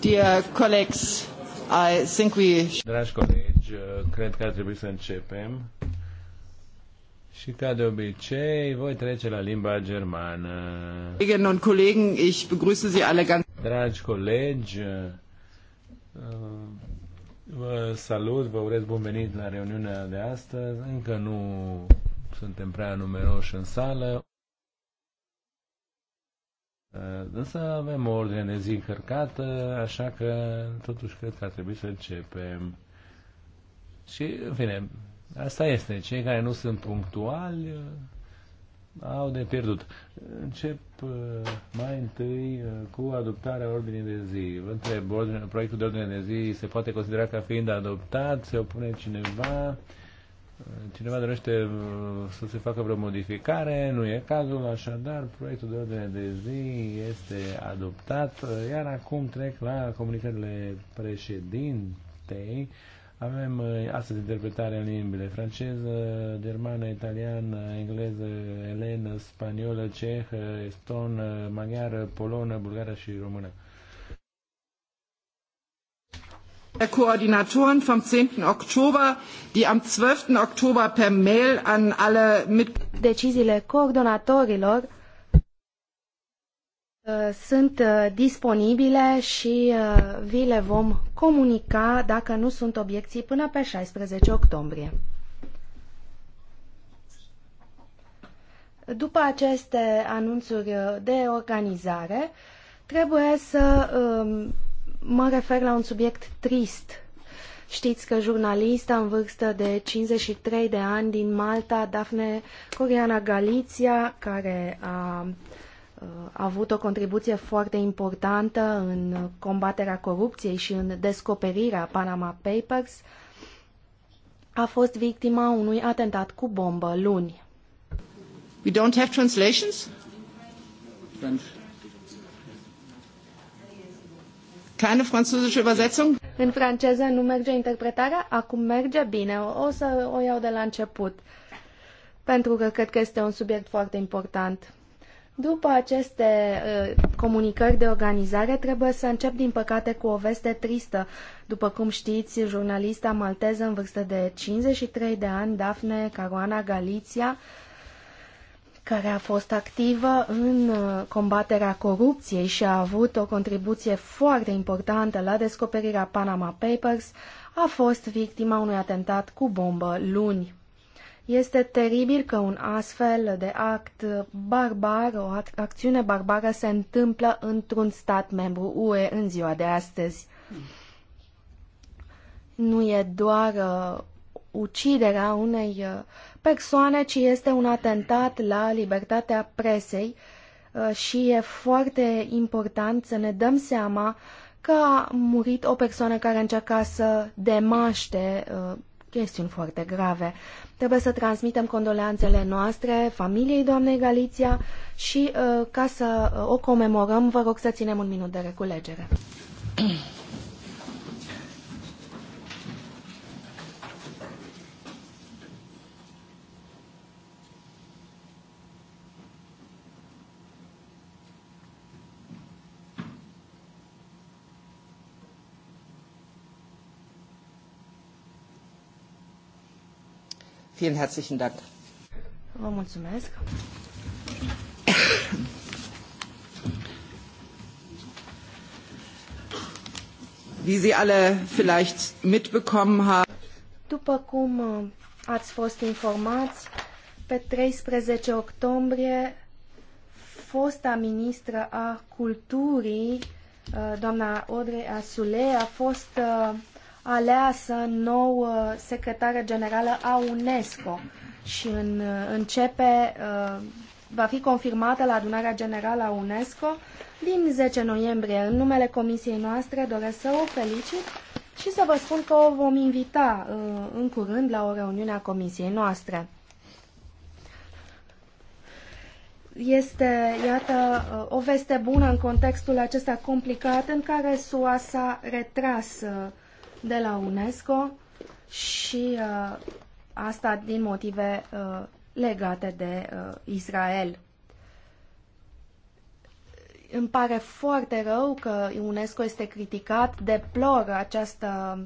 Dragi colegi, uh, cred că ar trebui să începem. Și ca de obicei, voi trece la limba germană. Dragi colegi, uh, vă salut, vă urez bun venit la reuniunea de astăzi. Încă nu suntem prea numeroși în sală. Uh, însă avem o ordine de zi încărcată, așa că totuși cred că ar trebui să începem. Și, în fine, asta este. Cei care nu sunt punctuali uh, au de pierdut. Încep uh, mai întâi cu adoptarea ordinii de zi. Vă întreb, ordine, proiectul de ordine de zi se poate considera ca fiind adoptat? Se opune cineva? cineva dorește uh, să se facă vreo modificare, nu e cazul, așadar proiectul de ordine de zi este adoptat, iar acum trec la comunicările președintei. Avem uh, astăzi interpretarea în limbile franceză, germană, italiană, engleză, elenă, spaniolă, cehă, estonă, maghiară, polonă, bulgară și română. der Koordinatoren vom 10. Oktober, die am 12. Oktober per Mail an alle mit Deciziile coordonatorilor uh, sunt uh, disponibile și uh, vi le vom comunica dacă nu sunt obiecții până pe 16 octombrie. După aceste anunțuri de organizare, trebuie să um, Mă refer la un subiect trist. Știți că jurnalista în vârstă de 53 de ani din Malta, Dafne Coriana Galiția, care a a avut o contribuție foarte importantă în combaterea corupției și în descoperirea Panama Papers, a fost victima unui atentat cu bombă luni. We don't have translations? French. Keine französische Übersetzung? În franceză nu merge interpretarea, acum merge bine. O să o iau de la început, pentru că cred că este un subiect foarte important. După aceste uh, comunicări de organizare, trebuie să încep, din păcate, cu o veste tristă. După cum știți, jurnalista malteză în vârstă de 53 de ani, Daphne Caruana Galizia, uh, care a fost activă în uh, combaterea corupției și a avut o contribuție foarte importantă la descoperirea Panama Papers, a fost victima unui atentat cu bombă luni. Este teribil că un astfel de act barbar, o acțiune barbară se întâmplă într-un stat membru UE în ziua de astăzi. Nu e doar uh, uciderea unei uh, persoane, ci este un atentat la libertatea presei uh, și e foarte important să ne dăm seama că a murit o persoană care încerca să demaște uh, chestiuni foarte grave. Trebuie să transmitem condoleanțele noastre familiei doamnei Galiția și ca să o comemorăm, vă rog să ținem un minut de reculegere. Vielen herzlichen Dank. Vă mulțumesc. Wie Sie alle vielleicht mitbekommen haben, după cum uh, ați fost informați, pe 13 octombrie, fosta ministră a culturii, uh, doamna Audrey Asule, a fost uh, aleasă nouă secretară generală a UNESCO și în, începe, uh, va fi confirmată la adunarea generală a UNESCO din 10 noiembrie. În numele comisiei noastre doresc să o felicit și să vă spun că o vom invita uh, în curând la o reuniune a comisiei noastre. este, iată, uh, o veste bună în contextul acesta complicat în care SUA s-a retras de la UNESCO și uh, asta din motive uh, legate de uh, Israel. Îmi pare foarte rău că UNESCO este criticat, deplor această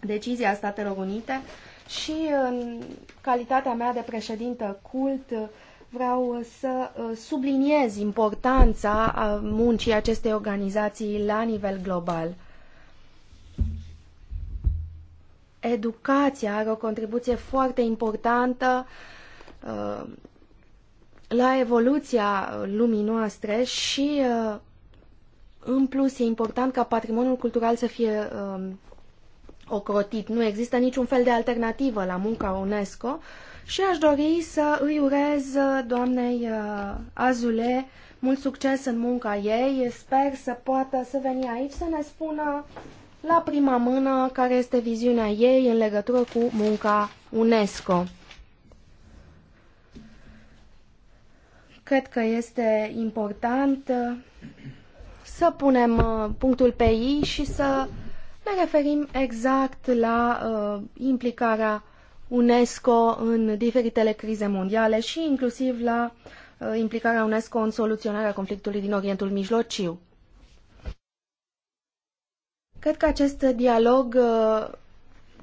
decizie a Statelor Unite și în calitatea mea de președintă cult vreau să uh, subliniez importanța uh, muncii acestei organizații la nivel global. educația are o contribuție foarte importantă uh, la evoluția lumii noastre și, uh, în plus, e important ca patrimoniul cultural să fie uh, ocrotit. Nu există niciun fel de alternativă la munca UNESCO și aș dori să îi urez uh, doamnei uh, Azule mult succes în munca ei. Sper să poată să veni aici să ne spună la prima mână care este viziunea ei în legătură cu munca UNESCO. Cred că este important uh, să punem uh, punctul pe I și să ne referim exact la uh, implicarea UNESCO în diferitele crize mondiale și inclusiv la uh, implicarea UNESCO în soluționarea conflictului din Orientul Mijlociu. Cred că acest dialog uh,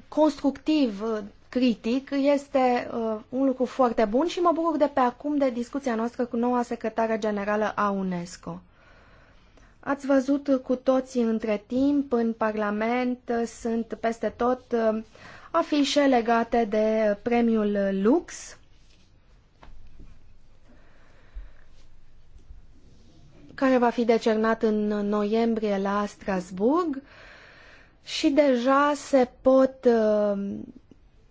constructiv, uh, critic, este uh, un lucru foarte bun și mă bucur de pe acum de discuția noastră cu noua secretară generală a UNESCO. Ați văzut cu toții între timp, în Parlament sunt peste tot afișe legate de premiul Lux. care va fi decernat în noiembrie la Strasburg și deja se pot uh,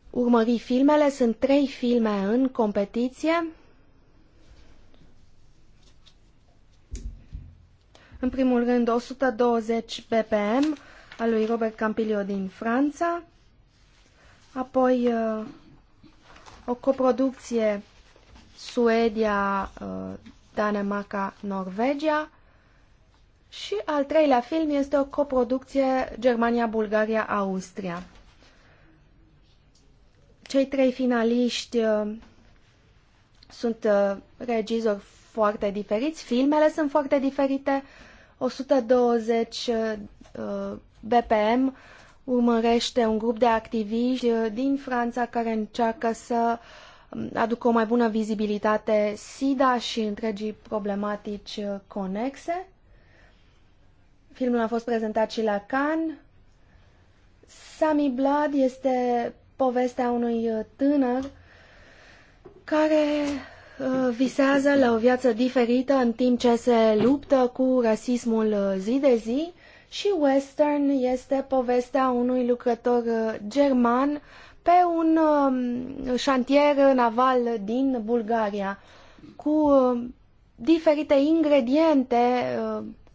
urmări filmele. Sunt trei filme în competiție. În primul rând 120 BPM al lui Robert Campilio din Franța, apoi uh, o coproducție Suedia, uh, Danemarca, Norvegia și al treilea film este o coproducție Germania-Bulgaria-Austria. Cei trei finaliști uh, sunt uh, regizori foarte diferiți, filmele sunt foarte diferite, 120 uh, BPM urmărește un grup de activiști din Franța care încearcă să um, aducă o mai bună vizibilitate SIDA și întregii problematici conexe. Filmul a fost prezentat și la Cannes. Sami Blood este povestea unui uh, tânăr care uh, visează la o viață diferită în timp ce se luptă cu rasismul uh, zi de zi și Western este povestea unui lucrător german pe un um, șantier naval din Bulgaria cu um, diferite ingrediente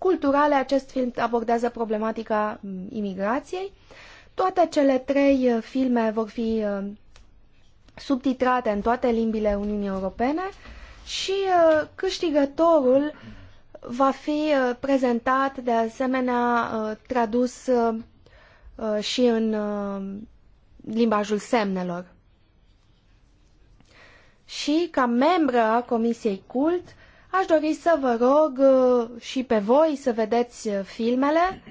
culturale, acest film abordează problematica mm, imigrației. Toate cele trei uh, filme vor fi uh, subtitrate în toate limbile Uniunii Europene și uh, câștigătorul va fi prezentat, de asemenea, tradus și în limbajul semnelor. Și ca membră a Comisiei Cult, Aș dori să vă rog uh, și pe voi să vedeți uh, filmele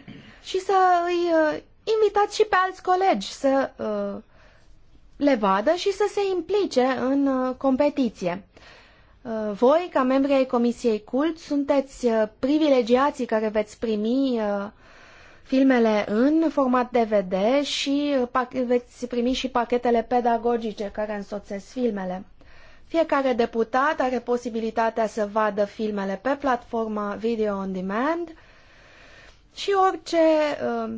și să îi uh, invitați și pe alți colegi să le vadă și să se implice în competiție. Voi, ca membri ai Comisiei Cult, sunteți privilegiații care veți primi filmele în format DVD și veți primi și pachetele pedagogice care însoțesc filmele. Fiecare deputat are posibilitatea să vadă filmele pe platforma Video On Demand și orice uh,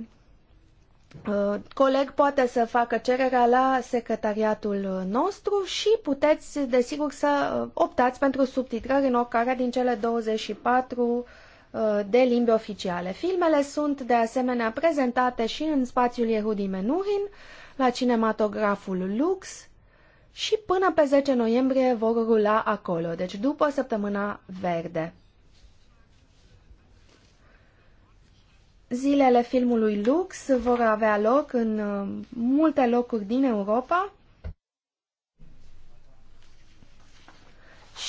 uh, coleg poate să facă cererea la secretariatul nostru și puteți, desigur, să uh, optați pentru subtitrări în oricare din cele 24 uh, de limbi oficiale. Filmele sunt de asemenea prezentate și în spațiul Yehudi Menuhin, la cinematograful Lux, și până pe 10 noiembrie vor rula acolo, deci după săptămâna verde. Zilele filmului Lux vor avea loc în uh, multe locuri din Europa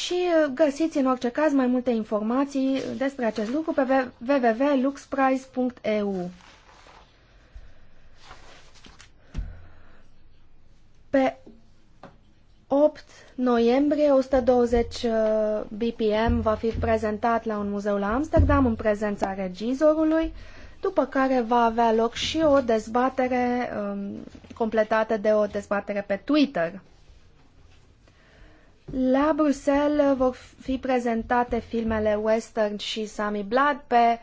și uh, găsiți în orice caz mai multe informații despre acest lucru pe www.luxprize.eu. Pe 8 noiembrie, 120 uh, BPM va fi prezentat la un muzeu la Amsterdam în prezența regizorului, după care va avea loc și o dezbatere um, completată de o dezbatere pe Twitter. La Bruxelles vor fi prezentate filmele Western și Sami Blood pe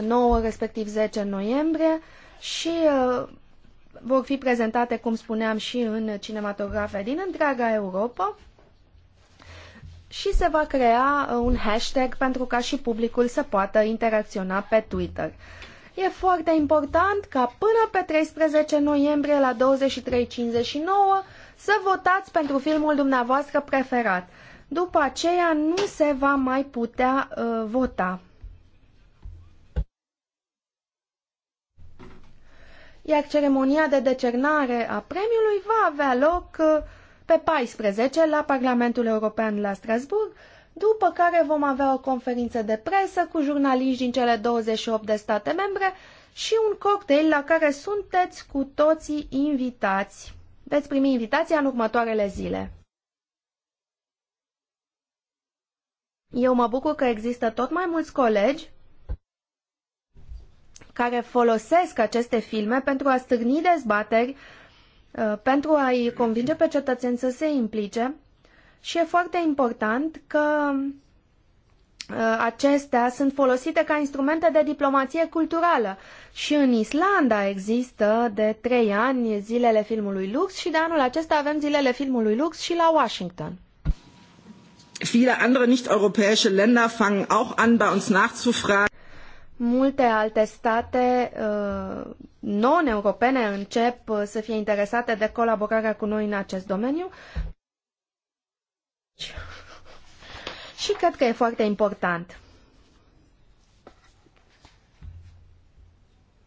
9, uh, respectiv 10 noiembrie și uh, vor fi prezentate, cum spuneam, și în cinematografe din întreaga Europa și se va crea uh, un hashtag pentru ca și publicul să poată interacționa pe Twitter. E foarte important ca până pe 13 noiembrie la 23.59 să votați pentru filmul dumneavoastră preferat. După aceea nu se va mai putea uh, vota. iar ceremonia de decernare a premiului va avea loc uh, pe 14 la Parlamentul European la Strasburg, după care vom avea o conferință de presă cu jurnaliști din cele 28 de state membre și un cocktail la care sunteți cu toții invitați. Veți primi invitația în următoarele zile. Eu mă bucur că există tot mai mulți colegi care folosesc aceste filme pentru a stârni dezbateri, uh, pentru a-i convinge pe cetățeni să se implice și e foarte important că uh, acestea sunt folosite ca instrumente de diplomație culturală. Și în Islanda există de trei ani zilele filmului Lux și de anul acesta avem zilele filmului Lux și la Washington. Viele andere nicht-europäische Länder fangen auch an, bei uns nachzufragen. Multe alte state uh, non-europene încep uh, să fie interesate de colaborarea cu noi în acest domeniu și cred că e foarte important.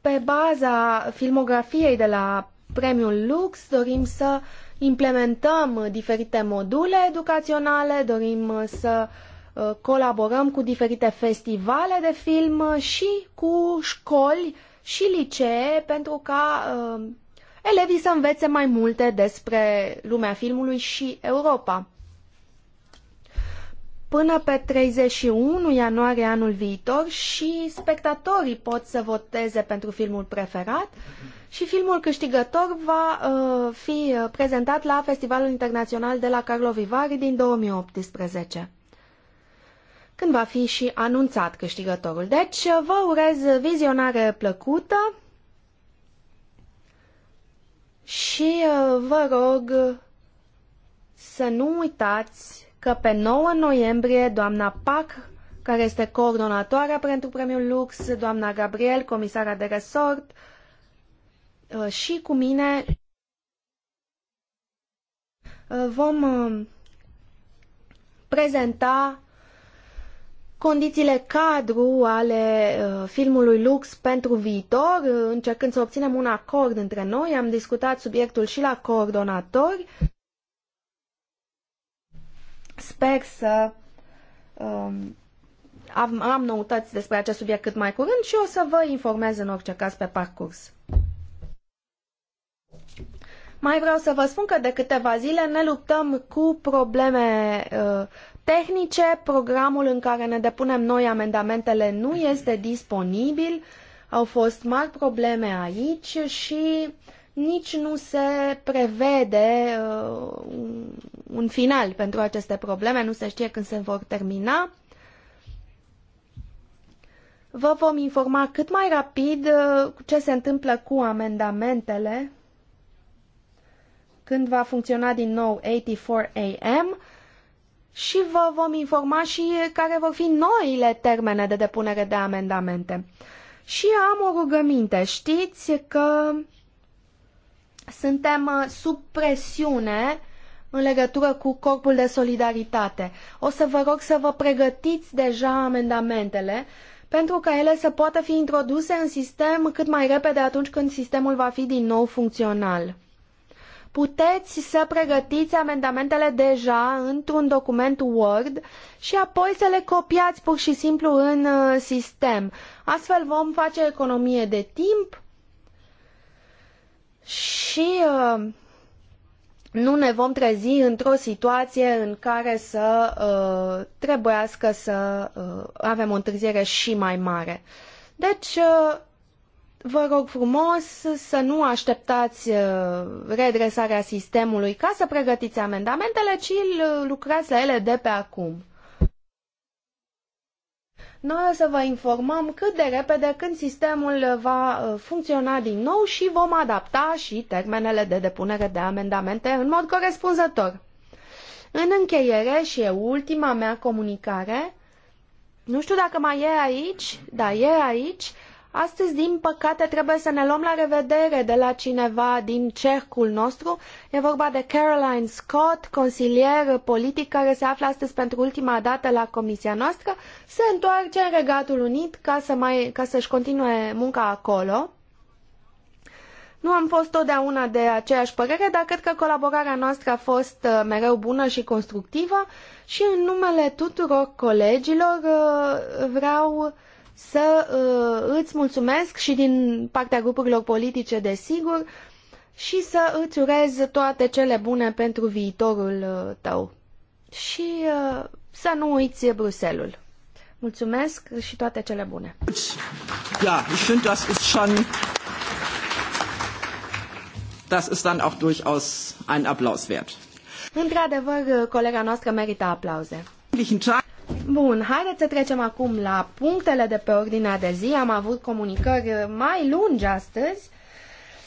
Pe baza filmografiei de la Premiul Lux dorim să implementăm diferite module educaționale, dorim să uh, Uh, colaborăm cu diferite festivale de film și cu școli și licee pentru ca uh, elevii să învețe mai multe despre lumea filmului și Europa. Până pe 31 ianuarie anul viitor și spectatorii pot să voteze pentru filmul preferat și filmul câștigător va uh, fi prezentat la Festivalul Internațional de la Carlo Vivari din 2018 când va fi și anunțat câștigătorul. Deci vă urez vizionare plăcută și vă rog să nu uitați că pe 9 noiembrie doamna Pac, care este coordonatoarea pentru premiul Lux, doamna Gabriel, comisara de resort, și cu mine vom uh, prezenta condițiile cadru ale uh, filmului Lux pentru viitor, uh, încercând să obținem un acord între noi. Am discutat subiectul și la coordonatori. Sper să um, am, am noutăți despre acest subiect cât mai curând și o să vă informez în orice caz pe parcurs. Mai vreau să vă spun că de câteva zile ne luptăm cu probleme uh, tehnice. Programul în care ne depunem noi amendamentele nu este disponibil. Au fost mari probleme aici și nici nu se prevede uh, un final pentru aceste probleme, nu se știe când se vor termina. Vă vom informa cât mai rapid uh, ce se întâmplă cu amendamentele când va funcționa din nou 84 AM și vă vom informa și care vor fi noile termene de depunere de amendamente. Și am o rugăminte. Știți că suntem uh, sub presiune în legătură cu Corpul de Solidaritate. O să vă rog să vă pregătiți deja amendamentele pentru ca ele să poată fi introduse în sistem cât mai repede atunci când sistemul va fi din nou funcțional puteți să pregătiți amendamentele deja într-un document Word și apoi să le copiați pur și simplu în uh, sistem. Astfel vom face economie de timp și uh, nu ne vom trezi într-o situație în care să uh, trebuiască să avem o întârziere și mai mare. Deci, Vă rog frumos să nu așteptați uh, redresarea sistemului ca să pregătiți amendamentele, ci lucrați la ele de pe acum. Noi o să vă informăm cât de repede când sistemul va uh, funcționa din nou și vom adapta și termenele de depunere de amendamente în mod corespunzător. În încheiere și e ultima mea comunicare, nu știu dacă mai e aici, dar e aici, Astăzi, din păcate, trebuie să ne luăm la revedere de la cineva din cercul nostru. E vorba de Caroline Scott, consilier politic care se află astăzi pentru ultima dată la comisia noastră. Se întoarce în Regatul Unit ca, să mai, ca să-și continue munca acolo. Nu am fost totdeauna de aceeași părere, dar cred că colaborarea noastră a fost uh, mereu bună și constructivă și în numele tuturor colegilor uh, vreau să uh, îți mulțumesc și din partea grupurilor politice, desigur, și să îți urez toate cele bune pentru viitorul uh, tău. Și uh, să nu uiți Bruselul. Mulțumesc și toate cele bune. Ja, ich finde, das ist schon das ist dann auch durchaus ein Applaus wert. Într-adevăr, uh, colega noastră merită aplauze. Bun, haideți să trecem acum la punctele de pe ordinea de zi. Am avut comunicări mai lungi astăzi.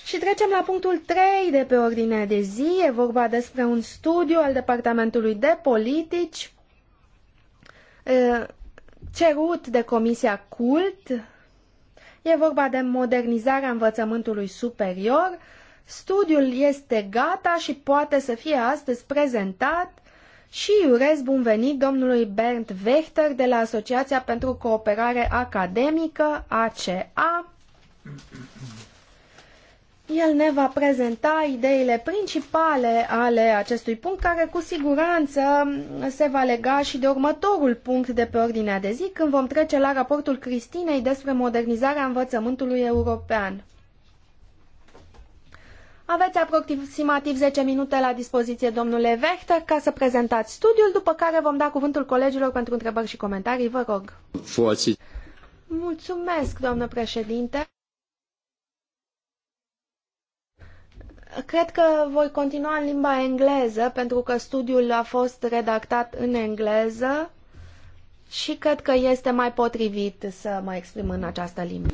Și trecem la punctul 3 de pe ordinea de zi. E vorba despre un studiu al Departamentului de Politici cerut de Comisia Cult. E vorba de modernizarea învățământului superior. Studiul este gata și poate să fie astăzi prezentat și urez bun venit domnului Bernd Wechter de la Asociația pentru Cooperare Academică, ACA. El ne va prezenta ideile principale ale acestui punct, care cu siguranță se va lega și de următorul punct de pe ordinea de zi, când vom trece la raportul Cristinei despre modernizarea învățământului european. Aveți aproximativ 10 minute la dispoziție, domnule Vechter, ca să prezentați studiul, după care vom da cuvântul colegilor pentru întrebări și comentarii. Vă rog. Mulțumesc, doamnă președinte. Cred că voi continua în limba engleză, pentru că studiul a fost redactat în engleză și cred că este mai potrivit să mă exprim în această limbă.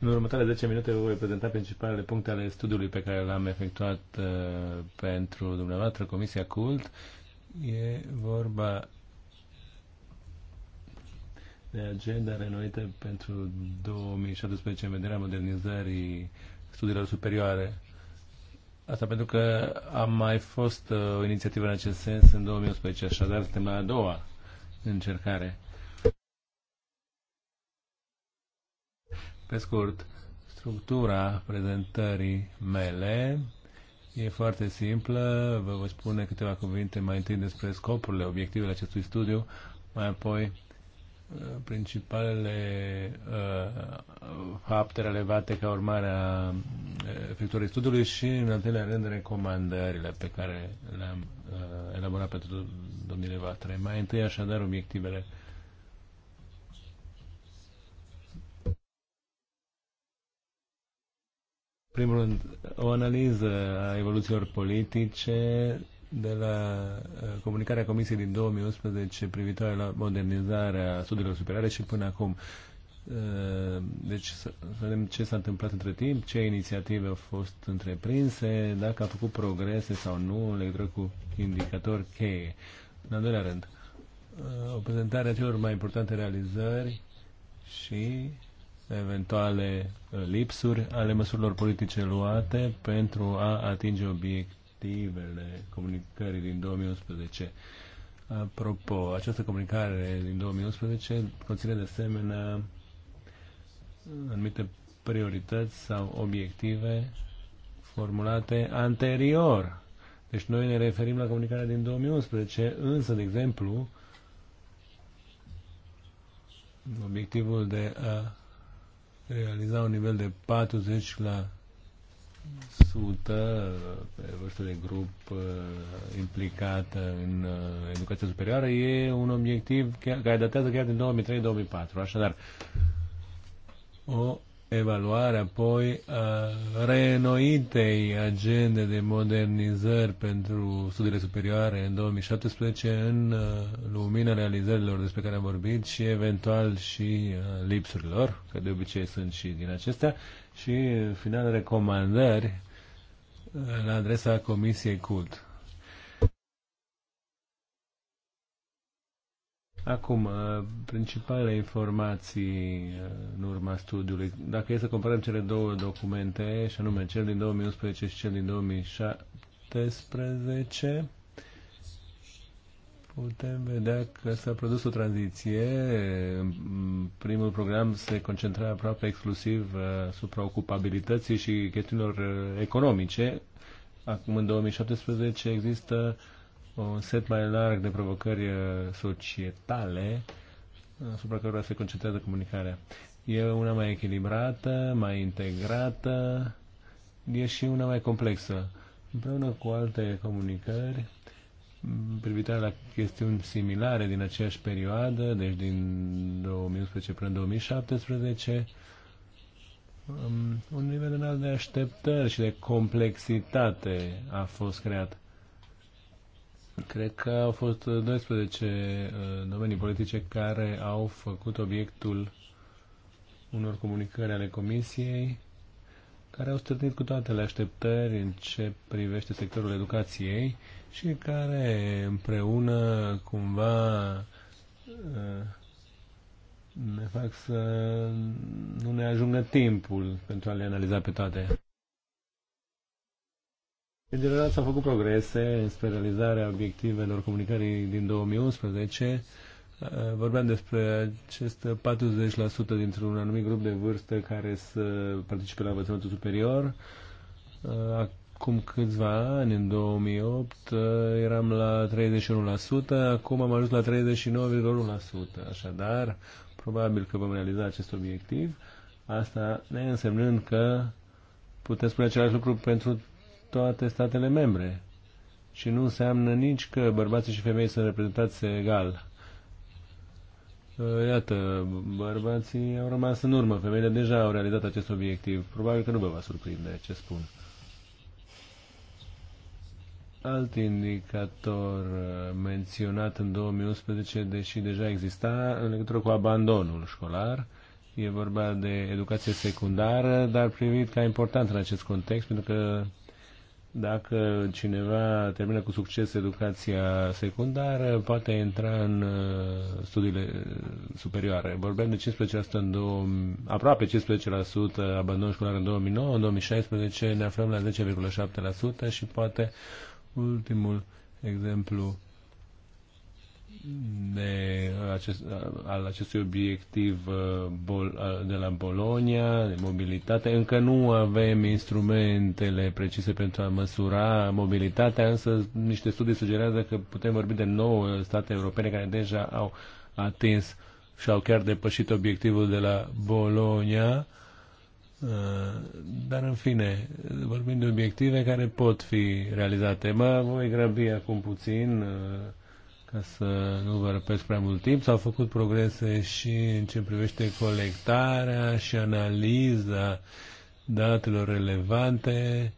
În următoarele 10 minute vă voi prezenta principalele puncte ale studiului pe care l-am efectuat uh, pentru dumneavoastră, Comisia CULT. E vorba de agenda renoită pentru 2017 în vederea modernizării studiilor superioare. Asta pentru că a mai fost uh, o inițiativă în acest sens în 2011, așadar suntem la a doua încercare. Pe scurt, structura prezentării mele e foarte simplă. Vă voi spune câteva cuvinte mai întâi despre scopurile, obiectivele acestui studiu, mai apoi principalele uh, fapte relevate ca urmare a uh, efectuării studiului și, în al treilea rând, recomandările pe care le-am uh, elaborat pentru domnile Vatre. Mai întâi, așadar, obiectivele. Primul rând, o analiză a evoluțiilor politice de la uh, comunicarea Comisiei din 2011 privitoare la modernizarea studiilor superioare și până acum. Uh, deci să vedem ce s-a întâmplat între timp, ce inițiative au fost întreprinse, dacă a făcut progrese sau nu în legătură cu indicatori cheie. În al doilea rând, uh, o prezentare a celor mai importante realizări și eventuale lipsuri ale măsurilor politice luate pentru a atinge obiect obiectivele comunicării din 2011. Apropo, această comunicare din 2011 conține de asemenea anumite priorități sau obiective formulate anterior. Deci noi ne referim la comunicarea din 2011, însă, de exemplu, obiectivul de a realiza un nivel de 40 la 100 pe vârstă de grup uh, implicată în uh, educația superioară e un obiectiv care datează chiar din 2003-2004. Așadar, o evaluare apoi a uh, reînnoitei agende de modernizări pentru studiile superioare în 2017 în lumina realizărilor despre care am vorbit și eventual și lipsurilor, că de obicei sunt și din acestea, și, în final, recomandări uh, la adresa Comisiei CULT. Acum, uh, principalele informații uh, în urma studiului. Dacă e să comparăm cele două documente, și anume cel din 2011 și cel din 2017, putem vedea că s-a produs o tranziție. Primul program se concentra aproape exclusiv uh, asupra ocupabilității și chestiunilor uh, economice. Acum, în 2017, există un set mai larg de provocări uh, societale asupra cărora se concentrează comunicarea. E una mai echilibrată, mai integrată, e și una mai complexă. Împreună cu alte comunicări, privitoare la chestiuni similare din aceeași perioadă, deci din 2011 până în 2017, um, un nivel înalt de așteptări și de complexitate a fost creat. Cred că au fost 12 uh, domenii politice care au făcut obiectul unor comunicări ale Comisiei care au stârnit cu le așteptări în ce privește sectorul educației și care împreună cumva uh, ne fac să nu ne ajungă timpul pentru a le analiza pe toate. În general s-au făcut progrese în realizarea obiectivelor comunicării din 2011 Uh, vorbeam despre acest 40% dintr-un anumit grup de vârstă care să participe la învățământul superior. Uh, acum câțiva ani, în 2008, uh, eram la 31%, acum am ajuns la 39,1%. Așadar, probabil că vom realiza acest obiectiv. Asta ne însemnând că putem spune același lucru pentru toate statele membre. Și nu înseamnă nici că bărbații și femei sunt reprezentați egal Uh, iată, bărbații au rămas în urmă, femeile deja au realizat acest obiectiv. Probabil că nu vă va surprinde ce spun. Alt indicator uh, menționat în 2011, deși deja exista, în legătură cu abandonul școlar, e vorba de educație secundară, dar privit ca important în acest context, pentru că dacă cineva termină cu succes educația secundară, poate intra în uh, studiile uh, superioare. Vorbim de 15% în 2, aproape 15% abandon școlar în 2009, în 2016 ne aflăm la 10,7% și poate ultimul exemplu de acest, al acestui obiectiv uh, uh, de la Bologna, de mobilitate. Încă nu avem instrumentele precise pentru a măsura mobilitatea, însă niște studii sugerează că putem vorbi de nouă state europene care deja au atins și au chiar depășit obiectivul de la Bologna. Uh, dar, în fine, vorbim de obiective care pot fi realizate. Mă voi grăbi acum puțin ca să nu vă răpesc prea mult timp, s-au făcut progrese și în ce privește colectarea și analiza datelor relevante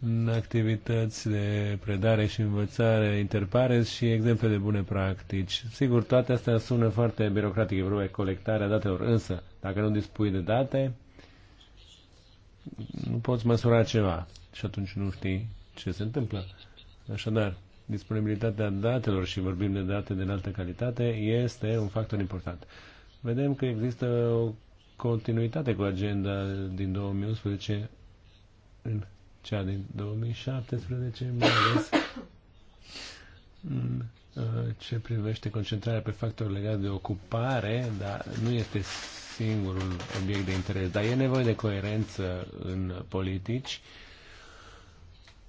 în activități de predare și învățare interpares și exemple de bune practici. Sigur, toate astea sună foarte birocratic, e vorba de colectarea datelor, însă, dacă nu dispui de date, nu poți măsura ceva și atunci nu știi ce se întâmplă. Așadar, disponibilitatea datelor și vorbim de date de înaltă calitate, este un factor important. Vedem că există o continuitate cu agenda din 2011 în cea din 2017, mai ales în uh, ce privește concentrarea pe factori legați de ocupare, dar nu este singurul obiect de interes, dar e nevoie de coerență în politici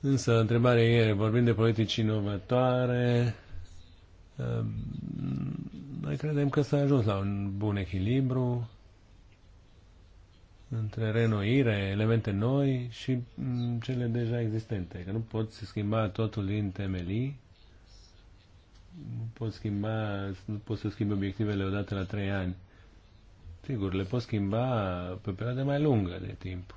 Însă, întrebarea e, vorbim de politici inovatoare, ehm, noi credem că s-a ajuns la un bun echilibru între renoire, elemente noi și mm, cele deja existente. Că nu poți schimba totul din temelii, nu poți, schimba, nu poți să schimbi obiectivele odată la trei ani. Sigur, le poți schimba pe perioade mai lungă de timp.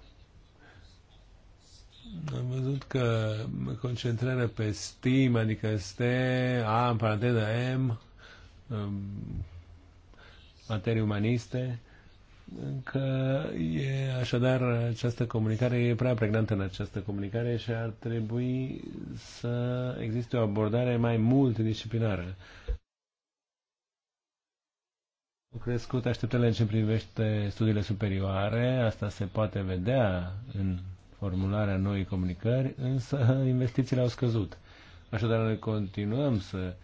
Am văzut că concentrarea pe STEAM, adică este A în paranteză M, um, materii umaniste, că e așadar această comunicare e prea pregnantă în această comunicare și ar trebui să existe o abordare mai multidisciplinară. Au crescut așteptările în ce privește studiile superioare, asta se poate vedea în formularea noii comunicări, însă investițiile au scăzut. Așadar, noi continuăm să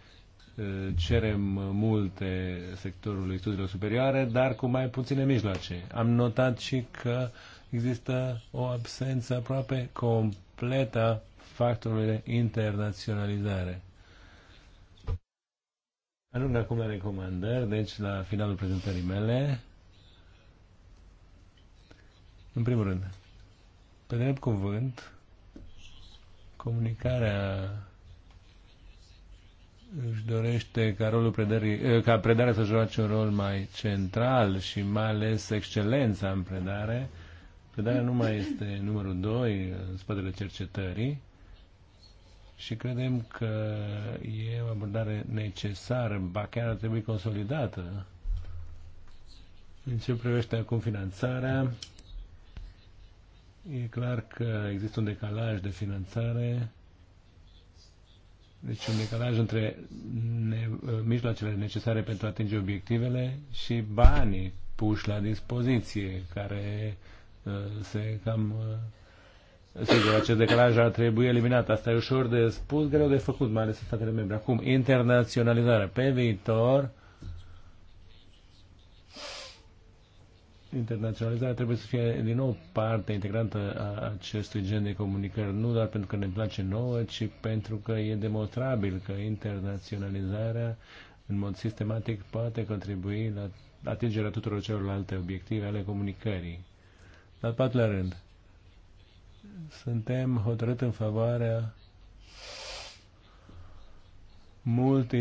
cerem multe sectorului studiilor superioare, dar cu mai puține mijloace. Am notat și că există o absență aproape completă a factorului de internaționalizare. Ajung acum la recomandări, deci la finalul prezentării mele. În primul rând, pe drept cuvânt, comunicarea își dorește ca, rolul predării, eh, ca predarea să joace un rol mai central și mai ales excelența în predare. Predarea nu mai este numărul 2 în spatele cercetării și credem că e o abordare necesară, ba chiar ar trebui consolidată. În ce privește acum finanțarea, E clar că există un decalaj de finanțare, deci un decalaj între ne, mijloacele necesare pentru a atinge obiectivele și banii puși la dispoziție, care uh, se cam... Uh, sigur, acest decalaj ar trebui eliminat. Asta e ușor de spus, greu de făcut, mai ales în statele membre. Acum, internaționalizarea. Pe viitor, internaționalizarea trebuie să fie din nou parte integrantă a acestui gen de comunicări, nu doar pentru că ne place nouă, ci pentru că e demonstrabil că internaționalizarea în mod sistematic poate contribui la atingerea tuturor celorlalte obiective ale comunicării. La patru rând, suntem hotărât în favoarea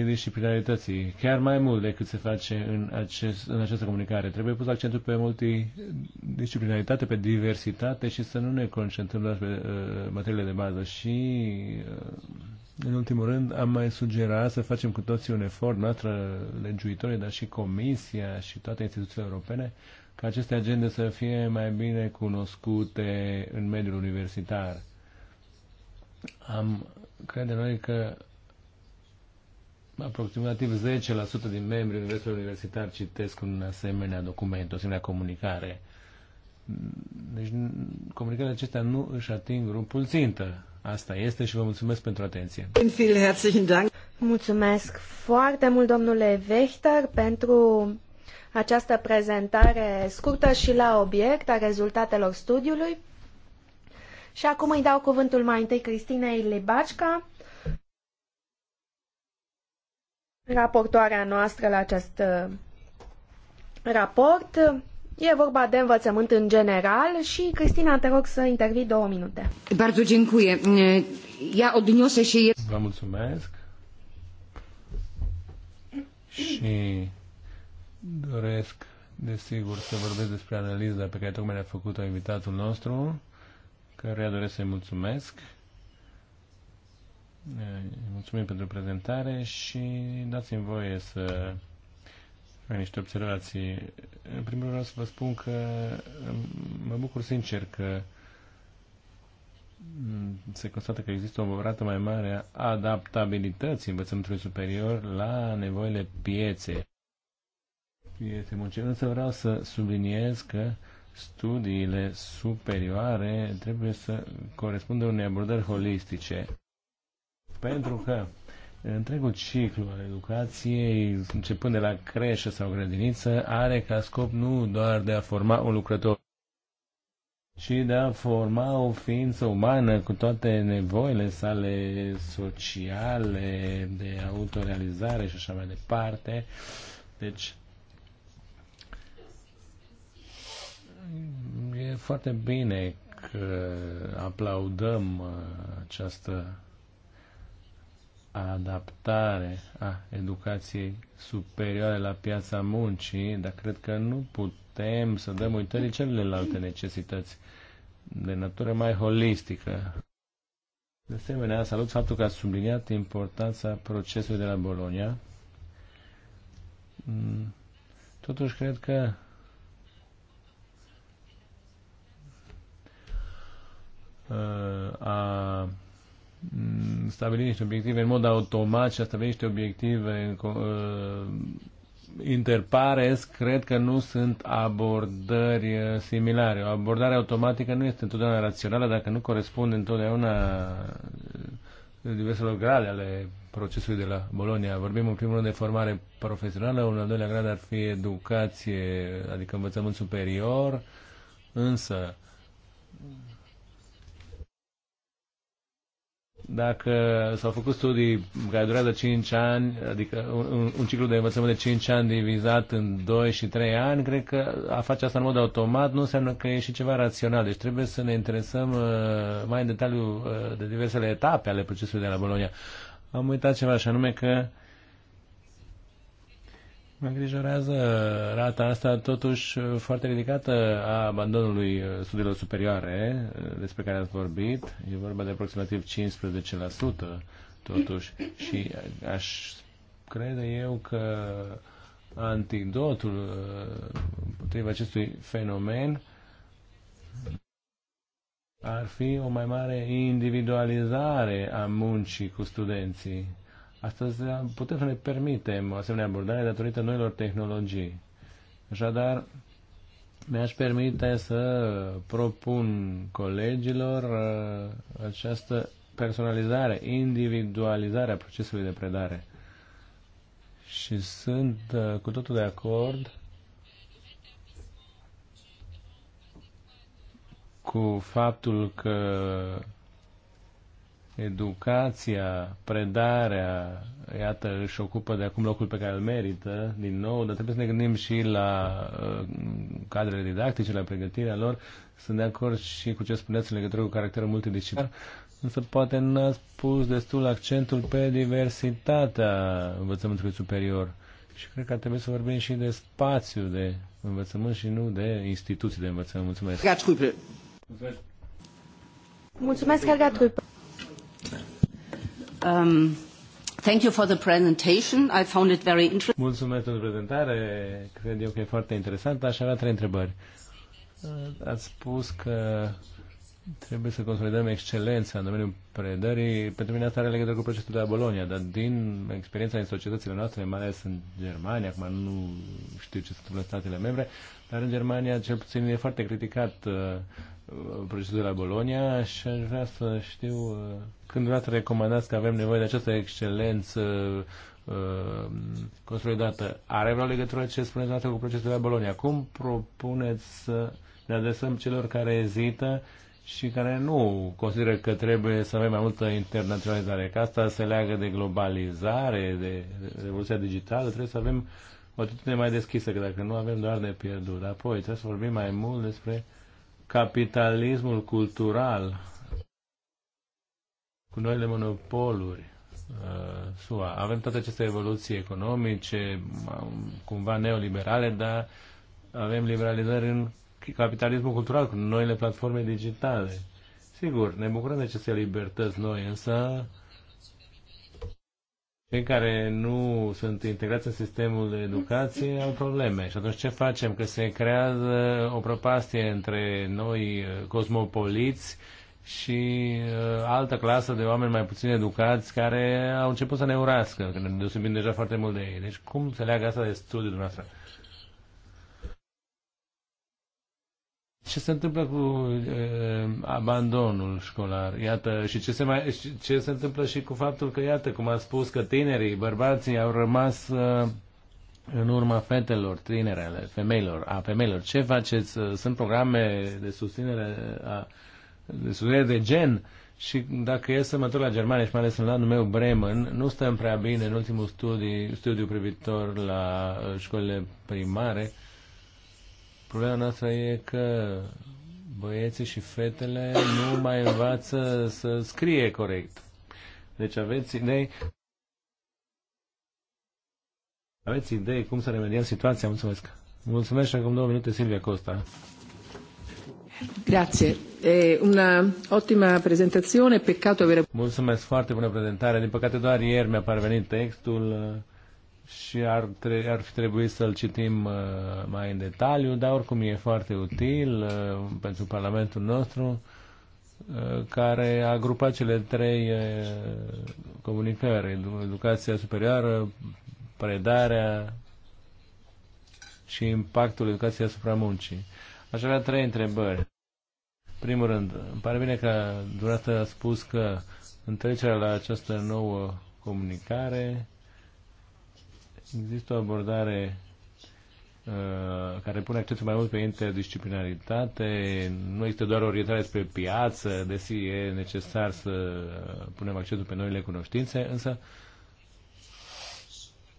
disciplinarități. chiar mai mult decât se face în, acest, în această comunicare. Trebuie pus accentul pe multidisciplinaritate, pe diversitate și să nu ne concentrăm doar pe uh, materiile de bază. Și, uh, în ultimul rând, am mai sugerat să facem cu toții un efort, noastră legiuitorii, dar și Comisia și toate instituțiile europene, ca aceste agende să fie mai bine cunoscute în mediul universitar. Am, crede noi că aproximativ 10% din membrii Universului Universitar citesc un asemenea document, o asemenea comunicare. Deci comunicările acestea nu își ating grupul țintă. Asta este și vă mulțumesc pentru atenție. Mulțumesc foarte mult, domnule Vechter, pentru această prezentare scurtă și la obiect a rezultatelor studiului. Și acum îi dau cuvântul mai întâi Cristinei Libașca, raportoarea noastră la acest uh, raport. E vorba de învățământ în general și, Cristina, te rog să intervii două minute. Bardzo dziękuję. Ja odniosę się... Vă mulțumesc. Și doresc, desigur, să vorbesc despre analiza pe care tocmai a făcut-o invitatul nostru, căruia doresc să-i mulțumesc Mulțumim pentru prezentare și dați-mi voie să fac niște observații. În primul rând să vă spun că um, mă bucur sincer că mm, se constată că există o rată mai mare a adaptabilității învățământului superior la nevoile piețe. Piețe muncii. Însă vreau să subliniez că studiile superioare trebuie să corespundă unei abordări holistice pentru că întregul ciclu al educației, începând de la creșă sau grădiniță, are ca scop nu doar de a forma un lucrător, ci de a forma o ființă umană cu toate nevoile sale sociale, de autorealizare și așa mai departe. Deci, e foarte bine că aplaudăm uh, această adaptare a educației superioare la piața muncii, dar cred că nu putem să dăm uitării celelalte necesități de natură mai holistică. De asemenea, salut faptul că ați subliniat importanța procesului de la Bologna. Mm, totuși, cred că a Mm, stabili niște obiective în mod automat și a stabili niște obiective uh, interpares, cred că nu sunt abordări uh, similare. O abordare automatică nu este întotdeauna rațională dacă nu corespunde întotdeauna uh, diverselor grade ale procesului de la Bolonia. Vorbim în primul rând de formare profesională, un al doilea grad ar fi educație, adică învățământ superior, însă dacă s-au făcut studii care durează 5 ani, adică un, un ciclu de învățământ de 5 ani divizat în 2 și 3 ani, cred că a face asta în mod automat nu înseamnă că e și ceva rațional. Deci trebuie să ne interesăm uh, mai în detaliu uh, de diversele etape ale procesului de la Bologna. Am uitat ceva și anume că uh, Mă îngrijorează rata asta totuși foarte ridicată a abandonului uh, studiilor superioare uh, despre care ați vorbit. E vorba de aproximativ 15% totuși și uh, aș crede eu că antidotul împotriva acestui fenomen ar fi o mai mare individualizare a muncii cu studenții Astăzi putem să ne permitem o asemenea abordare datorită noilor tehnologii. Așadar, mi-aș permite să propun colegilor uh, această personalizare, individualizare a procesului de predare. Și sunt uh, cu totul de acord cu faptul că educația, predarea, iată, își ocupă de acum locul pe care îl merită, din nou, dar trebuie să ne gândim și la uh, cadrele didactice, la pregătirea lor. Sunt de acord și cu ce spuneți în legătură cu caracterul multidisciplinar, însă poate n-ați pus destul accentul pe diversitatea învățământului superior. Și cred că ar trebui să vorbim și de spațiu de învățământ și nu de instituții de învățământ. Mulțumesc! Mulțumesc, Helga Trupă! Um, thank you for the presentation. I found it very interesting. Mulțumesc pentru prezentare. Cred eu că e foarte interesant. Aș avea trei întrebări. Ați spus că trebuie să consolidăm excelența în domeniul predării. Pentru mine asta are legătură cu procesul de la Bologna, dar din experiența din societățile noastre, mai ales în Germania, acum nu știu ce se întâmplă în statele membre, dar în Germania cel puțin e foarte criticat uh, procesul de la Bologna și aș vrea să știu uh, când dumneavoastră recomandați că avem nevoie de această excelență uh, consolidată, are vreo legătură ce spuneți dumneavoastră cu procesul de la Bologna? Cum propuneți să ne adresăm celor care ezită și care nu consideră că trebuie să avem mai multă internaționalizare, că asta se leagă de globalizare, de revoluția digitală, trebuie să avem o atitudine mai deschisă, că dacă nu avem doar de pierdut. Apoi trebuie să vorbim mai mult despre capitalismul cultural cu noile monopoluri uh, SUA. Avem toate aceste evoluții economice, cumva neoliberale, dar avem liberalizări în capitalismul cultural cu noile platforme digitale. Sigur, ne bucurăm de aceste libertăți noi, însă cei care nu sunt integrați în sistemul de educație au probleme. Și atunci ce facem? Că se creează o prăpastie între noi uh, cosmopoliți și uh, altă clasă de oameni mai puțin educați care au început să ne urască, că ne deosebim deja foarte mult de ei. Deci cum se leagă asta de studiul dumneavoastră? Ce se întâmplă cu uh, abandonul școlar? Iată, și ce se, mai, ce se întâmplă și cu faptul că, iată, cum am spus, că tinerii, bărbații au rămas uh, în urma fetelor, tinerele, femeilor, a femeilor. Ce faceți? Sunt programe de susținere a studii de gen și dacă e să mă la Germania și mai ales în landul meu, Bremen, nu stăm prea bine în ultimul studiu, studiu privitor la uh, școlile primare. Problema noastră e că băieții și fetele nu mai învață să scrie corect. Deci aveți idei? Aveți idei cum să remediem situația? Mulțumesc! Mulțumesc și acum două minute Silvia Costa. Grazie. E una ottima peccato avere... Mulțumesc, foarte bună prezentare. Din păcate doar ieri mi-a parvenit textul uh, și ar, tre- ar fi trebuit să-l citim uh, mai în detaliu, dar oricum e foarte util uh, pentru Parlamentul nostru care a grupat cele trei comunicări, educația superioară, predarea și impactul educației asupra muncii. Aș avea trei întrebări. Primul rând, îmi pare bine că Durată a spus că în trecerea la această nouă comunicare există o abordare uh, care pune accentul mai mult pe interdisciplinaritate. Nu este doar orientare spre piață, desi e necesar să punem accentul pe noile cunoștințe, însă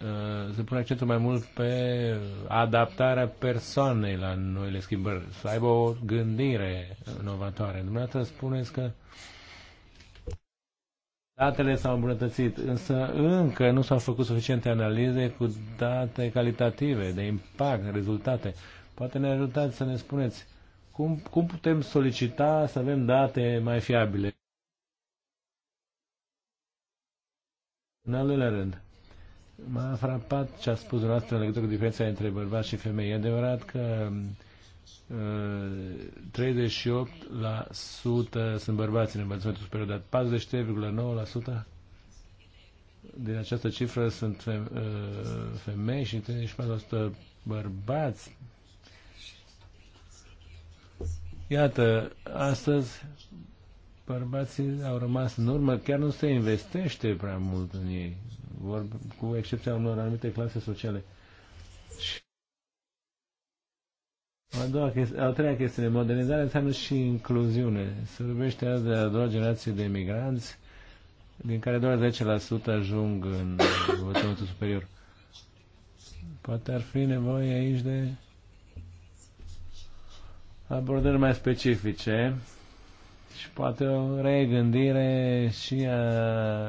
Uh, se pune accentul mai mult pe adaptarea persoanei la noile schimbări, să aibă o gândire inovatoare. Dumneavoastră spuneți că datele s-au îmbunătățit, însă încă nu s-au făcut suficiente analize cu date calitative, de impact, rezultate. Poate ne ajutați să ne spuneți cum, cum putem solicita să avem date mai fiabile. În al doilea rând, M-a frapat ce a spus dumneavoastră în legătură cu diferența între bărbați și femei. E adevărat că 38% uh, sunt bărbați în învățământul superior, dar 43,9% din această cifră sunt uh, femei și 34% bărbați. Iată, astăzi bărbații au rămas în urmă, chiar nu se investește prea mult în ei vorb, cu excepția unor anumite clase sociale. Și a, doua chestie, a treia chestie, modernizare înseamnă și incluziune. Se vorbește azi de a doua generație de emigranți, din care doar 10% ajung în învățământul superior. Poate ar fi nevoie aici de abordări mai specifice și poate o regândire și a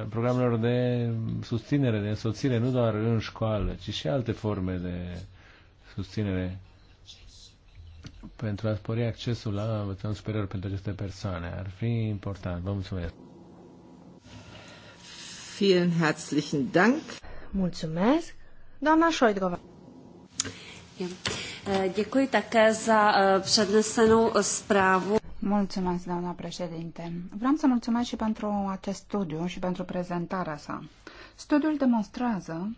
programelor de susținere, de însoțire, nu doar în școală, ci și alte forme de susținere pentru a spori accesul la învățământ superior pentru aceste persoane. Ar fi important. Vă mulțumesc. Vielen herzlichen Dank. Mulțumesc. Doamna Șoidrova. Děkuji také za přednesenou zprávu. Mulțumesc, doamna președinte. Vreau să mulțumesc și pentru acest studiu și pentru prezentarea sa. Studiul demonstrează,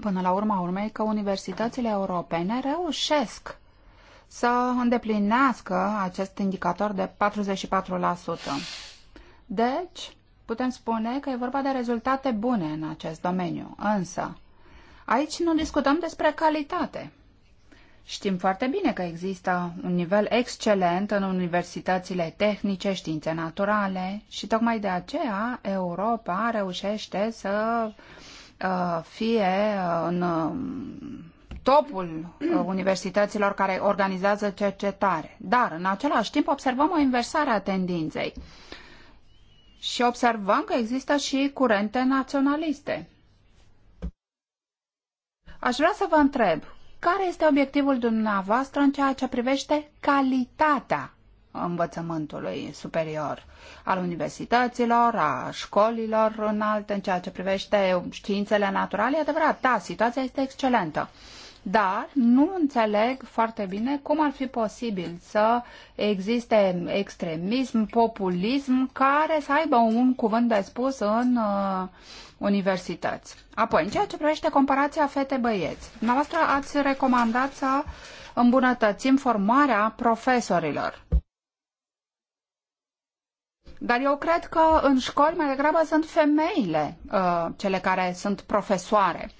până la urma urmei, că universitățile europene reușesc să îndeplinească acest indicator de 44%. Deci, putem spune că e vorba de rezultate bune în acest domeniu. Însă, aici nu discutăm despre calitate – Știm foarte bine că există un nivel excelent în universitățile tehnice, științe naturale și tocmai de aceea Europa reușește să uh, fie uh, în um, topul uh, universităților care organizează cercetare. Dar, în același timp, observăm o inversare a tendinței și observăm că există și curente naționaliste. Aș vrea să vă întreb, care este obiectivul dumneavoastră în ceea ce privește calitatea învățământului superior, al universităților, a școlilor înalte, în ceea ce privește științele naturale? E adevărat, da, situația este excelentă. Dar nu înțeleg foarte bine cum ar fi posibil să existe extremism, populism, care să aibă un cuvânt de spus în uh, universități. Apoi, în ceea ce privește comparația fete-băieți, dumneavoastră ați recomandat să îmbunătățim formarea profesorilor. Dar eu cred că în școli mai degrabă sunt femeile uh, cele care sunt profesoare.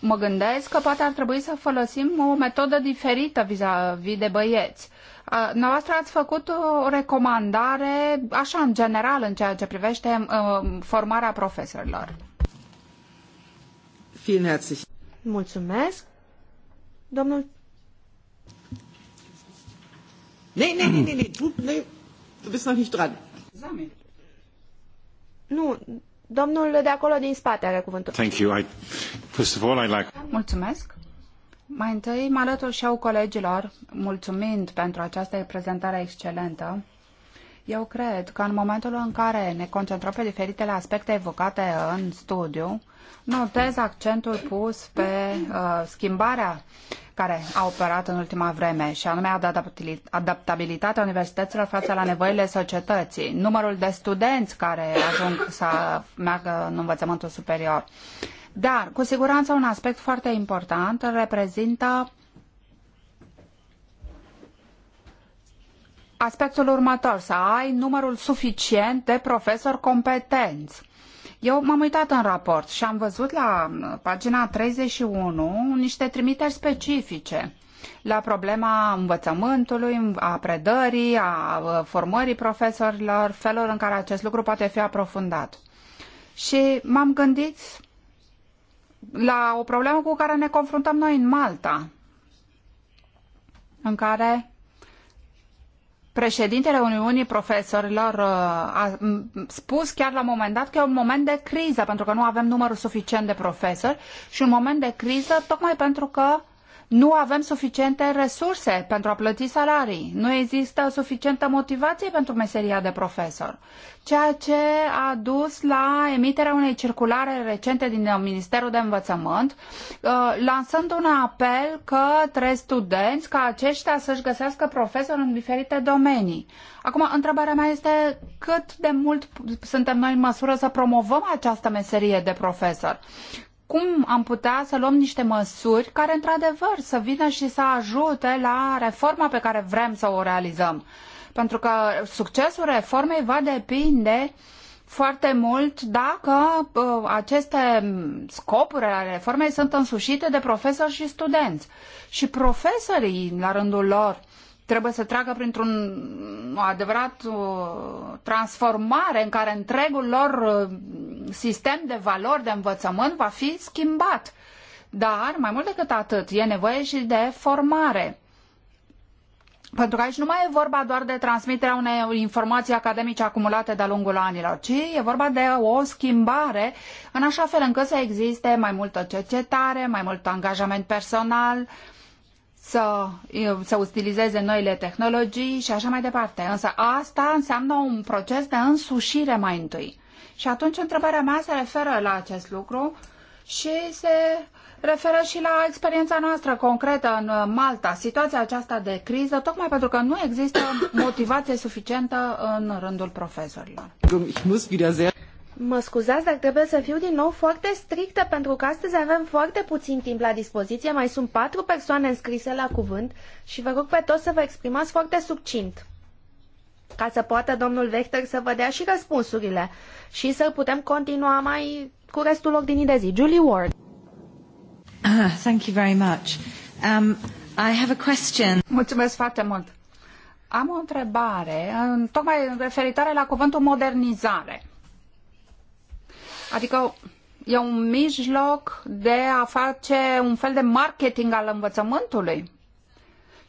Mă gândesc că poate ar trebui să folosim o metodă diferită vis-a-vis -vis de băieți. Uh, noastră ați făcut o recomandare, așa, în general, în ceea ce privește uh, formarea profesorilor. Vielen herzlich. Mulțumesc. Domnul... Nee, nee, nee, nee, nee, du, nee, du bist noch nicht dran. Nu, domnul de acolo din spate are cuvântul. Thank you. I, first of all, I like... Mulțumesc. Mai întâi mă alătur și eu colegilor, mulțumind pentru această prezentare excelentă. Eu cred că în momentul în care ne concentrăm pe diferitele aspecte evocate în studiu, Notez accentul pus pe uh, schimbarea care a operat în ultima vreme, și anume adaptabilitatea universităților față la nevoile societății, numărul de studenți care ajung să meargă în învățământul superior. Dar, cu siguranță, un aspect foarte important reprezintă aspectul următor, să ai numărul suficient de profesori competenți eu m-am uitat în raport și am văzut la mm, pagina 31 niște trimiteri specifice la problema învățământului, a predării, a formării profesorilor, felul în care acest lucru poate fi aprofundat. Și m-am gândit la o problemă cu care ne confruntăm noi în Malta, în care președintele Uniunii Profesorilor uh, a spus chiar la un moment dat că e un moment de criză, pentru că nu avem numărul suficient de profesori și un moment de criză tocmai pentru că nu avem suficiente resurse pentru a plăti salarii, nu există suficientă motivație pentru meseria de profesor, ceea ce a dus la emiterea unei circulare recente din Ministerul de Învățământ, uh, lansând un apel către studenți ca aceștia să-și găsească profesori în diferite domenii. Acum, întrebarea mea este cât de mult suntem noi în măsură să promovăm această meserie de profesor cum am putea să luăm niște măsuri care, într-adevăr, să vină și să ajute la reforma pe care vrem să o realizăm. Pentru că succesul reformei va depinde foarte mult dacă uh, aceste scopuri ale reformei sunt însușite de profesori și studenți. Și profesorii, la rândul lor, trebuie să treacă printr-un adevărat uh, transformare în care întregul lor uh, sistem de valori de învățământ va fi schimbat. Dar, mai mult decât atât, e nevoie și de formare. Pentru că aici nu mai e vorba doar de transmiterea unei informații academice acumulate de-a lungul anilor, ci e vorba de o schimbare în așa fel încât să existe mai multă cercetare, mai mult angajament personal, uh, să, să utilizeze noile tehnologii și așa mai departe. Însă asta înseamnă un proces de însușire mai întâi. Și atunci întrebarea mea se referă la acest lucru și se referă și la experiența noastră concretă în Malta, situația aceasta de criză, tocmai pentru că nu există motivație suficientă în rândul profesorilor. Mă scuzați, dar trebuie să fiu din nou foarte strictă, pentru că astăzi avem foarte puțin timp la dispoziție. Mai sunt patru persoane înscrise la cuvânt și vă rog pe toți să vă exprimați foarte succint, ca să poată domnul Vechter să vă dea și răspunsurile și să putem continua mai cu restul ordinii de zi. Julie Ward. Ah, thank you very much. Um, I have a question. Mulțumesc foarte mult. Am o întrebare, în, tocmai referitoare la cuvântul modernizare. Adică e un mijloc de a face un fel de marketing al învățământului.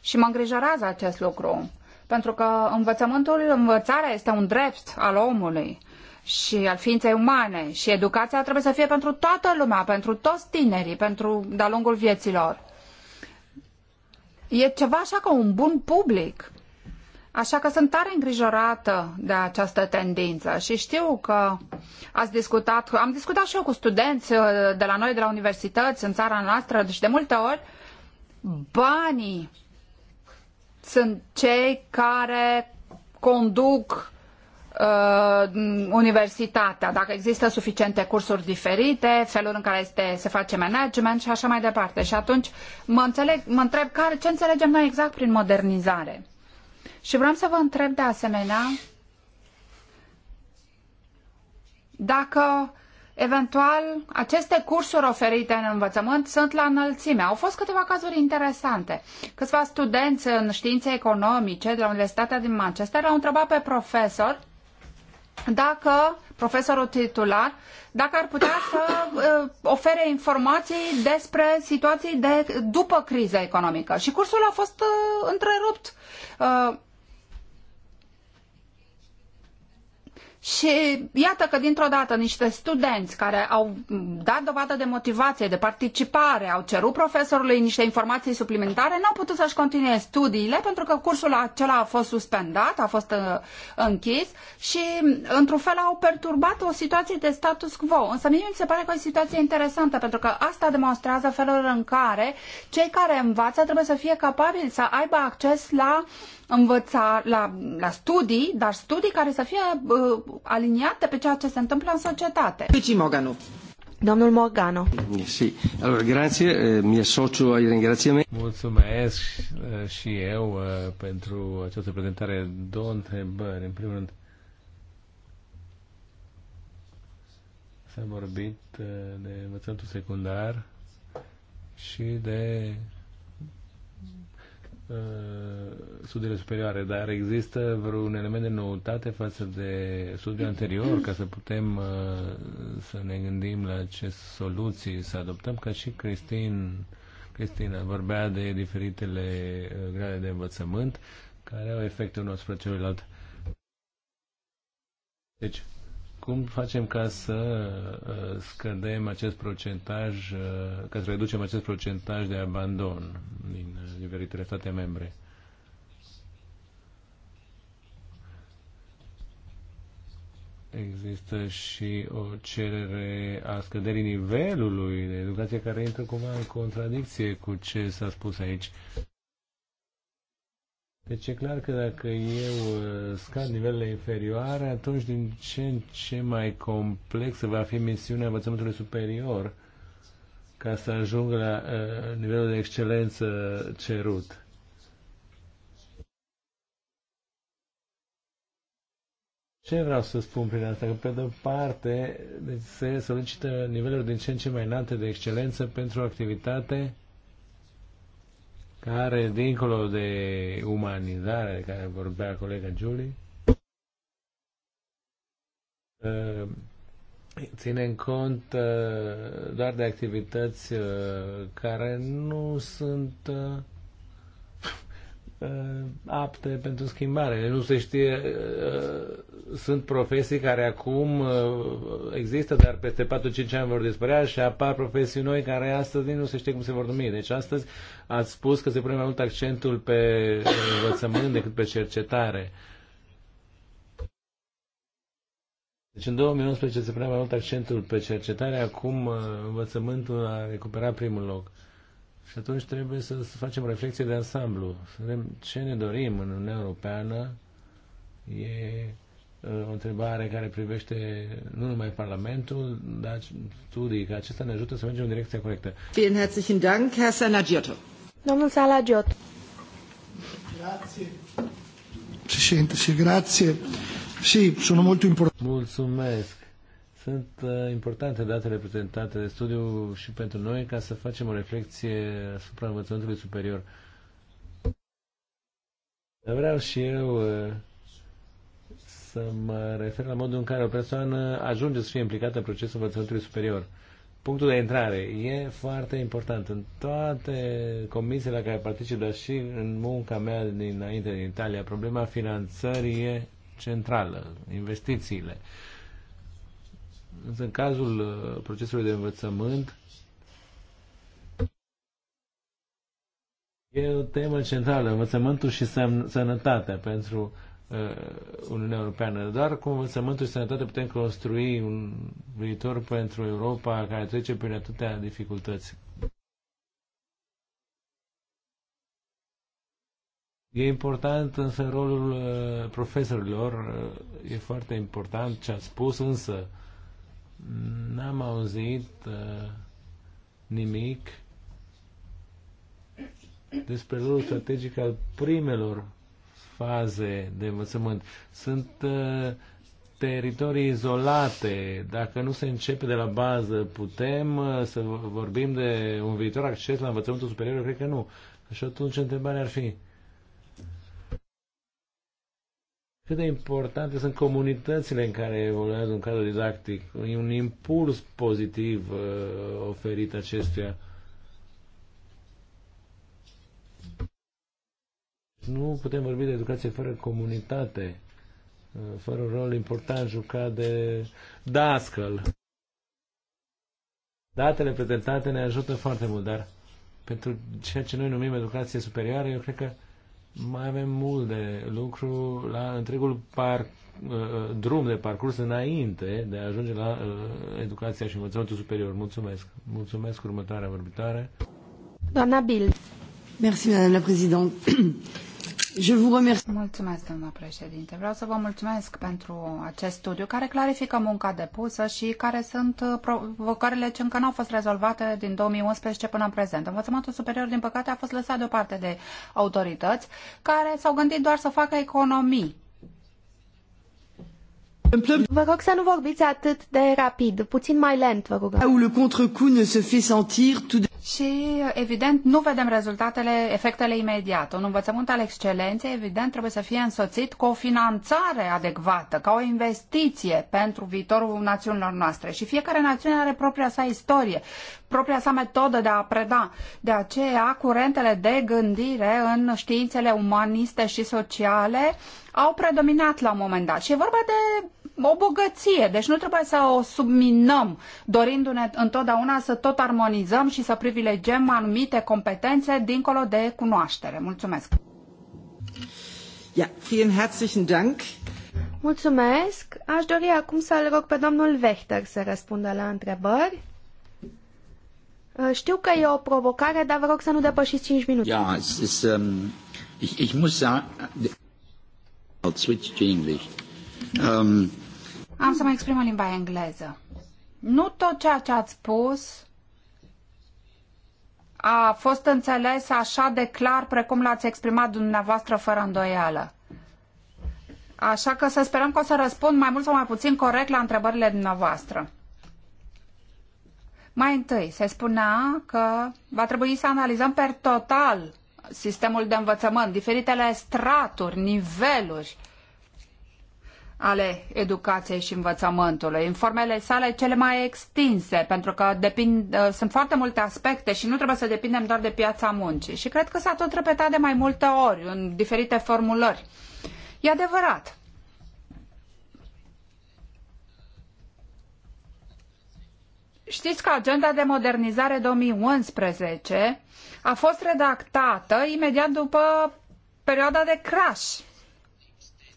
Și mă îngrijorează acest lucru. Pentru că învățământul, învățarea este un drept al omului și al ființei umane și educația trebuie să fie pentru toată lumea, pentru toți tinerii, pentru de-a lungul vieților. E ceva așa ca un bun public Așa că sunt tare îngrijorată de această tendință și știu că ați discutat, am discutat și eu cu studenți uh, de la noi, de la universități, în țara noastră și de multe ori banii sunt cei care conduc uh, universitatea, dacă există suficiente cursuri diferite, felul în care este, se face management și așa mai departe. Și atunci mă, înțeleg, mă întreb care, ce înțelegem noi exact prin modernizare. Și vreau să vă întreb de asemenea dacă eventual aceste cursuri oferite în învățământ sunt la înălțime. Au fost câteva cazuri interesante. Câțiva studenți în științe economice de la Universitatea din Manchester au întrebat pe profesor dacă profesorul titular, dacă ar putea să uh, ofere informații despre situații de după criza economică. Și cursul a fost uh, întrerupt. Uh, Și iată că dintr-o dată niște studenți care au dat dovadă de motivație, de participare, au cerut profesorului niște informații suplimentare, n-au putut să-și continue studiile pentru că cursul acela a fost suspendat, a fost uh, închis și într-un fel au perturbat o situație de status quo. Însă mie mi se pare că o situație interesantă pentru că asta demonstrează felul în care cei care învață trebuie să fie capabili să aibă acces la uh, învăța la, la studii, dar studii care să fie uh, aliniate pe ceea ce se întâmplă în societate. Pici Moganu. Domnul Morgano. Sì, allora grazie, eh, mi associo ai ringraziamenti. Mulțumesc eh, și eu eh, pentru această prezentare. Două întrebări. În primul rând, s-a vorbit de învățământul secundar și de Uh, studiile superioare, dar există vreun element de noutate față de studiul anterior ca să putem uh, să ne gândim la ce soluții să adoptăm, ca și Cristin, Cristina vorbea de diferitele uh, grade de învățământ care au efecte unul asupra celuilalt. Deci, cum facem ca să uh, scădem acest procentaj, uh, ca să reducem acest procentaj de abandon uh, din diferitele state membre? Există și o cerere a scăderii nivelului de educație care intră cumva în contradicție cu ce s-a spus aici. Deci e clar că dacă eu uh, scad nivelele inferioare, atunci din ce în ce mai complexă va fi misiunea învățământului superior ca să ajungă la uh, nivelul de excelență cerut. Ce vreau să spun prin asta? Că pe de-o parte deci se solicită niveluri din ce în ce mai înalte de excelență pentru o activitate care, dincolo de umanizare de care vorbea colega Julie, uh, în cont uh, doar de activități uh, care nu sunt Uh, apte pentru schimbare. Nu se știe, uh, sunt profesii care acum uh, există, dar peste 4-5 ani vor dispărea și apar profesii noi care astăzi nu se știe cum se vor numi. Deci astăzi ați spus că se pune mai mult accentul pe învățământ decât pe cercetare. Deci în 2011 se punea mai mult accentul pe cercetare, acum învățământul a recuperat primul loc. Și atunci trebuie să facem reflexie de ansamblu, să vedem ce ne dorim în Uniunea Europeană. E uh, o întrebare care privește nu numai Parlamentul, dar studii, că acesta ne ajută să mergem în direcția corectă. Vielen herzlichen Dank, Herr Salagiotto. Domnul Salagiotto. Grazie. Președinte, și grazie. Și, sunt mult important. Mulțumesc. Sunt uh, importante datele prezentate de studiu și pentru noi ca să facem o reflexie asupra învățământului superior. Vreau și eu uh, să mă refer la modul în care o persoană ajunge să fie implicată în procesul învățământului superior. Punctul de intrare e foarte important. În toate comisiile la care particip, dar și în munca mea dinainte din Italia, problema finanțării e centrală, investițiile. Uh, Însă în cazul uh, procesului de învățământ, E o temă centrală, învățământul și sănătatea pentru uh, Uniunea Europeană. Doar cu învățământul și sănătatea putem construi un viitor pentru Europa care trece prin atâtea dificultăți. E important însă rolul uh, profesorilor, uh, e foarte important ce a spus, însă n-am auzit uh, nimic despre rolul strategic al primelor faze de învățământ. Sunt uh, teritorii izolate. Dacă nu se începe de la bază, putem uh, să vorbim de un viitor acces la învățământul superior? Cred că nu. Și atunci întrebarea ar fi, cât de importante sunt comunitățile în care evoluează un cadru didactic. E un impuls pozitiv uh, oferit acestuia. Nu putem vorbi de educație fără comunitate, uh, fără un rol important jucat de dascăl. Datele prezentate ne ajută foarte mult, dar pentru ceea ce noi numim educație superioară, eu cred că mai avem mult de lucru la întregul par, uh, drum de parcurs înainte de a ajunge la uh, educația și învățământul superior. Mulțumesc. Mulțumesc următoarea vorbitoare. Doamna Bill. Mersi, doamna președinte. Je vous remercie. Mulțumesc, domnule președinte. Vreau să vă mulțumesc pentru acest studiu care clarifică munca depusă și care sunt uh, provocările ce încă nu au fost rezolvate din 2011 până în prezent. Învățământul superior, din păcate, a fost lăsat deoparte de autorități care s-au gândit doar să facă economii. Vă rog să nu vorbiți atât de rapid, puțin mai lent, vă rog. Où le contre-coup ne se fait sentir, tout și, evident, nu vedem rezultatele, efectele imediate. Un învățământ al excelenței, evident, trebuie să fie însoțit cu o finanțare adecvată, ca o investiție pentru viitorul națiunilor noastre. Și fiecare națiune are propria sa istorie, propria sa metodă de a preda. De aceea, curentele de gândire în științele umaniste și sociale au predominat la un moment dat. Și e vorba de o bogăție, deci nu trebuie să o subminăm, dorindu-ne întotdeauna să tot armonizăm și să privilegiem anumite competențe dincolo de cunoaștere. Mulțumesc! Ja, vielen herzlichen Dank. Mulțumesc! Aș dori acum să-l rog pe domnul Vechter să răspundă la întrebări. Știu că e o provocare, dar vă rog să nu depășiți 5 minute. Ja, es ist, um, ich, ich muss sagen, I'll switch to English. Um, am să mă exprim în limba engleză. Nu tot ceea ce ați spus a fost înțeles așa de clar precum l-ați exprimat dumneavoastră fără îndoială. Așa că să sperăm că o să răspund mai mult sau mai puțin corect la întrebările dumneavoastră. Mai întâi, se spunea că va trebui să analizăm per total sistemul de învățământ, diferitele straturi, niveluri ale educației și învățământului, în formele sale cele mai extinse, pentru că depind, uh, sunt foarte multe aspecte și nu trebuie să depindem doar de piața muncii. Și cred că s-a tot repetat de mai multe ori, în diferite formulări. E adevărat. Știți că agenda de modernizare 2011 a fost redactată imediat după perioada de crash,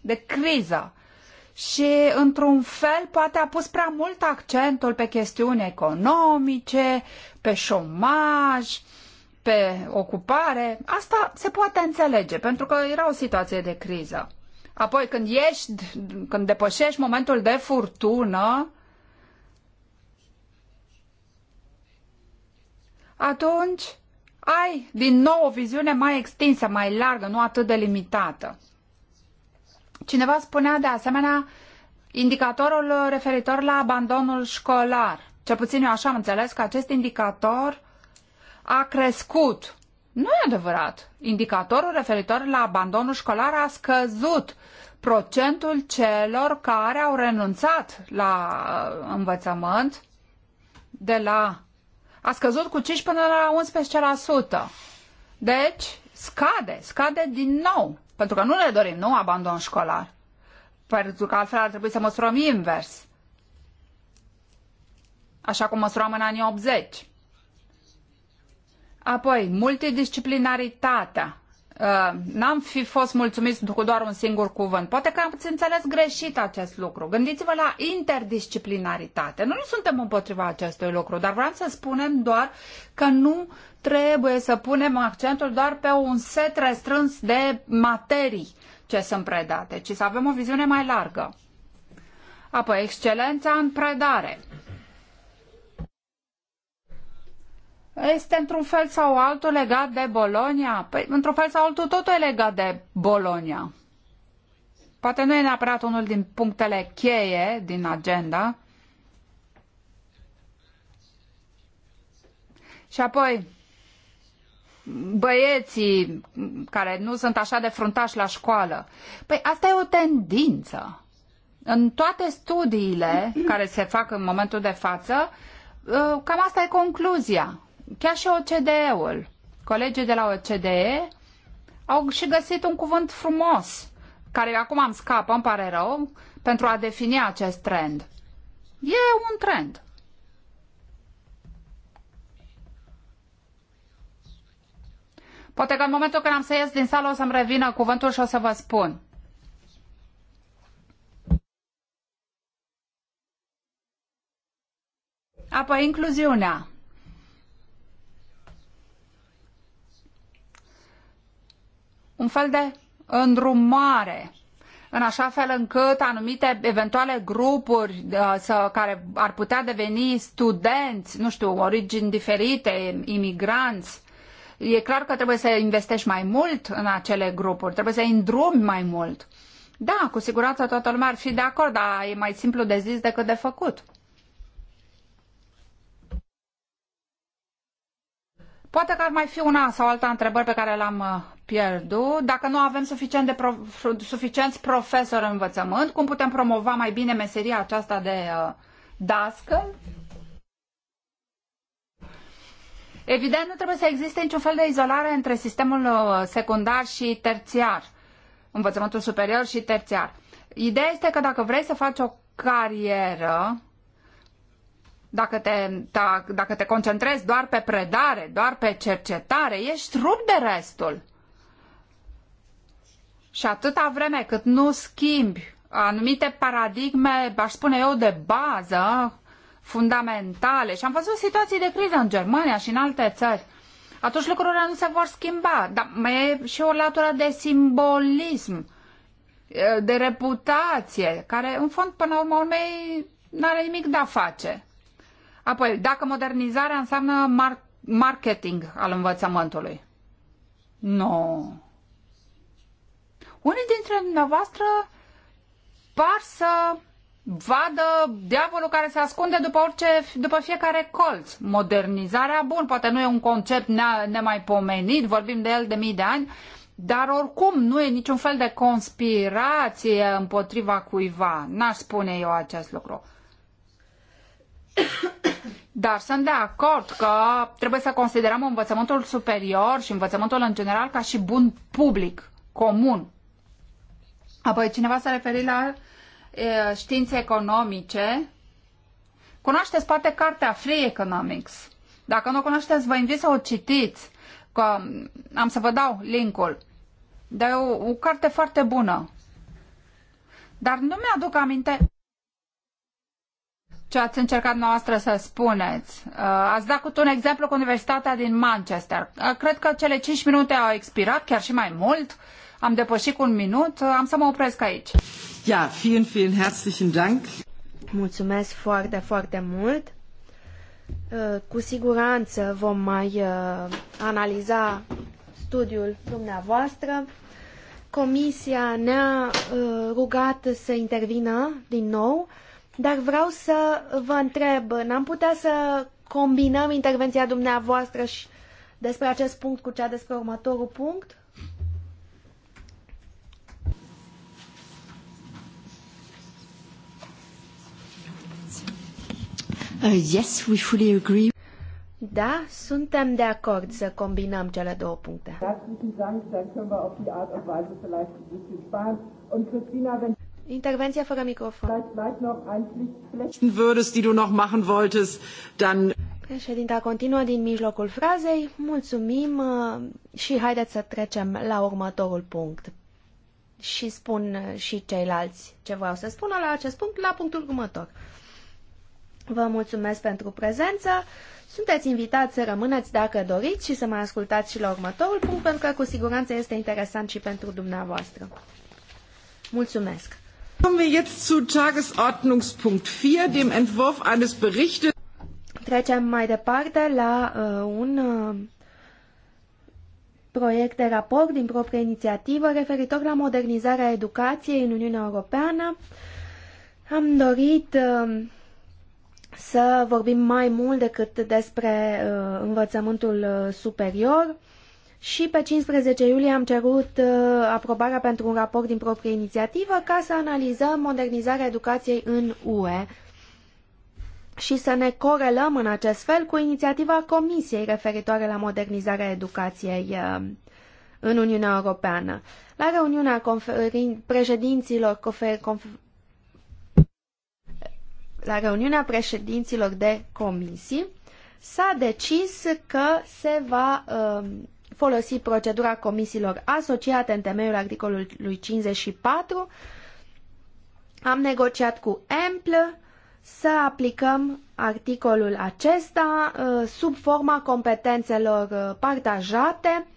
de criză și, într-un fel, poate a pus prea mult accentul pe chestiuni economice, pe șomaj, pe ocupare. Asta se poate înțelege, pentru că era o situație de criză. Apoi, când ieși, când depășești momentul de furtună, atunci ai din nou o viziune mai extinsă, mai largă, nu atât de limitată. Cineva spunea de asemenea indicatorul referitor la abandonul școlar. Cel puțin eu așa am înțeles că acest indicator a crescut. Nu e adevărat. Indicatorul referitor la abandonul școlar a scăzut procentul celor care au renunțat la uh, învățământ de la a scăzut cu 5 până la 11%. Deci, scade, scade din nou pentru că nu ne dorim nu abandon școlar. Pentru că altfel ar trebui să măsurăm invers. Așa cum măsurăm în anii 80. Apoi, multidisciplinaritatea. Uh, n-am fi fost mulțumit cu doar un singur cuvânt. Poate că am înțeles greșit acest lucru. Gândiți-vă la interdisciplinaritate. Noi nu suntem împotriva acestui lucru, dar vreau să spunem doar că nu trebuie să punem accentul doar pe un set restrâns de materii ce sunt predate, ci să avem o viziune mai largă. Apoi, excelența în predare. este într-un fel sau altul legat de Bolonia? Păi, într-un fel sau altul totul e legat de Bolonia. Poate nu e neapărat unul din punctele cheie din agenda. Și apoi, băieții care nu sunt așa de fruntași la școală. Păi asta e o tendință. În toate studiile care se fac în momentul de față, uh, cam asta e concluzia. Chiar și OCDE-ul, colegii de la OCDE au și găsit un cuvânt frumos, care acum am scapă, îmi pare rău, pentru a defini acest trend. E un trend. Poate că în momentul când am să ies din sală o să-mi revină cuvântul și o să vă spun. Apoi, incluziunea. un fel de îndrumare în așa fel încât anumite eventuale grupuri uh, să, care ar putea deveni studenți, nu știu, origini diferite, imigranți, e clar că trebuie să investești mai mult în acele grupuri, trebuie să îndrumi mai mult. Da, cu siguranță toată lumea ar fi de acord, dar e mai simplu de zis decât de făcut. Poate că ar mai fi una sau alta întrebări pe care le-am uh, pierdut. Dacă nu avem suficient de prof- suficienți profesori în învățământ, cum putem promova mai bine meseria aceasta de uh, dască? Evident, nu trebuie să existe niciun fel de izolare între sistemul uh, secundar și terțiar, învățământul superior și terțiar. Ideea este că dacă vrei să faci o carieră, dacă te, ta, dacă te concentrezi doar pe predare, doar pe cercetare, ești rupt de restul. Și atâta vreme cât nu schimbi anumite paradigme, aș spune eu, de bază, fundamentale, și am văzut situații de criză în Germania și în alte țări, atunci lucrurile nu se vor schimba. Dar mai e și o latură de simbolism, de reputație, care, în fond, până la urmă, nu are nimic de a face. Apoi, dacă modernizarea înseamnă mar- marketing al învățământului. Nu. No. Unii dintre dumneavoastră par să vadă diavolul care se ascunde după, orice, după fiecare colț. Modernizarea, bun, poate nu e un concept ne- nemaipomenit, vorbim de el de mii de ani, dar oricum nu e niciun fel de conspirație împotriva cuiva. N-aș spune eu acest lucru. Dar sunt de acord că trebuie să considerăm învățământul superior și învățământul în general ca și bun public, comun. Apoi cineva s-a referit la e, științe economice. Cunoașteți poate cartea Free Economics. Dacă nu o cunoașteți, vă invit să o citiți. Că am să vă dau linkul. Dar e o, o carte foarte bună. Dar nu mi-aduc aminte ce ați încercat noastră să spuneți. Uh, ați dat cu un exemplu cu Universitatea din Manchester. Uh, cred că cele 5 minute au expirat, chiar și mai mult. Am depășit cu un minut. Uh, am să mă opresc aici. Ja, vielen, vielen herzlichen Dank. Mulțumesc foarte, foarte mult. Cu siguranță vom mai analiza studiul dumneavoastră. Comisia ne-a rugat să intervină din nou dar vreau să vă întreb, n-am putea să combinăm intervenția dumneavoastră și despre acest punct cu cea despre următorul punct? Uh, yes, we fully agree. Da, suntem de acord să combinăm cele două puncte. Intervenția fără microfon. Würdest, die du noch machen wolltest, dann... Președinta continuă din mijlocul frazei. Mulțumim uh, și haideți să trecem la următorul punct. Și spun uh, și ceilalți ce vreau să spună la acest punct, la punctul următor. Vă mulțumesc pentru prezență. Sunteți invitați să rămâneți dacă doriți și să mai ascultați și la următorul punct, pentru că cu siguranță este interesant și pentru dumneavoastră. Mulțumesc! Kommen wir jetzt zu Tagesordnungspunkt 4, dem Entwurf eines Berichtes. Trecem mai departe la uh, un uh, proiect de raport din proprie inițiativă referitor la modernizarea educației în Uniunea Europeană. Am dorit uh, să vorbim mai mult decât despre uh, învățământul superior și pe 15 iulie am cerut uh, aprobarea pentru un raport din proprie inițiativă ca să analizăm modernizarea educației în UE și să ne corelăm în acest fel cu inițiativa Comisiei referitoare la modernizarea educației uh, în Uniunea Europeană. La reuniunea președinților la reuniunea președinților de comisii s-a decis că se va uh, folosi procedura comisiilor asociate în temeiul articolului 54. Am negociat cu EMPL să aplicăm articolul acesta uh, sub forma competențelor uh, partajate,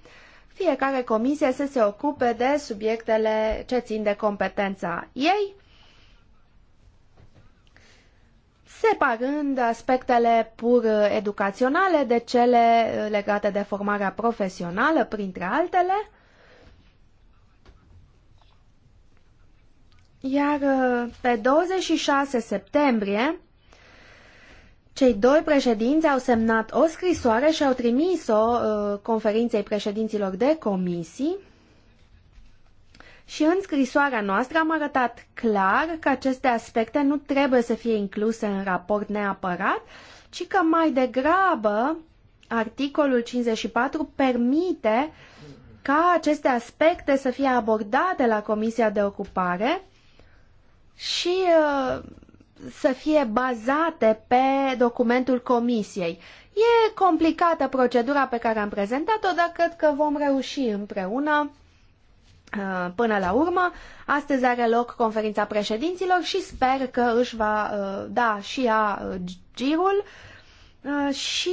fiecare comisie să se ocupe de subiectele ce țin de competența ei separând aspectele pur educaționale de cele legate de formarea profesională, printre altele. Iar uh, pe 26 septembrie, cei doi președinți au semnat o scrisoare și au trimis-o uh, conferinței președinților de comisii și în scrisoarea noastră am arătat clar că aceste aspecte nu trebuie să fie incluse în raport neapărat, ci că mai degrabă articolul 54 permite ca aceste aspecte să fie abordate la Comisia de Ocupare și uh, să fie bazate pe documentul Comisiei. E complicată procedura pe care am prezentat-o, dar cred că vom reuși împreună Uh, până la urmă, astăzi are loc conferința președinților și sper că își va uh, da și ea uh, girul și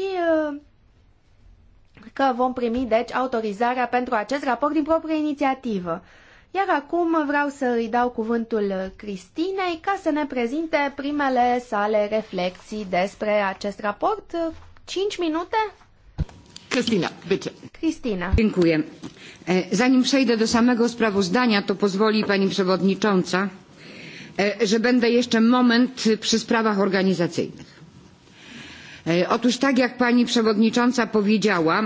că vom primi, deci, autorizarea pentru acest raport din proprie inițiativă. Iar acum vreau să îi dau cuvântul Cristinei ca să ne prezinte primele sale reflexii despre acest raport. 5 minute? Krystyna, bitte. Krystyna. Dziękuję. Zanim przejdę do samego sprawozdania, to pozwoli Pani Przewodnicząca, że będę jeszcze moment przy sprawach organizacyjnych. Otóż tak jak Pani Przewodnicząca powiedziała...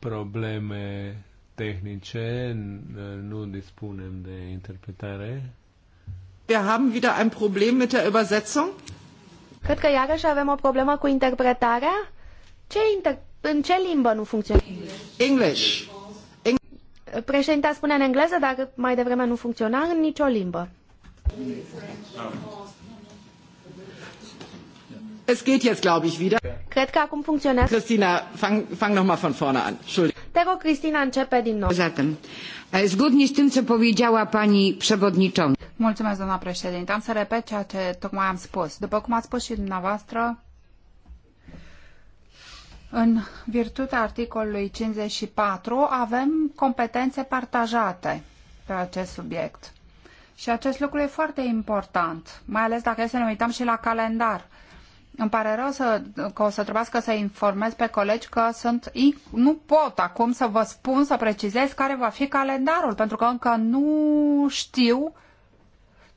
Problemy tehnice, nu dispunem de interpretare. Wir haben wieder ein Problem mit der Übersetzung. Cred că iarăși avem o problemă cu interpretarea. Ce interpretare? În ce limbă nu funcționează? English. English. Președinta spune în engleză, dar mai devreme nu funcționa în nicio limbă. Es geht jetzt, glaube ich, wieder. Cred că acum funcționează. Cristina, fang, fang nochmal von vorne an. Te rog, Cristina, începe din nou. Zatem, zgodnie z tym, co powiedziała pani przewodnicząca. Mulțumesc, doamna președinte. Am să repet ceea ce tocmai am spus. După cum ați spus și dumneavoastră, în virtutea articolului 54 avem competențe partajate pe acest subiect. Și acest lucru e foarte important, mai ales dacă e să ne uităm și la calendar. Îmi pare rău să, că o să trebuiască să informez pe colegi că sunt, nu pot acum să vă spun, să precizez care va fi calendarul, pentru că încă nu știu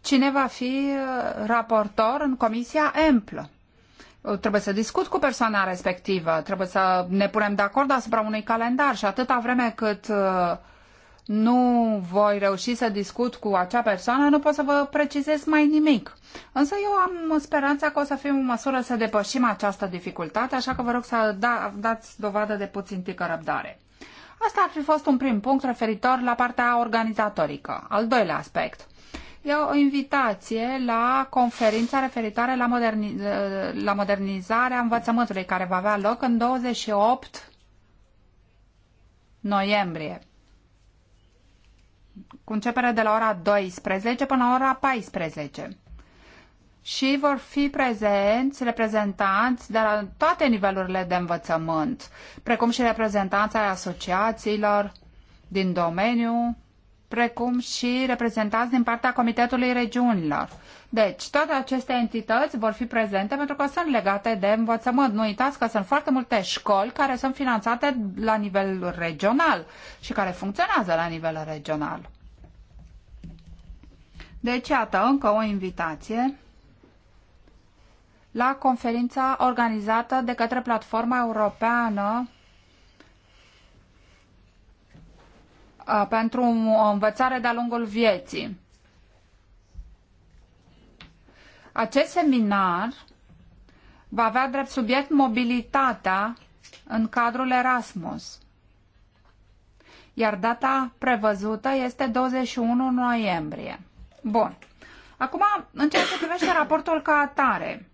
cine va fi uh, raportor în Comisia Emplă trebuie să discut cu persoana respectivă, trebuie să ne punem de acord asupra unui calendar și atâta vreme cât uh, nu voi reuși să discut cu acea persoană, nu pot să vă precizez mai nimic. Însă eu am speranța că o să fim în măsură să depășim această dificultate, așa că vă rog să da, dați dovadă de puțin tică răbdare. Asta ar fi fost un prim punct referitor la partea organizatorică. Al doilea aspect – E o invitație la conferința referitoare la, moderni, eh, la modernizarea învățământului care va avea loc în 28 noiembrie cu începere de la ora 12 până la ora 14. Și vor fi prezenți reprezentanți de la toate nivelurile de învățământ, precum și reprezentanța asociațiilor din domeniu, precum și reprezentanți din partea Comitetului Regiunilor. Deci, toate aceste entități vor fi prezente pentru că sunt legate de învățământ. Nu uitați că sunt foarte multe școli care sunt finanțate la nivel regional și care funcționează la nivel regional. Deci, iată, încă o invitație la conferința organizată de către Platforma Europeană Uh, pentru o învățare de-a lungul vieții. Acest seminar va avea drept subiect mobilitatea în cadrul Erasmus. Iar data prevăzută este 21 noiembrie. Bun. Acum, în ceea ce privește raportul ca atare,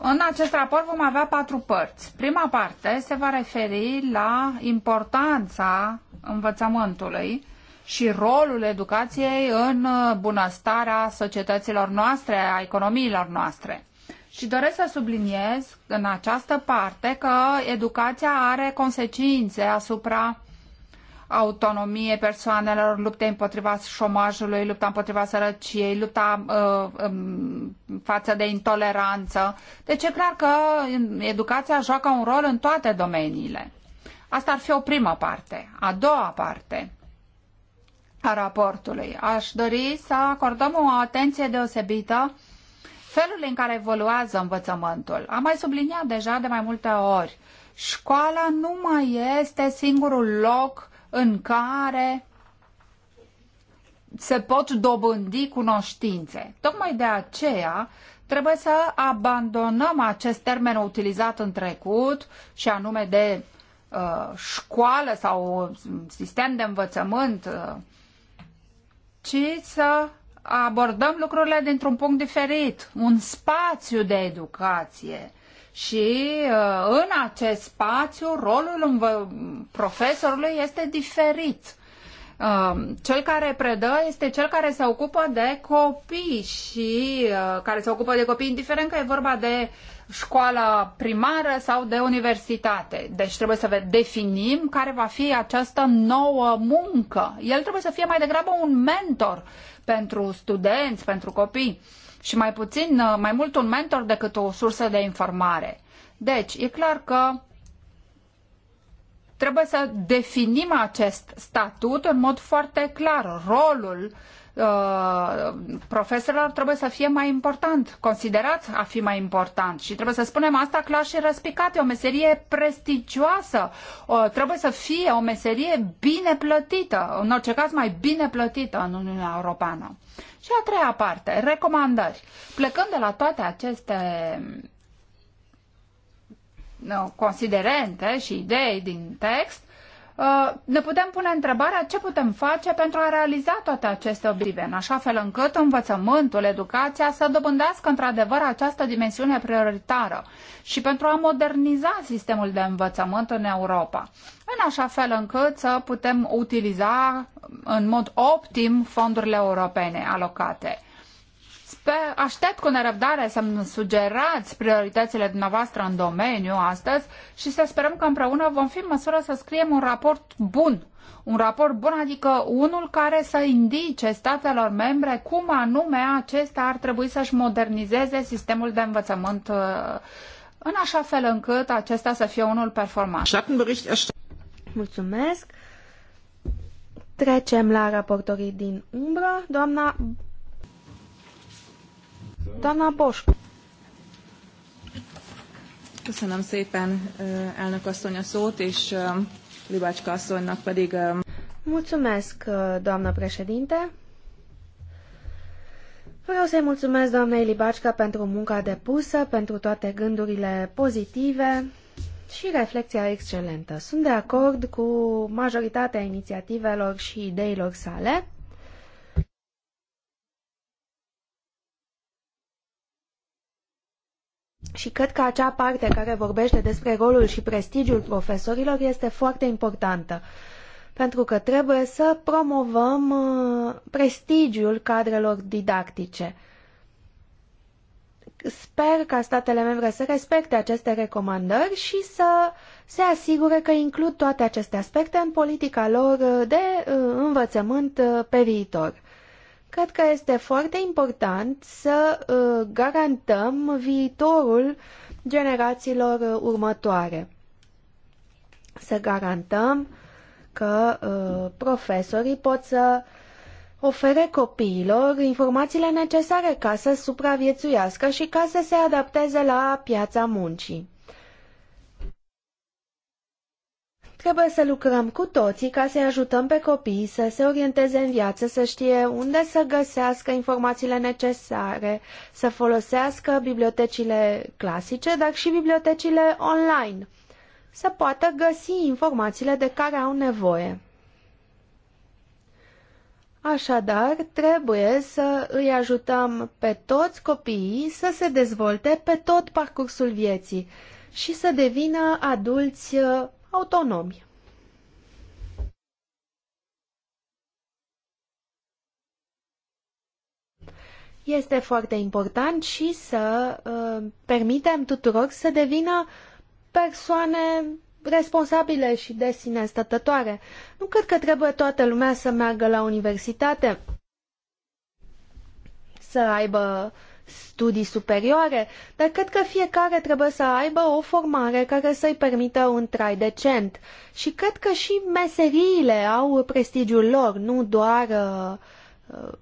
În acest raport vom avea patru părți. Prima parte se va referi la importanța învățământului și rolul educației în uh, bunăstarea societăților noastre, a economiilor noastre. Și doresc să subliniez în această parte că educația are consecințe asupra autonomie persoanelor, lupte împotriva șomajului, lupta împotriva sărăciei, lupta uh, um, față de intoleranță. Deci e clar că educația joacă un rol în toate domeniile. Asta ar fi o primă parte. A doua parte a raportului. Aș dori să acordăm o atenție deosebită felul în care evoluează învățământul. Am mai subliniat deja de mai multe ori. Școala nu mai este singurul loc în care se pot dobândi cunoștințe. Tocmai de aceea trebuie să abandonăm acest termen utilizat în trecut și anume de uh, școală sau sistem de învățământ, uh, ci să abordăm lucrurile dintr-un punct diferit, un spațiu de educație, și uh, în acest spațiu rolul profesorului este diferit. Uh, cel care predă este cel care se ocupă de copii și uh, care se ocupă de copii indiferent că e vorba de școala primară sau de universitate. Deci trebuie să definim care va fi această nouă muncă. El trebuie să fie mai degrabă un mentor pentru studenți, pentru copii. Uh, și mai puțin, uh, mai mult un mentor decât o sursă de informare. Deci, e clar că trebuie să definim acest statut în mod foarte clar, rolul Uh, profesorilor trebuie să fie mai important, considerat a fi mai important și trebuie să spunem asta clar și răspicat, e o meserie prestigioasă, uh, trebuie să fie o meserie bine plătită, în orice caz mai bine plătită în Uniunea Europeană. Și a treia parte, recomandări. Plecând de la toate aceste uh, considerente și idei din text, Uh, ne putem pune întrebarea ce putem face pentru a realiza toate aceste obiective, în așa fel încât învățământul, educația să dobândească într-adevăr această dimensiune prioritară și pentru a moderniza sistemul de învățământ în Europa, în așa fel încât să putem utiliza în mod optim fondurile europene alocate. Sper, aștept cu nerăbdare să-mi sugerați prioritățile dumneavoastră în domeniu astăzi și să sperăm că împreună vom fi în măsură să scriem un raport bun. Un raport bun, adică unul care să indice statelor membre cum anume acesta ar trebui să-și modernizeze sistemul de învățământ uh, în așa fel încât acesta să fie unul performant. Mulțumesc! Trecem la raportorii din umbră. Doamna Dana Bosch. Köszönöm szépen eh, elnök asszony a szót, és eh, Libácska asszonynak pedig... Eh, mulțumesc, doamna președinte. Vreau să-i mulțumesc doamnei Libașca pentru munca depusă, pentru toate gândurile pozitive și reflexia excelentă. Sunt de acord cu majoritatea inițiativelor și ideilor sale Și cred că acea parte care vorbește despre rolul și prestigiul profesorilor este foarte importantă, pentru că trebuie să promovăm uh, prestigiul cadrelor didactice. Sper ca statele membre să respecte aceste recomandări și să se asigure că includ toate aceste aspecte în politica lor uh, de uh, învățământ pe viitor. Cred că este foarte important să uh, garantăm viitorul generațiilor uh, următoare. Să garantăm că uh, profesorii pot să ofere copiilor informațiile necesare ca să supraviețuiască și ca să se adapteze la piața muncii. Trebuie să lucrăm cu toții ca să-i ajutăm pe copii să se orienteze în viață, să știe unde să găsească informațiile necesare, să folosească bibliotecile clasice, dar și bibliotecile online, să poată găsi informațiile de care au nevoie. Așadar, trebuie să îi ajutăm pe toți copiii să se dezvolte pe tot parcursul vieții și să devină adulți autonomi. Este foarte important și să uh, permitem tuturor să devină persoane responsabile și de sine stătătoare. Nu cred că trebuie toată lumea să meargă la universitate, să aibă uh, studii superioare, dar cred că fiecare trebuie să aibă o formare care să-i permită un trai decent. Și cred că și meseriile au prestigiul lor, nu doar uh, uh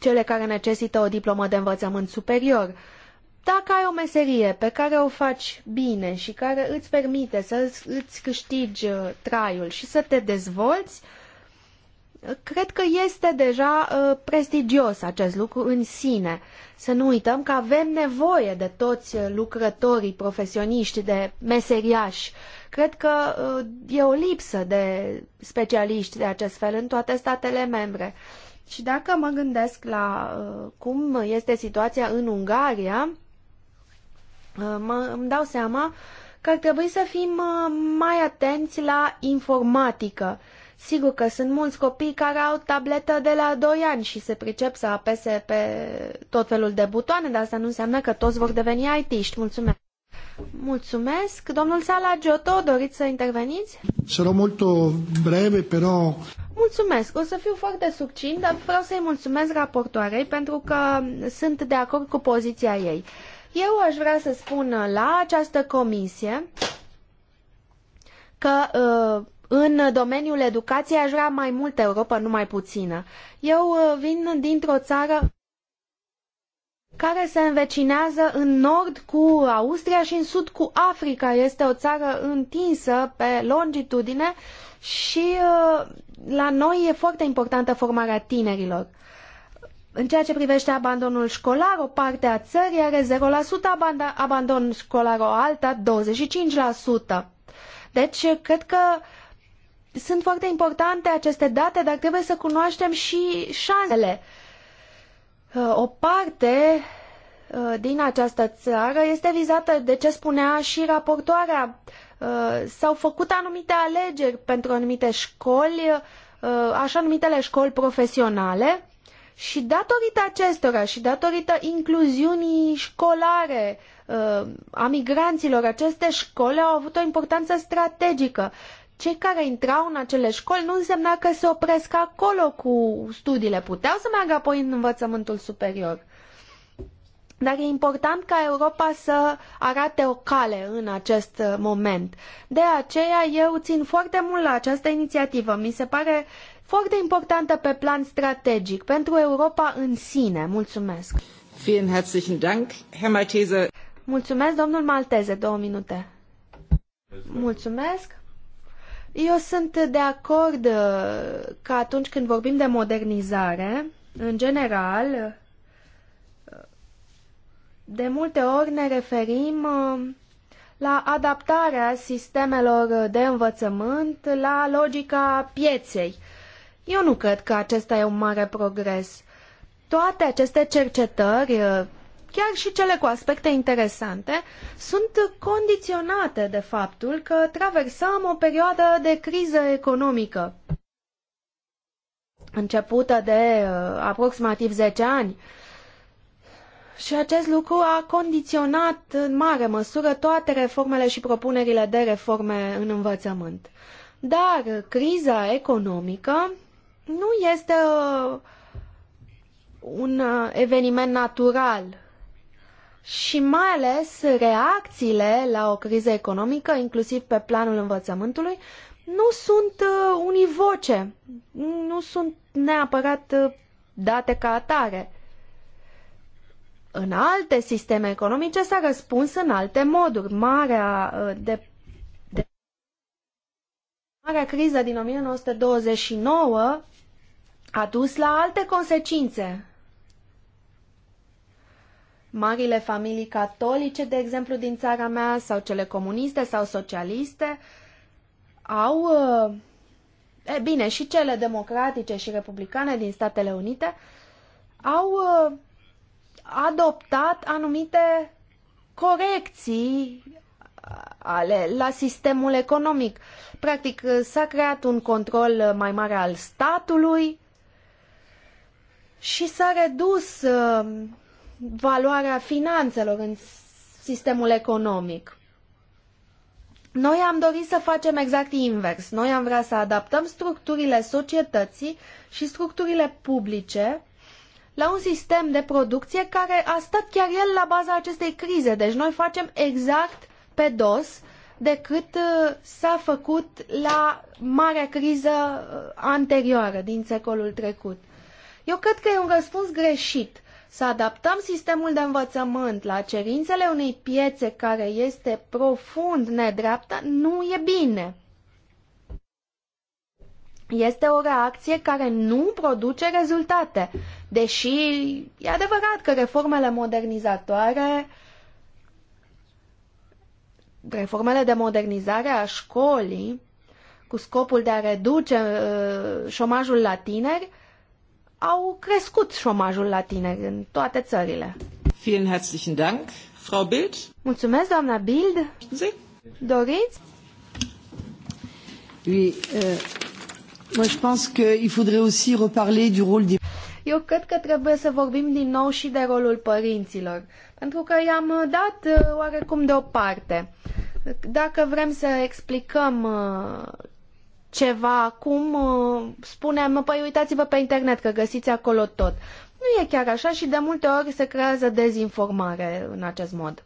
cele care necesită o diplomă de învățământ superior. Dacă ai o meserie pe care o faci bine și care îți permite să îți câștigi uh, traiul și să te dezvolți, uh, Cred că este deja uh, prestigios acest lucru în sine. Să nu uităm că avem nevoie de toți uh, lucrătorii profesioniști, de meseriași. Cred că uh, e o lipsă de specialiști de acest fel în toate statele membre. Și dacă mă gândesc la cum este situația în Ungaria, mă, îmi dau seama că ar trebui să fim mai atenți la informatică Sigur că sunt mulți copii care au tabletă de la 2 ani și se pricep să apese pe tot felul de butoane, dar asta nu înseamnă că toți vor deveni IT-ști. Mulțumesc! Mulțumesc! Domnul Sala Giotto, doriți să interveniți? Sarò molto breve, però... Mulțumesc! O să fiu foarte succint, dar vreau să-i mulțumesc raportoarei pentru că sunt de acord cu poziția ei. Eu aș vrea să spun la această comisie că uh, în domeniul educației aș vrea mai multă Europa, nu mai puțină. Eu uh, vin dintr-o țară care se învecinează în nord cu Austria și în sud cu Africa. Este o țară întinsă pe longitudine și uh, la noi e foarte importantă formarea tinerilor. În ceea ce privește abandonul școlar, o parte a țării are 0% abandon școlar, o alta 25%. Deci, cred că sunt foarte importante aceste date, dar trebuie să cunoaștem și șansele. Uh, o parte uh, din această țară este vizată de ce spunea și raportoarea. Uh, s-au făcut anumite alegeri pentru anumite școli, așa numitele școli profesionale și datorită acestora și datorită incluziunii școlare a migranților, aceste școli au avut o importanță strategică cei care intrau în acele școli nu însemna că se opresc acolo cu studiile, puteau să meargă apoi în învățământul superior. Dar e important ca Europa să arate o cale în acest moment. De aceea eu țin foarte mult la această inițiativă. Mi se pare foarte importantă pe plan strategic pentru Europa în sine. Mulțumesc! Vielen herzlichen Dank, Herr Maltese. Mulțumesc, domnul Malteze, două minute. Mulțumesc! Eu sunt de acord uh, că atunci când vorbim de modernizare, în general, uh, de multe ori ne referim uh, la adaptarea sistemelor de învățământ la logica pieței. Eu nu cred că acesta e un mare progres. Toate aceste cercetări chiar și cele cu aspecte interesante, sunt condiționate de faptul că traversăm o perioadă de criză economică începută de uh, aproximativ 10 ani. Și acest lucru a condiționat în mare măsură toate reformele și propunerile de reforme în învățământ. Dar criza economică nu este uh, un uh, eveniment natural și mai ales reacțiile la o criză economică, inclusiv pe planul învățământului, nu sunt uh, univoce, nu sunt neapărat uh, date ca atare. În alte sisteme economice s-a răspuns în alte moduri. Marea, uh, de, de, marea criză din 1929 a dus la alte consecințe marile familii catolice, de exemplu, din țara mea, sau cele comuniste sau socialiste, au, eh, e bine, și cele democratice și republicane din Statele Unite, au eh, adoptat anumite corecții eh, ale, la sistemul economic. Practic, s-a creat un control mai mare al statului și s-a redus uh, valoarea finanțelor în sistemul economic. Noi am dorit să facem exact invers. Noi am vrea să adaptăm structurile societății și structurile publice la un sistem de producție care a stat chiar el la baza acestei crize. Deci noi facem exact pe dos decât uh, s-a făcut la marea criză uh, anterioară din secolul trecut. Eu cred că e un răspuns greșit să adaptăm sistemul de învățământ la cerințele unei piețe care este profund nedreaptă nu e bine. Este o reacție care nu produce rezultate, deși e adevărat că reformele modernizatoare reformele de modernizare a școlii cu scopul de a reduce uh, șomajul la tineri uh, au crescut șomajul la tine în toate țările. Vielen herzlichen Dank, Frau Bild. Mulțumesc, doamna Bild. Sie? Doriți? Oui, euh, moi je pense qu'il faudrait aussi reparler du rôle des... Eu cred că trebuie să vorbim din nou și de rolul părinților, pentru că i-am dat uh, oarecum deoparte. Dacă vrem să explicăm uh, ceva acum, uh, spuneam, păi uitați-vă pe internet că găsiți acolo tot. Nu e chiar așa și de multe ori se creează dezinformare în acest mod.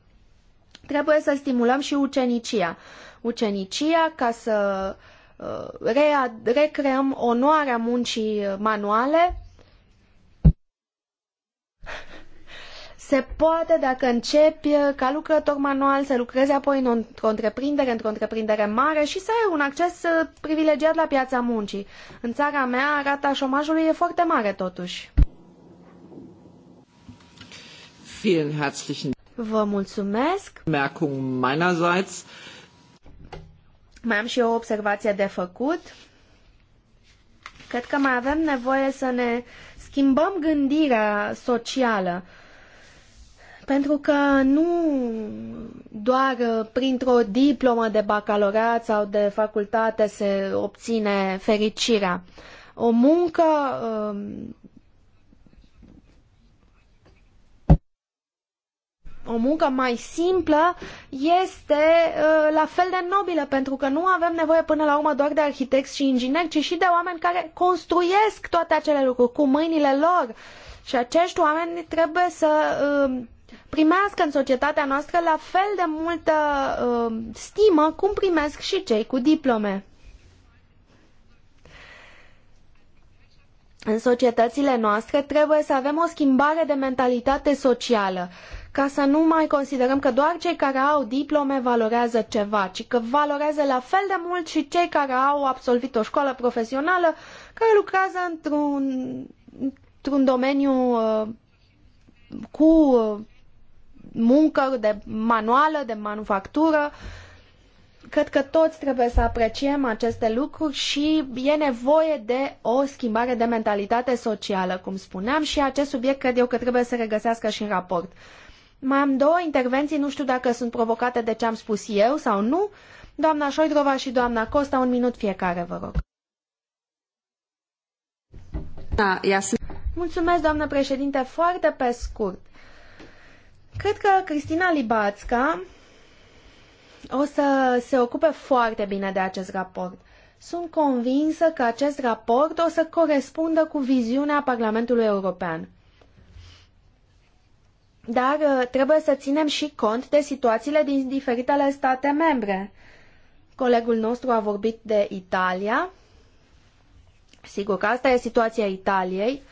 Trebuie să stimulăm și ucenicia. Ucenicia ca să uh, rea, recreăm onoarea muncii manuale se poate dacă începi uh, ca lucrător manual să lucrezi apoi în o întreprindere, într-o întreprindere mare și să ai un acces uh, privilegiat la piața muncii. În țara mea, rata șomajului e foarte mare totuși. Vielen herzlichen Vă mulțumesc. Merkung meinerseits. Mai am și eu o observație de făcut. Cred că mai avem nevoie să ne schimbăm gândirea socială pentru că nu doar printr-o diplomă de bacalaureat sau de facultate se obține fericirea. O muncă um, o muncă mai simplă este uh, la fel de nobilă, pentru că nu avem nevoie până la urmă doar de arhitecți și ingineri, ci și de oameni care construiesc toate acele lucruri cu mâinile lor. Și acești oameni trebuie să um, primească în societatea noastră la fel de multă uh, stimă cum primesc și cei cu diplome. În societățile noastre trebuie să avem o schimbare de mentalitate socială, ca să nu mai considerăm că doar cei care au diplome valorează ceva, ci că valorează la fel de mult și cei care au absolvit o școală profesională, care lucrează într-un într domeniu uh, cu uh, muncă, de manuală, de manufactură. Cred că toți trebuie să apreciem aceste lucruri și e nevoie de o schimbare de mentalitate socială, cum spuneam, și acest subiect cred eu că trebuie să regăsească și în raport. Mai am două intervenții, nu știu dacă sunt provocate de ce am spus eu sau nu. Doamna Șoidrova și doamna Costa, un minut fiecare, vă rog. Da, Mulțumesc, doamnă președinte, foarte pe scurt. Cred că Cristina Libațca o să se ocupe foarte bine de acest raport. Sunt convinsă că acest raport o să corespundă cu viziunea Parlamentului European. Dar uh, trebuie să ținem și cont de situațiile din diferitele state membre. Colegul nostru a vorbit de Italia. Sigur că asta e situația Italiei,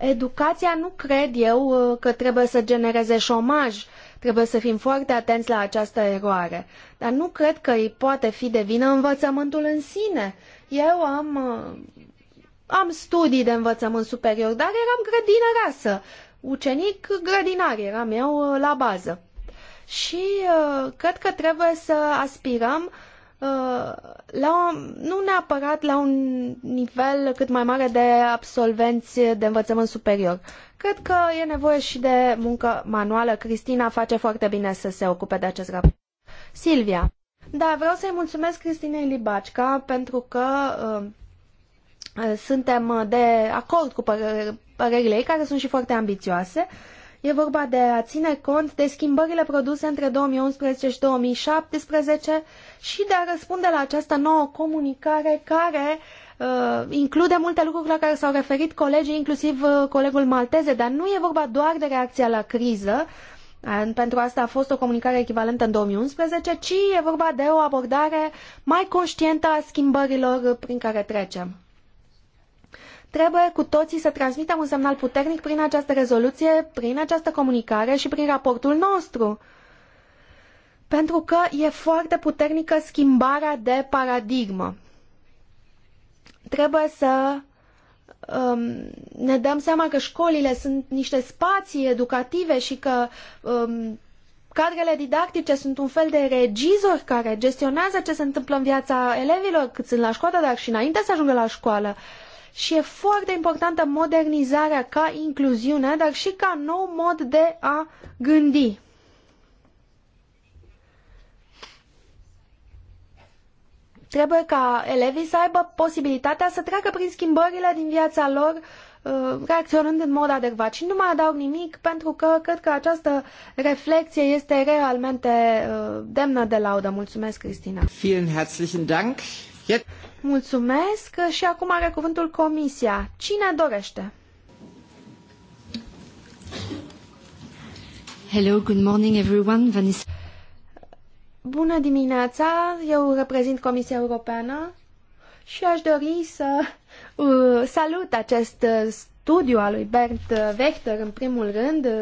Educația nu cred eu uh, că trebuie să genereze șomaj. Trebuie să fim foarte atenți la această eroare. Dar nu cred că îi poate fi de vină învățământul în sine. Eu am, uh, am studii de învățământ superior, dar eram grădinăreasă. Ucenic grădinar eram eu uh, la bază. Și cred că trebuie să aspirăm Uh, la, nu neapărat la un nivel cât mai mare de absolvenți de învățământ superior. Cred că e nevoie și de muncă manuală. Cristina face foarte bine să se ocupe de acest raport. Silvia. Da, vreau să-i mulțumesc Cristinei Libacica pentru că uh, suntem de acord cu părerile ei, care sunt și foarte ambițioase. Uh, E vorba de a ține cont de schimbările produse între 2011 și 2017 și de a răspunde la această nouă comunicare care uh, include multe lucruri la care s-au referit colegii, inclusiv uh, colegul malteze, dar nu e vorba doar de reacția la criză, uh, pentru asta a fost o comunicare echivalentă în 2011, ci e vorba de o abordare mai conștientă a schimbărilor prin care trecem. Trebuie cu toții să transmitem un semnal puternic prin această rezoluție, prin această comunicare și prin raportul nostru. Pentru că e foarte puternică schimbarea de paradigmă. Trebuie să um, ne dăm seama că școlile sunt niște spații educative și că um, cadrele didactice sunt un fel de regizori care gestionează ce se întâmplă în viața elevilor cât sunt la școală, dar și înainte să ajungă la școală. Uh, și e foarte importantă modernizarea ca incluziune, dar și ca nou mod de a gândi. Trebuie ca elevii să aibă posibilitatea să treacă prin schimbările din viața lor uh, reacționând în mod adecvat. Și nu mai adaug nimic pentru că cred că această reflexie este realmente uh, demnă de laudă. Mulțumesc, Cristina. Vielen herzlichen Dank. Mulțumesc și acum are cuvântul Comisia. Cine dorește? Hello, good morning everyone. Vanessa. Bună dimineața, eu reprezint Comisia Europeană și aș dori să uh, salut acest uh, studiu al lui Bernd Wechter în primul rând. Uh,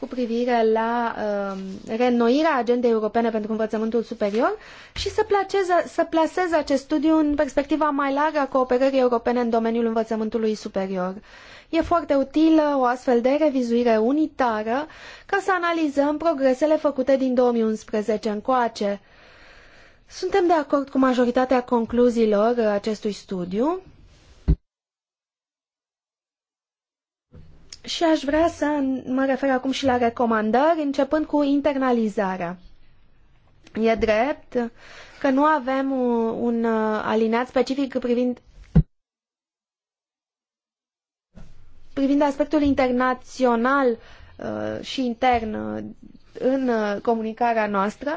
cu privire la uh, reînnoirea agendei europene pentru învățământul superior și să, placeze, să placeze acest studiu în perspectiva mai largă a cooperării europene în domeniul învățământului superior. E foarte utilă o astfel de revizuire unitară ca să analizăm progresele făcute din 2011 încoace. Suntem de acord cu majoritatea concluziilor acestui studiu, Și aș vrea să mă refer acum și la recomandări, începând cu internalizarea. E drept că nu avem un, un uh, alineat specific privind privind aspectul internațional uh, și intern uh, în uh, comunicarea noastră,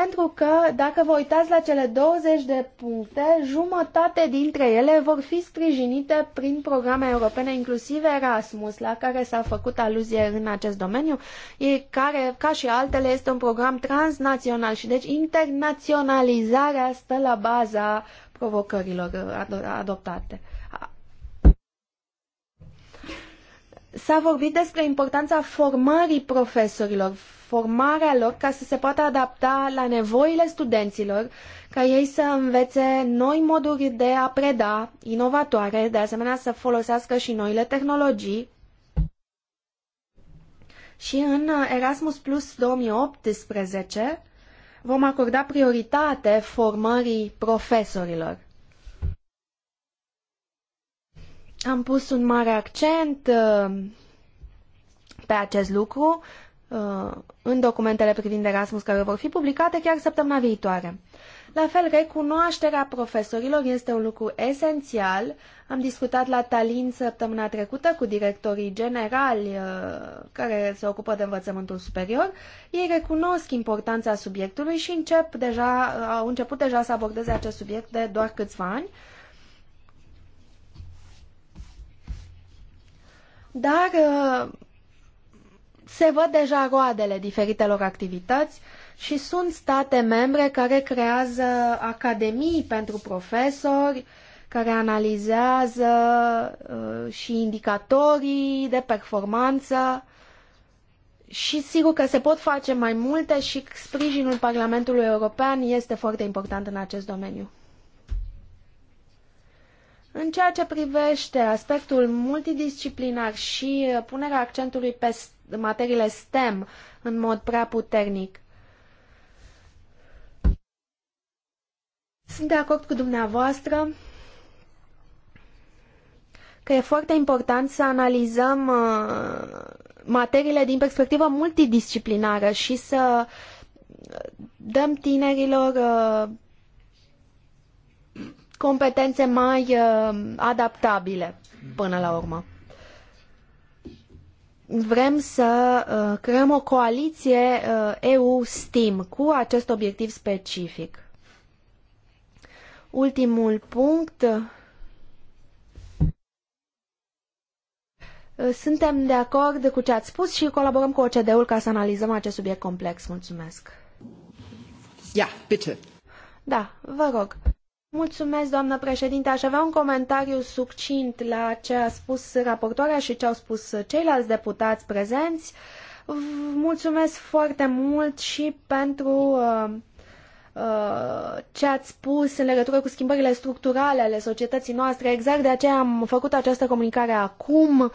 pentru că, dacă vă uitați la cele 20 de puncte, jumătate dintre ele vor fi sprijinite prin programe europene, inclusiv Erasmus, la care s-a făcut aluzie în acest domeniu, e care, ca și altele, este un program transnațional și deci internaționalizarea stă la baza provocărilor adoptate. S-a vorbit despre importanța formării profesorilor, formarea lor ca să se poată adapta la nevoile studenților, ca ei să învețe noi moduri de a preda inovatoare, de asemenea să folosească și noile tehnologii. Și în Erasmus Plus 2018 vom acorda prioritate formării profesorilor. Am pus un mare accent uh, pe acest lucru Uh, în documentele privind Erasmus care vor fi publicate chiar săptămâna viitoare. La fel, recunoașterea profesorilor este un lucru esențial. Am discutat la talin săptămâna trecută cu directorii generali uh, care se ocupă de învățământul superior. Ei recunosc importanța subiectului și încep deja, uh, au început deja să abordeze acest subiect de doar câțiva ani. Dar se văd deja roadele diferitelor activități și sunt state membre care creează academii pentru profesori, care analizează uh, și indicatorii de performanță și sigur că se pot face mai multe și sprijinul Parlamentului European este foarte important în acest domeniu. În ceea ce privește aspectul multidisciplinar și punerea accentului pe materiile STEM în mod prea puternic. Sunt de acord cu dumneavoastră că e foarte important să analizăm uh, materiile din perspectivă multidisciplinară și să dăm tinerilor uh, competențe mai uh, adaptabile până la urmă vrem să uh, creăm o coaliție uh, EU-STEAM cu acest obiectiv specific. Ultimul punct. Uh, suntem de acord cu ce ați spus și colaborăm cu OCDE-ul ca să analizăm acest subiect complex. Mulțumesc. Ja, bitte. Da, vă rog. Mulțumesc, doamnă președinte. Aș avea un comentariu succint la ce a spus raportoarea și ce au spus ceilalți deputați prezenți. Mulțumesc foarte mult și pentru uh, uh, ce ați spus în legătură cu schimbările structurale ale societății noastre. Exact de aceea am făcut această comunicare acum, uh,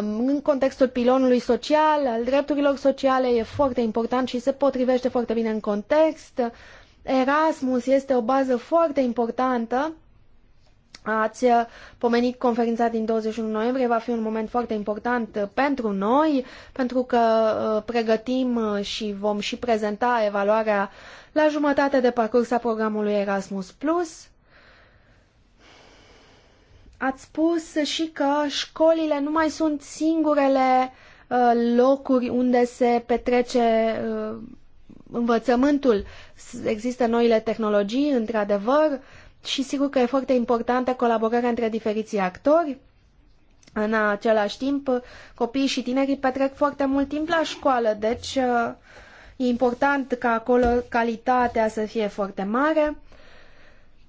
în contextul pilonului social, al drepturilor sociale, e foarte important și se potrivește foarte bine în context. Erasmus este o bază foarte importantă. Ați uh, pomenit conferința din 21 noiembrie, va fi un moment foarte important uh, pentru noi, pentru că uh, pregătim și vom și prezenta evaluarea la jumătate de parcurs a programului Erasmus+. Ați spus și că școlile nu mai sunt singurele locuri unde se petrece învățământul. Există noile tehnologii, într-adevăr, și sigur că e foarte importantă colaborarea între diferiții actori. În același timp, copiii și tinerii petrec foarte mult timp la școală, deci uh, e important ca acolo calitatea să fie foarte mare.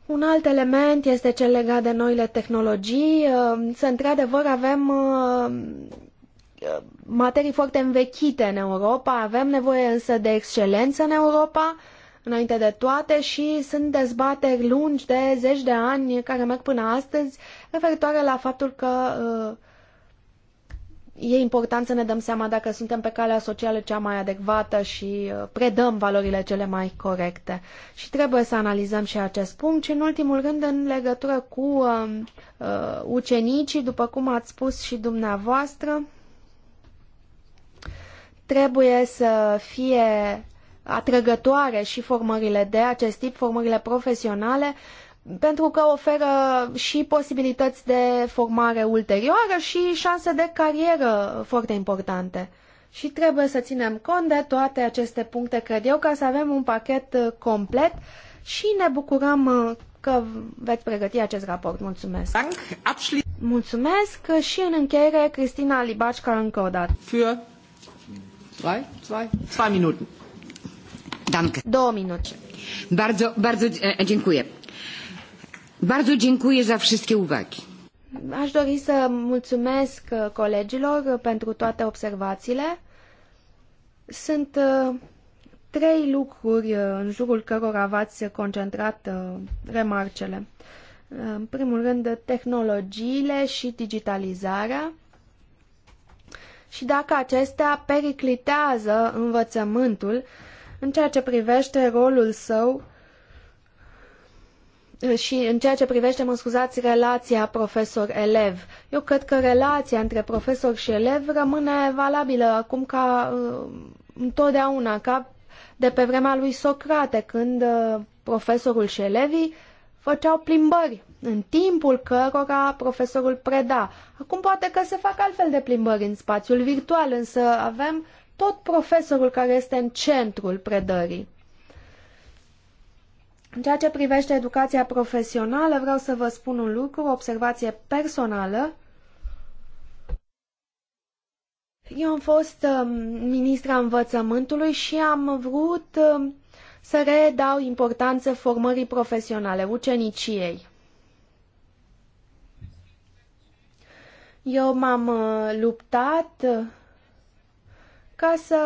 Un alt element este cel legat de noile tehnologii. Uh, să într-adevăr avem uh, materii foarte învechite în Europa, avem nevoie însă de excelență în Europa, înainte de toate și sunt dezbateri lungi de zeci de ani care merg până astăzi referitoare la faptul că uh, e important să ne dăm seama dacă suntem pe calea socială cea mai adecvată și uh, predăm valorile cele mai corecte. Și trebuie să analizăm și acest punct și în ultimul rând în legătură cu uh, uh, ucenicii, după cum ați spus și dumneavoastră, Trebuie să fie atrăgătoare și formările de acest tip, formările profesionale, pentru că oferă și posibilități de formare ulterioară și șanse de carieră foarte importante. Și trebuie să ținem cont de toate aceste puncte, cred eu, ca să avem un pachet uh, complet și ne bucurăm uh, că veți pregăti acest raport. Mulțumesc! Mulțumesc și în încheiere Cristina Libașca încă o dată. Zwei? Zwei Minuten. Danke. Două minute. Bardzo, bardzo dziękuję. Bardzo dziękuję za wszystkie uwagi. Aș dori să mulțumesc colegilor pentru toate observațiile. Sunt trei lucruri în jurul cărora v-ați concentrat remarcele. În primul rând, tehnologiile și digitalizarea și dacă acestea periclitează învățământul în ceea ce privește rolul său eh, și în ceea ce privește, mă scuzați, relația profesor-elev. Eu cred că relația între profesor și elev rămâne valabilă acum ca eh, întotdeauna, ca de pe vremea lui Socrate, când eh, profesorul și elevii făceau plimbări în timpul cărora profesorul preda. Acum poate că se fac altfel de plimbări în spațiul virtual, însă avem tot profesorul care este în centrul predării. În ceea ce privește educația profesională, vreau să vă spun un lucru, o observație personală. Eu am fost um, ministra învățământului și am vrut um, să redau importanță formării profesionale, uceniciei. Eu m-am uh, luptat uh, ca să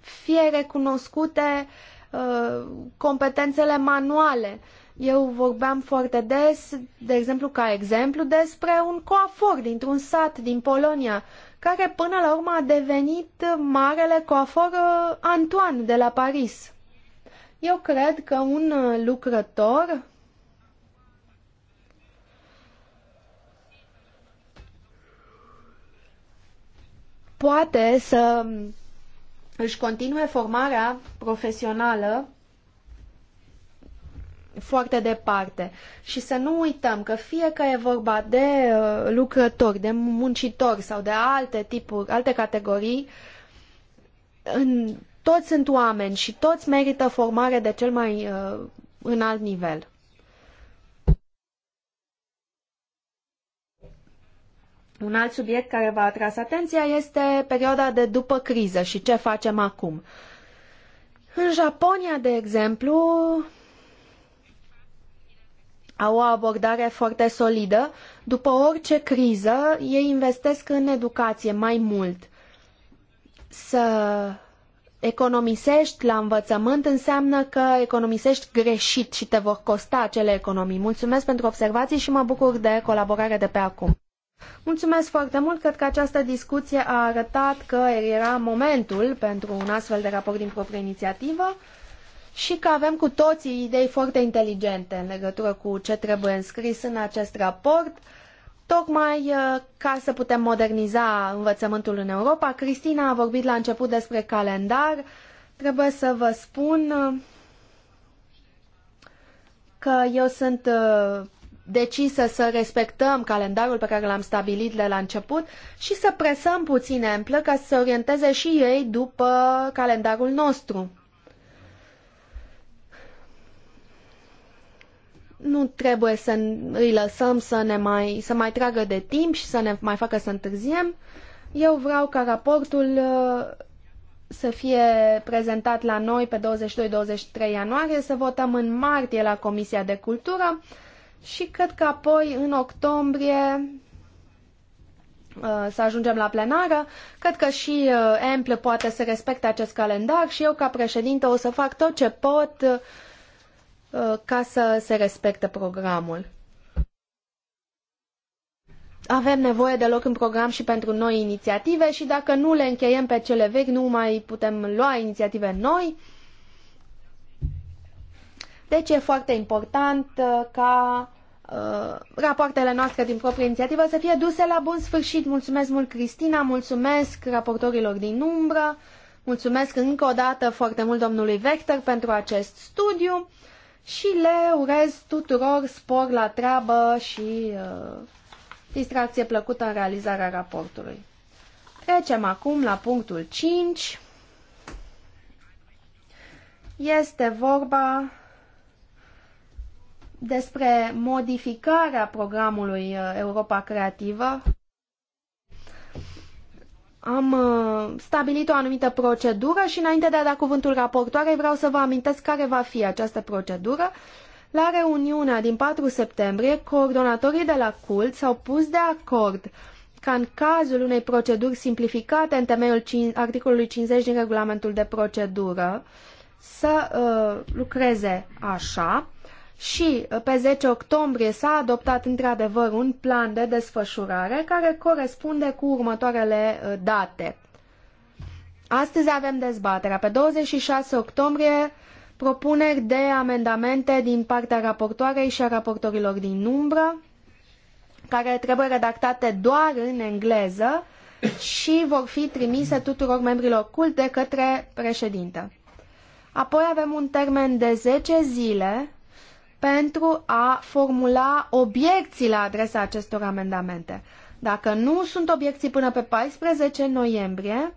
fie recunoscute uh, competențele manuale. Eu vorbeam foarte des, de exemplu, ca exemplu, despre un coafor dintr-un sat din Polonia, care până la urmă a devenit marele coafor Antoine de la Paris. Eu cred că un lucrător poate să își continue formarea profesională foarte departe. Și să nu uităm că fie că e vorba de uh, lucrători, de muncitori sau de alte tipuri, alte categorii, în, toți sunt oameni și toți merită formare de cel mai uh, înalt nivel. Un alt subiect care v-a atras atenția este perioada de după criză și ce facem acum. În Japonia, de exemplu, au o abordare foarte solidă. După orice criză, ei investesc în educație mai mult. Să economisești la învățământ înseamnă că economisești greșit și te vor costa acele economii. Mulțumesc pentru observații și mă bucur de colaborare de pe acum. Mulțumesc foarte mult, cred că această discuție a arătat că era momentul pentru un astfel de raport din proprie inițiativă și că avem cu toții idei foarte inteligente în legătură cu ce trebuie înscris în acest raport, tocmai uh, ca să putem moderniza învățământul în Europa. Cristina a vorbit la început despre calendar. Trebuie să vă spun uh, că eu sunt uh, decisă să respectăm calendarul pe care l-am stabilit de la început și să presăm puțin emplă ca să se orienteze și ei după calendarul nostru. Nu trebuie să îi lăsăm să, ne mai, să mai tragă de timp și să ne mai facă să întârziem. Eu vreau ca raportul uh, să fie prezentat la noi pe 22-23 ianuarie, să votăm în martie la Comisia de Cultură și cred că apoi, în octombrie, uh, să ajungem la plenară. Cred că și EMPL uh, poate să respecte acest calendar și eu, ca președinte, o să fac tot ce pot uh, ca să se respecte programul. Avem nevoie de loc în program și pentru noi inițiative și dacă nu le încheiem pe cele vechi, nu mai putem lua inițiative noi. Deci e foarte important ca Uh, rapoartele noastre din proprie inițiativă să fie duse la bun sfârșit. Mulțumesc mult, Cristina, mulțumesc raportorilor din umbră, mulțumesc încă o dată foarte mult domnului Vector pentru acest studiu și le urez tuturor spor la treabă și uh, distracție plăcută în realizarea raportului. Trecem acum la punctul 5. Este vorba despre modificarea programului uh, Europa Creativă, am uh, stabilit o anumită procedură și înainte de a da cuvântul raportoarei vreau să vă amintesc care va fi această procedură. La reuniunea din 4 septembrie, coordonatorii de la CULT s-au pus de acord ca în cazul unei proceduri simplificate în temeiul articolului 50 din regulamentul de procedură să uh, lucreze așa și uh, pe 10 octombrie s-a adoptat într-adevăr un plan de desfășurare care corespunde cu următoarele uh, date. Astăzi avem dezbaterea. Pe 26 octombrie propuneri de amendamente din partea raportoarei și a raportorilor din umbră, care trebuie redactate doar în engleză și vor fi trimise tuturor membrilor cult de către președinte. Apoi avem un termen de zece zile pentru a formula obiecții la adresa acestor amendamente. Dacă nu sunt obiecții până pe 14 noiembrie,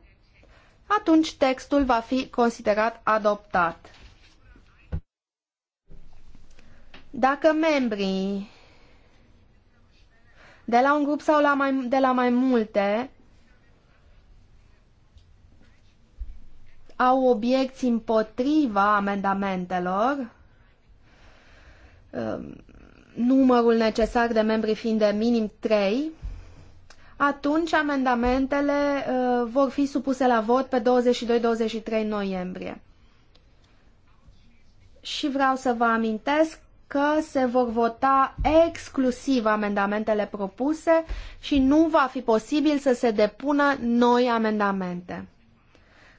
atunci textul va fi considerat adoptat. Dacă membrii de la un grup sau la mai, de la mai multe au obiecții împotriva amendamentelor, Um, numărul necesar de membri fiind de minim 3, atunci amendamentele uh, vor fi supuse la vot pe 22-23 noiembrie. Și vreau să vă amintesc că se vor vota exclusiv amendamentele propuse și nu va fi posibil să se depună noi amendamente.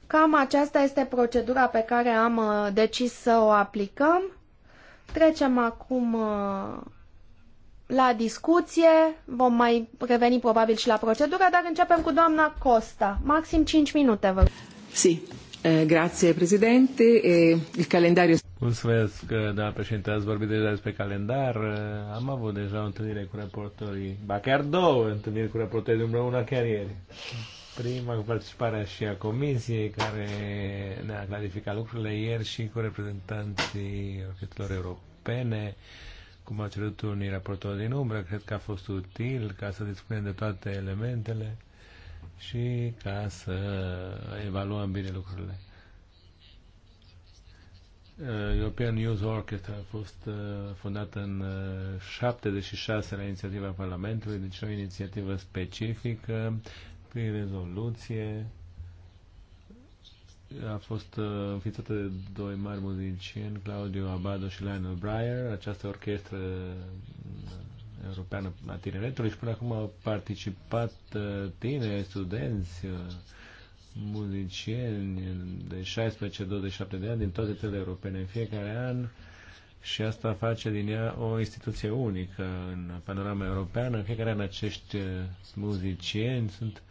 Cam aceasta este procedura pe care am uh, decis să o aplicăm. Trecem acum uh, la discuție, vom mai reveni probabil și la procedură, dar începem cu doamna Costa. Maxim 5 minute, vă Si. Eh, grazie, președinte. Il calendario... Mulțumesc, eh, doamna președinte. Ați vorbit deja despre calendar. Eh, am avut deja o întâlnire cu raportorii, ba chiar două întâlniri cu raportorii, una chiar ieri. Prima cu participarea și a comisiei care ne-a clarificat lucrurile ieri și cu reprezentanții orchestrelor europene, cum a cerut unii raportori din umbră. Cred că a fost util ca să dispunem de toate elementele și ca să evaluăm bine lucrurile. Uh, European News Orchestra a fost uh, fondată în 76 uh, la inițiativa Parlamentului, deci o inițiativă specifică prin rezoluție a fost uh, înființată de doi mari muzicieni, Claudio Abado și Lionel Breyer, această orchestră uh, europeană a tineretului și până acum au participat uh, tineri, studenți, muzicieni de 16-27 de ani din toate țările europene în fiecare an și asta face din ea o instituție unică în panorama europeană. Fiecare an acești uh, muzicieni sunt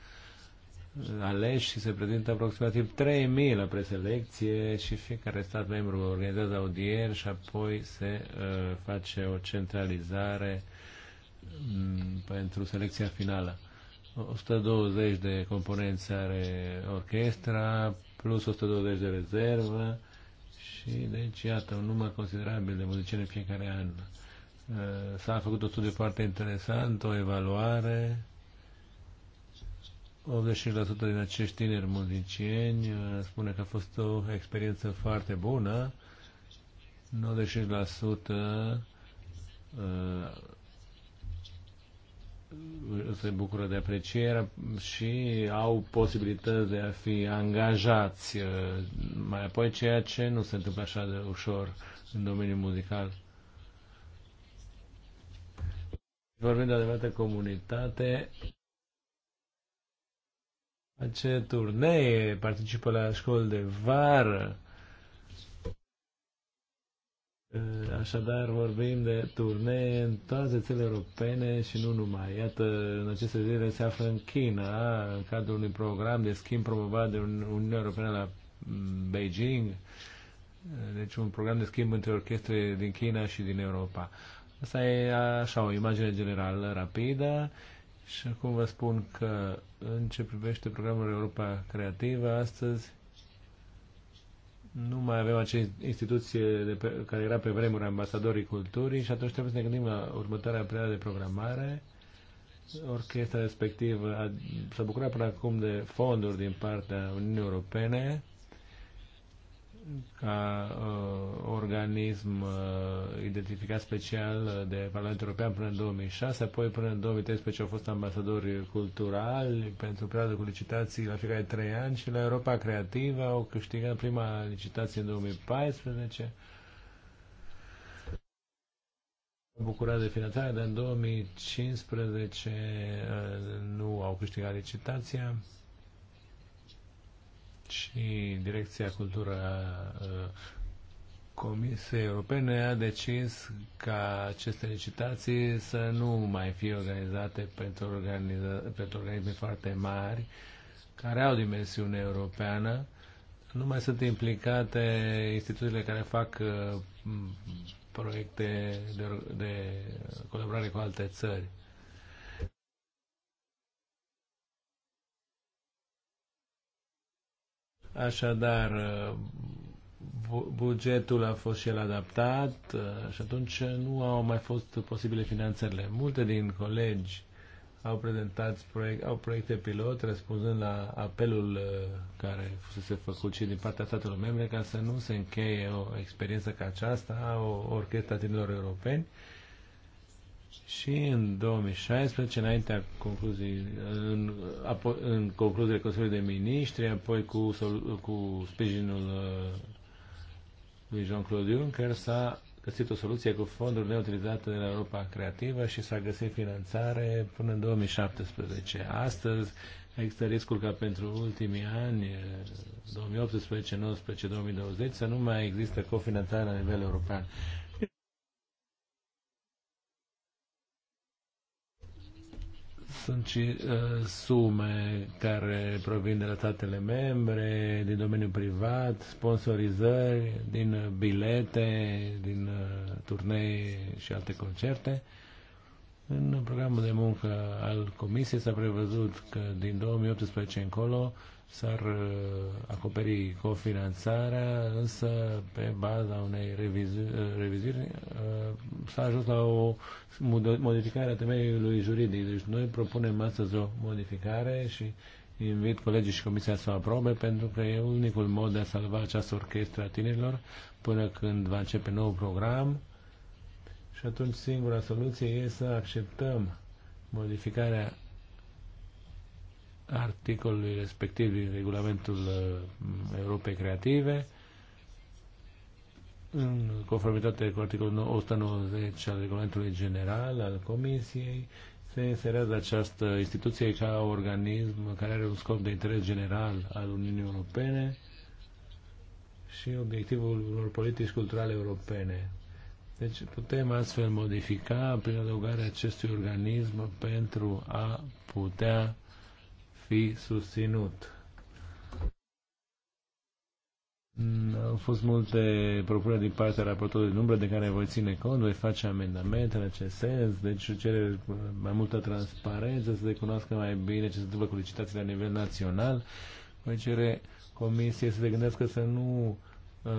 uh, aleși și se prezintă aproximativ 3.000 la preselecție și fiecare stat membru organizează audieri și apoi se uh, face o centralizare um, pentru selecția finală. 120 de componenți are orchestra, plus 120 de rezervă, și deci, iată, un număr considerabil de muzicieni în fiecare an. Uh, s-a făcut o studiu foarte interesant, o evaluare. 85% din acești tineri muzicieni uh, spune că a fost o experiență foarte bună. 95% se bucură de apreciere și au posibilități de a fi angajați uh, mai apoi, ceea ce nu se întâmplă așa de ușor în domeniul muzical. Vorbim de adevărată comunitate. Face turnee, participă la școli de vară Ă, așadar, vorbim de turnee în toate țările europene și nu numai. Iată, în aceste zile se află în China, în cadrul unui program de schimb promovat de Uniunea Europeană la mm, Beijing, deci un program de schimb între orchestre din China și din Europa. Asta e așa o imagine generală rapidă și acum vă spun că în ce privește programul Europa Creativă, astăzi nu mai avem acea instituție de pe, care era pe vremuri ambasadorii culturii și atunci trebuie să ne gândim la următoarea perioadă de programare. Orchestra respectivă s-a bucurat până acum de fonduri din partea Uniunii Europene ca uh, organism uh, identificat special de Parlamentul European până în 2006, apoi până în 2013 au fost ambasadori culturali pentru perioada cu licitații la fiecare trei ani și la Europa Creativă au câștigat prima licitație în 2014 bucurat de finanțare, dar în 2015 uh, nu au câștigat licitația și Direcția Cultura Comisiei Europene a decis ca aceste licitații să nu mai fie organizate pentru, organiza- pentru organisme foarte mari care au dimensiune europeană. Nu mai sunt implicate instituțiile care fac uh, proiecte de, de colaborare cu alte țări. Așadar, uh, bugetul a fost și el adaptat uh, și atunci nu au mai fost posibile finanțările. Multe din colegi au prezentat proiect, au proiecte pilot răspunzând la apelul uh, care fusese făcut și din partea statelor membre ca să nu se încheie o experiență ca aceasta, o orchestră tinerilor europeni, și în 2016, înaintea concluzii, în, apo, în concluziile Consiliului de Ministri, apoi cu, cu sprijinul uh, lui Jean-Claude Juncker, s-a găsit o soluție cu fonduri neutilizate de la Europa Creativă și s-a găsit finanțare până în 2017. Astăzi există riscul ca pentru ultimii ani, 2018, 2019, 2020, să nu mai există cofinanțare la nivel european. sunt și uh, sume care provin de la statele membre, din domeniul privat, sponsorizări, din uh, bilete, din uh, turnee și alte concerte. În programul de muncă al Comisiei s-a prevăzut că din 2018 încolo s-ar uh, acoperi cofinanțarea, însă pe baza unei revizu- uh, uh, s-a ajuns la o modificare a temeiului juridic. Deci noi propunem astăzi o modificare și invit colegii și comisia să o aprobe pentru că e unicul mod de a salva această orchestră a tinerilor până când va începe nou program și atunci singura soluție e să acceptăm modificarea articolului respectiv din regulamentul uh, Europei Creative, în conformitate cu articolul 190 al regulamentului general al Comisiei, se inserează această instituție ca organism care are un scop de interes general al Uniunii Europene și obiectivul unor politici culturale europene. Deci putem astfel modifica prin adăugarea acestui organism pentru a putea fi susținut. Mm, au fost multe propuneri din partea raportului de umbră de care voi ține cont, voi face amendamente în acest sens, deci cere mai multă transparență, să se cunoască mai bine ce se întâmplă cu licitații la nivel național, voi cere comisie să se gândească să nu uh,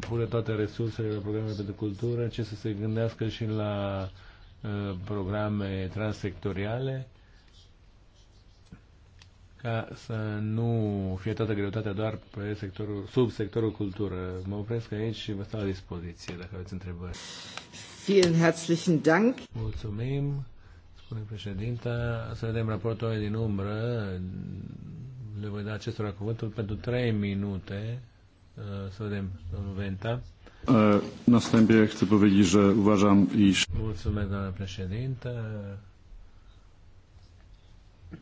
pune toate resursele la programele pentru cultură, ci să se gândească și la uh, programe transsectoriale ca să nu fie toată greutatea doar pe sectorul, sub sectorul cultură. Mă opresc aici și vă stau la dispoziție dacă aveți întrebări. Vielen herzlichen Dank. Mulțumim, spune președinta. Să vedem raportul din umbră. Le voi da acestora cuvântul pentru 3 minute. Uh, să vedem, domnul Venta. Uh, na chcę powiedzieć, że uważam, iż... Mulțumesc, doamna președintă.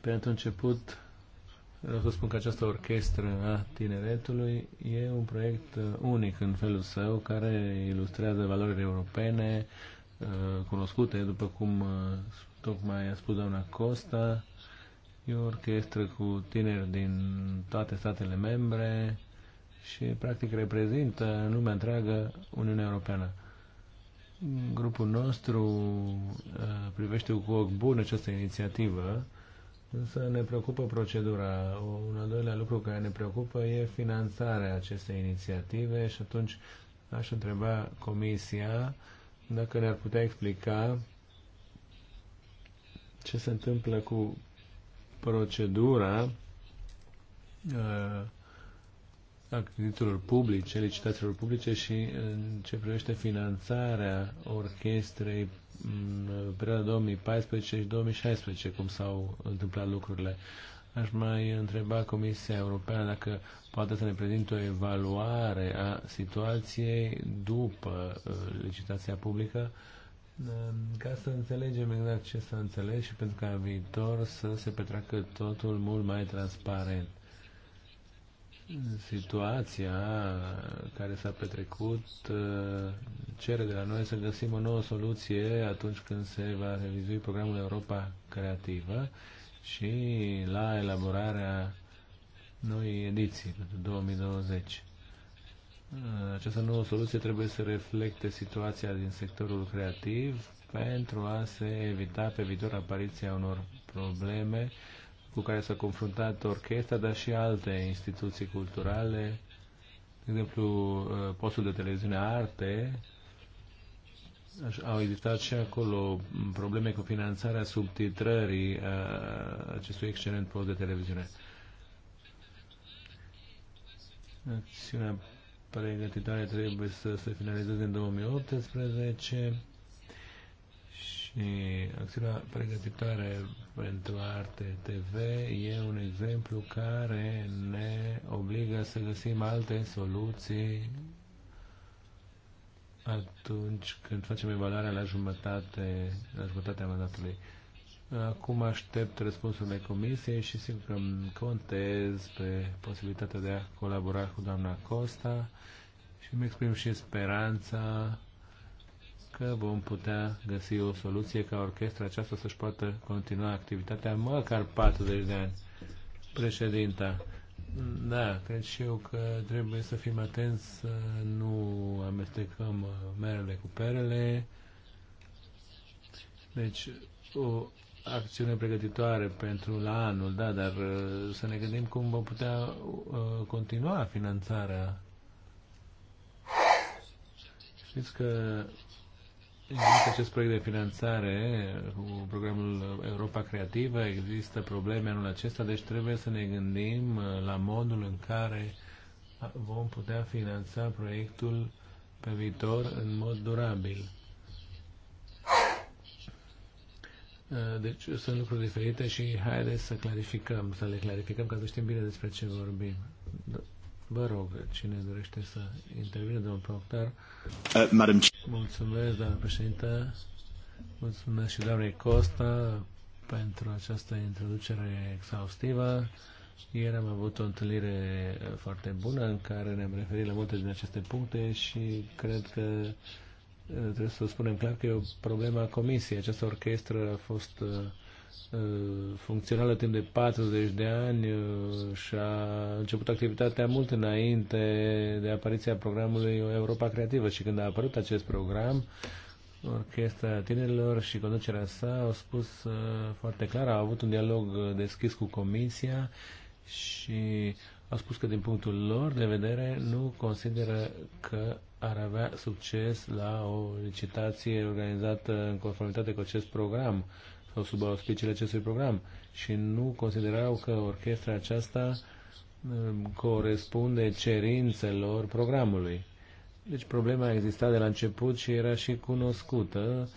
Pentru început, Vreau să spun că această orchestră a tineretului e un proiect uh, unic în felul său, care ilustrează valorile europene uh, cunoscute, după cum uh, tocmai a spus doamna Costa. E o orchestră cu tineri din toate statele membre și practic reprezintă în lumea întreagă Uniunea Europeană. Grupul nostru privește cu ochi bun această inițiativă Însă ne preocupă procedura. Un al doilea lucru care ne preocupă e finanțarea acestei inițiative și atunci aș întreba Comisia dacă ne-ar putea explica ce se întâmplă cu procedura uh, achizițiilor publice, licitațiilor publice și uh, în ce privește finanțarea orchestrei în perioada 2014 și 2016, cum s-au întâmplat lucrurile. Aș mai întreba Comisia Europeană dacă poate să ne prezinte o evaluare a situației după uh, licitația publică, um, ca să înțelegem exact ce s-a înțeles și pentru ca în viitor să se petreacă totul mult mai transparent situația care s-a petrecut uh, cere de la noi să găsim o nouă soluție atunci când se va revizui programul Europa Creativă și la elaborarea noi ediții pentru uh, 2020. Această nouă soluție trebuie să reflecte situația din sectorul creativ pentru a se evita pe viitor apariția unor probleme uh, cu care s-a confruntat orchestra, dar și alte instituții culturale, de exemplu uh, postul de televiziune Arte, au existat și acolo probleme cu finanțarea subtitrării uh, acestui excelent post de televiziune. Acțiunea pregătitoare trebuie să se finalizeze în 2018 și acțiunea pregătitoare pentru Arte TV e un exemplu care ne obligă să găsim alte soluții atunci când facem evaluarea la jumătate, la jumătatea mandatului. Acum aștept răspunsurile comisiei și simt că contez pe posibilitatea de a colabora cu doamna Costa și îmi exprim și speranța că vom putea găsi o soluție ca orchestra aceasta să-și poată continua activitatea măcar 40 de ani. Președinta, da, cred și eu că trebuie să fim atenți să nu amestecăm uh, merele cu perele. Deci, o acțiune pregătitoare pentru la anul, da, dar uh, să ne gândim cum vom putea uh, continua finanțarea. Știți că Există acest proiect de finanțare cu programul Europa Creativă, există probleme anul acesta, deci trebuie să ne gândim la modul în care vom putea finanța proiectul pe viitor în mod durabil. Deci sunt lucruri diferite și haideți să clarificăm, să le clarificăm ca să știm bine despre ce vorbim. Vă rog, cine dorește să intervine, domnul Proctor? Uh, madam. Mulțumesc, doamnă președintă. Mulțumesc și doamnei Costa pentru această introducere exhaustivă. Ieri am avut o întâlnire foarte bună în care ne-am referit la multe din aceste puncte și cred că uh, trebuie să spunem clar că e o problemă a Comisiei. Această orchestră a fost uh, Uh, funcțională timp de 40 de ani uh, și a început activitatea mult înainte de apariția programului Europa Creativă și când a apărut acest program, Orchestra Tinerilor și conducerea sa au spus uh, foarte clar, au avut un dialog deschis cu Comisia și au spus că din punctul lor de vedere nu consideră că ar avea succes la o licitație organizată în conformitate cu acest program sau sub auspiciile acestui program și nu considerau că orchestra aceasta um, corespunde cerințelor programului. Deci problema exista de la început și era și cunoscută,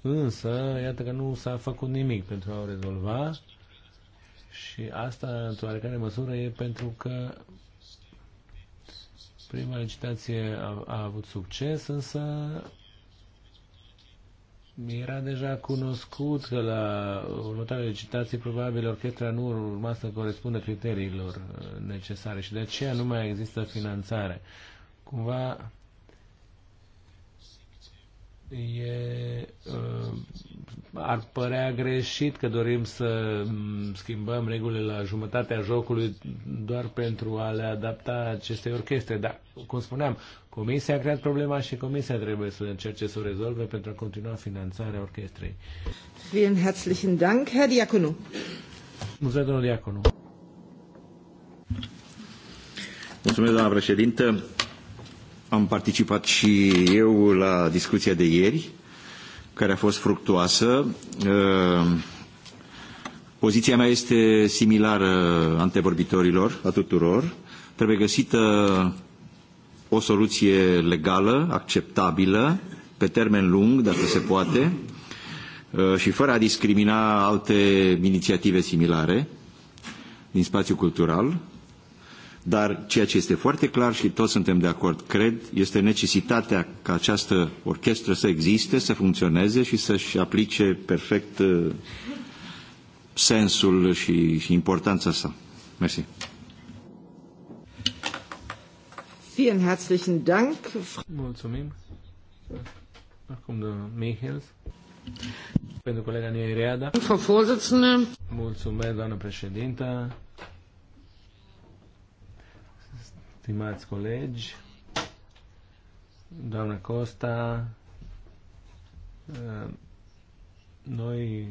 însă iată că nu s-a făcut nimic pentru a o rezolva și asta, într-o oarecare măsură, e pentru că prima licitație a, a avut succes, însă era deja cunoscut că la următoarea recitație probabil orchestra nu urma să corespundă criteriilor uh, necesare și de aceea nu mai există finanțare. Cumva e, uh, ar părea greșit că dorim să mm, schimbăm regulile la jumătatea jocului doar pentru a le adapta acestei orchestre, dar, cum spuneam, Comisia a creat problema și Comisia trebuie să încerce să o rezolve pentru a continua finanțarea orchestrei. Vielen herzlichen Dank, Herr Diaconu. Mulțumesc, domnul Diaconu. Mulțumesc, doamna președintă. Am participat și eu la discuția de ieri, care a fost fructuoasă. Ehm, poziția mea este similară antevorbitorilor, a tuturor. Trebuie găsită o soluție legală, acceptabilă, pe termen lung, dacă se poate, uh, și fără a discrimina alte inițiative similare din spațiul cultural, dar ceea ce este foarte clar și toți suntem de acord, cred, este necesitatea ca această orchestră să existe, să funcționeze și să-și aplice perfect uh, sensul și, și importanța sa. Mersi. Vielen herzlichen Dank. Mulțumim. Acum de Michels. Pentru colega Niereada. Frau Vorsitzende. Mulțumesc, doamnă președintă. Stimați colegi, doamna Costa, noi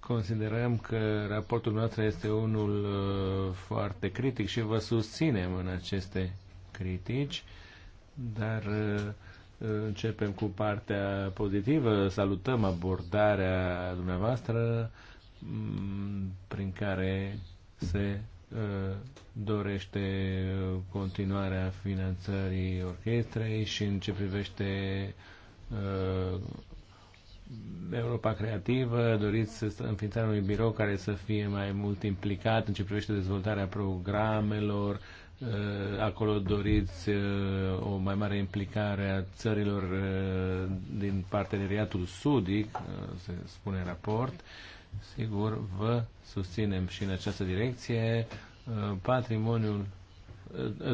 considerăm că raportul nostru este unul uh, foarte critic și vă susținem în aceste critici, dar uh, începem cu partea pozitivă. Salutăm abordarea dumneavoastră mm, prin care se uh, dorește continuarea finanțării orchestrei și în ce privește uh, Europa Creativă, doriți să înființarea unui birou care să fie mai mult implicat în ce privește dezvoltarea programelor, Eh, acolo doriți eh, o mai mare implicare a țărilor eh, din parteneriatul sudic, se spune în raport. Sigur, vă susținem și în această direcție. Patrimoniul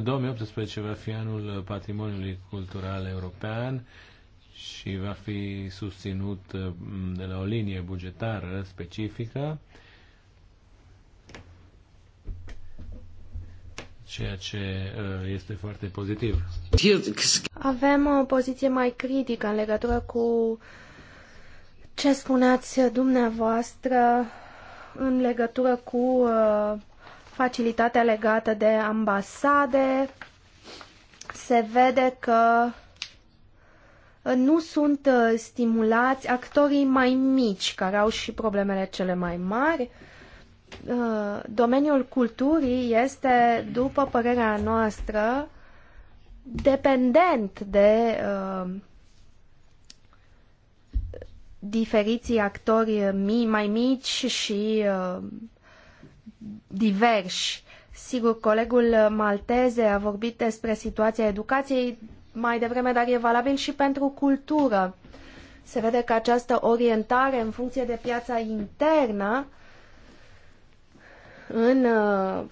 2018 va fi anul patrimoniului cultural european și va fi susținut de la o linie bugetară specifică. ceea ce uh, este foarte pozitiv. Avem o poziție mai critică în legătură cu ce spuneați dumneavoastră în legătură cu uh, facilitatea legată de ambasade. Se vede că uh, nu sunt stimulați actorii mai mici, care au și problemele cele mai mari Uh, domeniul culturii este, după părerea noastră, dependent de uh, diferiții actori mai mici și uh, diversi. Sigur, colegul malteze a vorbit despre situația educației mai devreme, dar e valabil și pentru cultură. Se vede că această orientare în funcție de piața internă uh, în uh,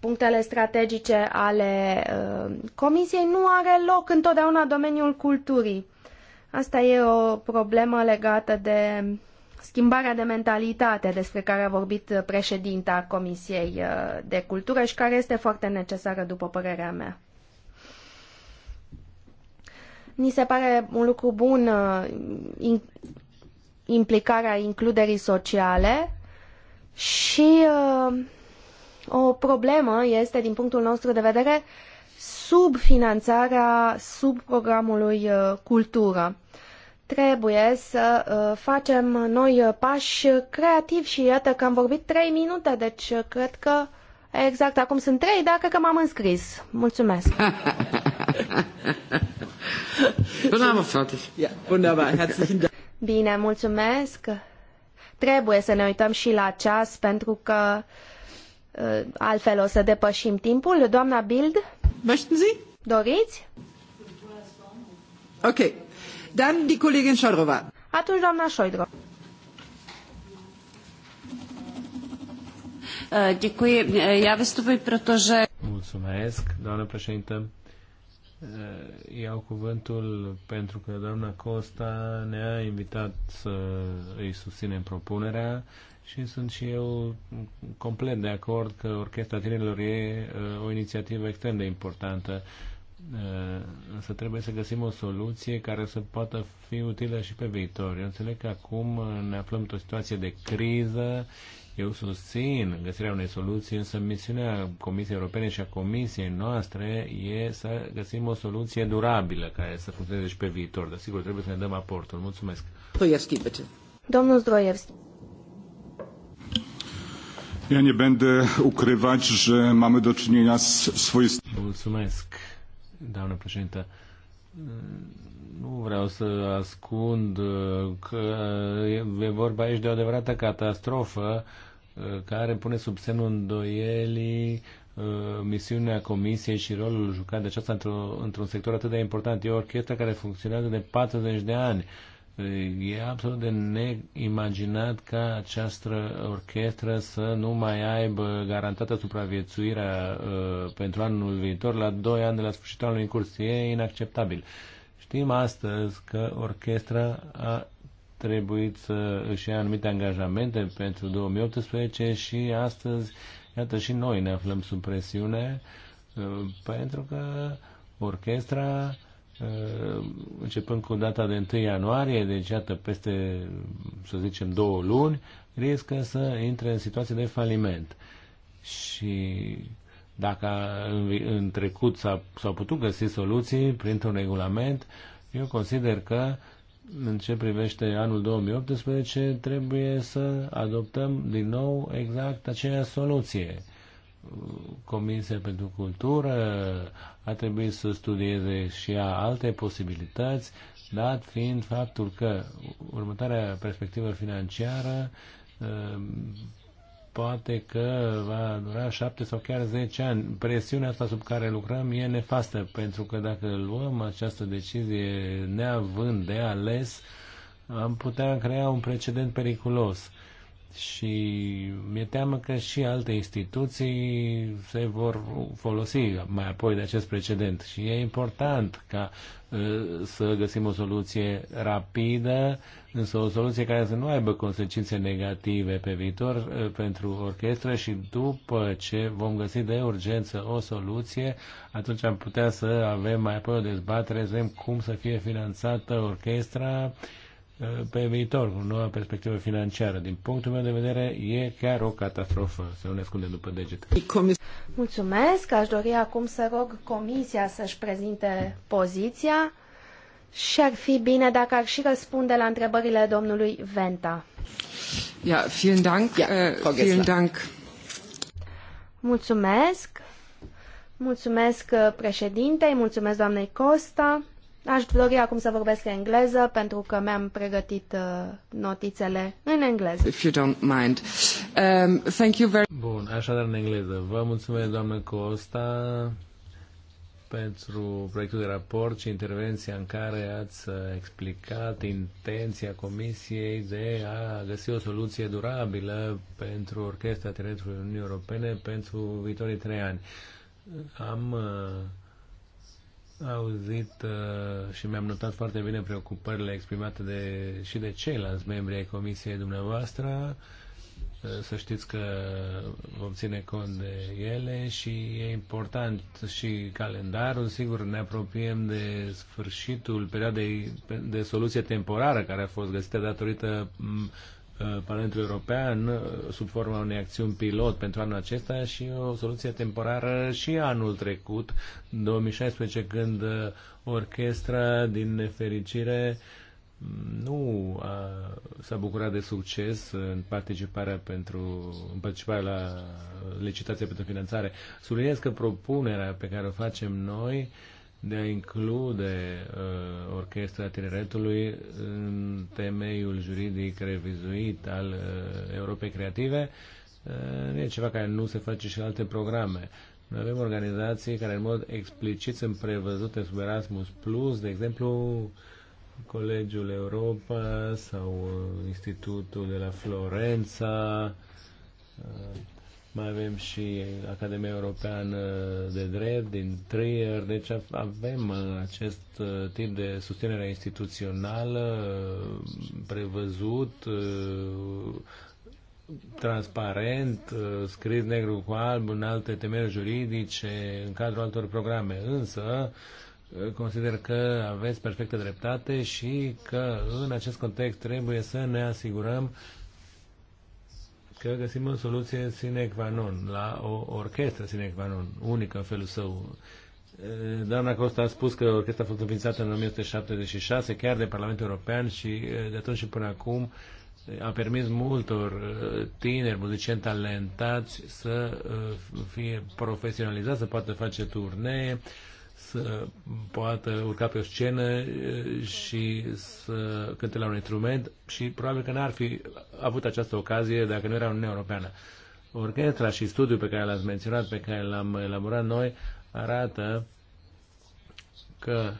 punctele strategice ale uh, Comisiei nu are loc întotdeauna domeniul culturii. Asta e o problemă legată de schimbarea de mentalitate despre care a vorbit uh, președinta Comisiei de Cultură și care este foarte necesară, după părerea mea. Ni se pare un lucru bun implicarea includerii sociale și uh, o problemă este, din punctul nostru de vedere, subfinanțarea subprogramului uh, cultură. Trebuie să uh, facem noi uh, pași creativi și iată că am vorbit trei minute, deci cred că exact acum sunt trei, dacă că m-am înscris. Mulțumesc! Bine, mulțumesc! Trebuie să ne uităm și la ceas pentru că Uh, altfel o să depășim timpul. Doamna Bild? Möchten Sie? Doriți? Ok. Dann die Kollegin Schadrova. Atunci doamna Șoidro. Uh, uh, Mulțumesc, doamnă președintă. Iau cuvântul pentru că doamna Costa ne-a invitat să îi susținem propunerea și sunt și eu complet de acord că Orchestra Tinerilor e uh, o inițiativă extrem de importantă. Uh, să trebuie să găsim o soluție care să poată fi utilă și pe viitor. Eu înțeleg că acum uh, ne aflăm într-o situație de criză. Eu susțin găsirea unei soluții, însă misiunea Comisiei Europene și a Comisiei noastre e să găsim o soluție durabilă care să funcționeze și pe viitor. Dar sigur, trebuie să ne dăm aportul. Mulțumesc. Domnul Zdroievski. Ja nie będę ukrywać, że mamy do czynienia z swoistym... Mulțumesc, doamnă președinte. Nu vreau să ascund că e vorba aici de o adevărată catastrofă care pune sub semnul îndoielii uh, misiunea comisiei și rolul jucat de aceasta într-un într sector atât de important. E o orchestră care funcționează de 40 de ani E absolut de neimaginat ca această orchestră să nu mai aibă garantată supraviețuirea uh, pentru anul viitor, la doi ani de la sfârșitul anului în curs. E inacceptabil. Știm astăzi că orchestra a trebuit să își ia anumite angajamente pentru 2018 și astăzi, iată, și noi ne aflăm sub presiune uh, pentru că orchestra Uh, începând cu data de 1 ianuarie, deci iată peste, să zicem, două luni, riscă să intre în situație de faliment. Și dacă în trecut s-au putut găsi soluții printr-un regulament, eu consider că în ce privește anul 2018 trebuie să adoptăm din nou exact aceeași soluție Comisia pentru Cultură a trebuit să studieze și ea alte posibilități, dat fiind faptul că următoarea perspectivă financiară uh, poate că va dura șapte sau chiar zece ani. Presiunea asta sub care lucrăm e nefastă, pentru că dacă luăm această decizie neavând de ales, am putea crea un precedent periculos și mi-e teamă că și alte instituții se vor folosi mai apoi de acest precedent și e important ca uh, să găsim o soluție rapidă, însă o soluție care să nu aibă consecințe negative pe viitor uh, pentru orchestră și după ce vom găsi de urgență o soluție, atunci am putea să avem mai apoi o dezbatere, să vedem cum să fie finanțată orchestra, Uh, pe viitor, cu noua perspectivă financiară. Din punctul meu de vedere, e chiar o catastrofă, să nu ne ascundem după deget. Mulțumesc, aș dori acum să rog Comisia să-și prezinte poziția și ar fi bine dacă ar și răspunde la întrebările domnului Venta. Ja, vielen Dank. Ja, uh, vielen Dank. Mulțumesc. Mulțumesc uh, președintei, mulțumesc doamnei Costa. Aș dori acum să vorbesc engleză pentru că mi-am pregătit uh, notițele în engleză. If you don't mind. Um, thank you very Bun, așadar în engleză. Vă mulțumesc, doamnă Costa, pentru proiectul de raport și intervenția în care ați uh, explicat intenția Comisiei de a găsi o soluție durabilă pentru Orchestra Teretului Uniunii Europene pentru viitorii trei ani. Am uh, auzit uh, și mi-am notat foarte bine preocupările exprimate de, și de ceilalți membri ai comisiei dumneavoastră. Uh, să știți că vom ține cont de ele și e important și calendarul. Sigur, ne apropiem de sfârșitul perioadei de soluție temporară care a fost găsită datorită Uh, Parlamentul European uh, sub forma unei acțiuni pilot pentru anul acesta și o soluție temporară și anul trecut, 2016, când uh, orchestra, din nefericire, nu s-a bucurat de succes în participarea, pentru, în participarea la licitație pentru finanțare. Subliniez că propunerea pe care o facem noi uh, de a include uh, Orchestra Tineretului în temeiul juridic revizuit al uh, Europei Creative uh, e ceva care nu se face și în alte programe. Noi avem organizații care în mod explicit sunt prevăzute sub Erasmus Plus, de exemplu Colegiul Europa sau uh, Institutul de la Florența, uh, mai avem și Academia Europeană de Drept din Trier, deci avem acest uh, tip de susținere instituțională uh, prevăzut, uh, transparent, scris negru cu alb în alte temeri juridice, în cadrul altor programe, însă consider că aveți perfectă dreptate și că în acest context trebuie să ne asigurăm că găsim o soluție sine qua non, la o orchestră sine qua non, unică în felul său. Doamna Costa a spus că orchestra a fost înființată în 1976, chiar de Parlamentul European și de atunci și până acum a permis multor tineri muzicieni talentați să fie profesionalizați, să poată face turnee, să poată urca pe o scenă eh, și să cânte la un instrument și probabil că n-ar fi avut această ocazie dacă nu era Uniunea Europeană. Orchestra și studiul pe care l-ați menționat, pe care l-am elaborat noi, arată că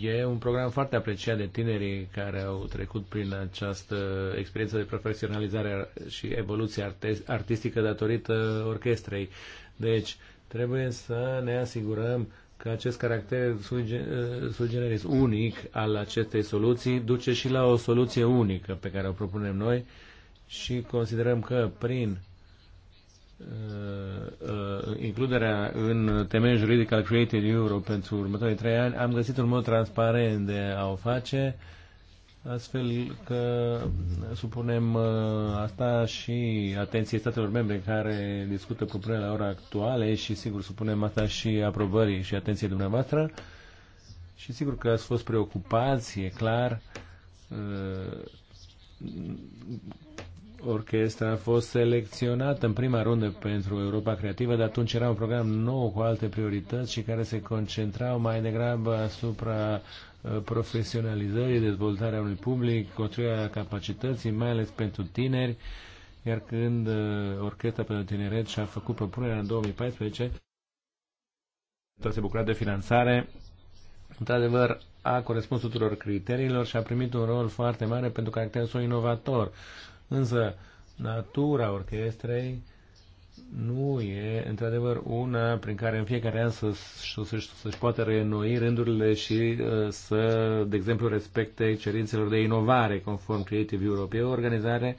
e un program foarte apreciat de tinerii care au trecut prin această experiență de profesionalizare și evoluție artistică datorită orchestrei. Deci, uh, Trebuie să ne asigurăm că acest caracter sugeneris unic al acestei soluții duce și la o soluție unică pe care o propunem noi și considerăm că prin uh, uh, includerea în temeiul juridic al Creative Europe pentru următorii trei ani, am găsit un mod transparent de a o face astfel că supunem uh, asta și atenție statelor membre care discută propunerea la ora actuală și sigur supunem asta și aprobării și atenție dumneavoastră și sigur că ați fost preocupați, e clar, uh, orchestra a fost selecționată în prima rundă pentru Europa Creativă, dar atunci era un program nou cu alte priorități și care se concentrau mai degrabă asupra Uh, profesionalizării, dezvoltarea unui public, construirea capacității, mai ales pentru tineri, iar când uh, Orchestra pentru Tineret și-a făcut propunerea în 2014, se bucură de finanțare, într-adevăr a corespuns tuturor criteriilor și a primit un rol foarte mare pentru caracterul său inovator. Însă, natura orchestrei nu e, într-adevăr, una prin care în fiecare an să, să, să, să-și poată reînnoi rândurile și uh, să, de exemplu, respecte cerințelor de inovare conform Creative Europe. E o organizare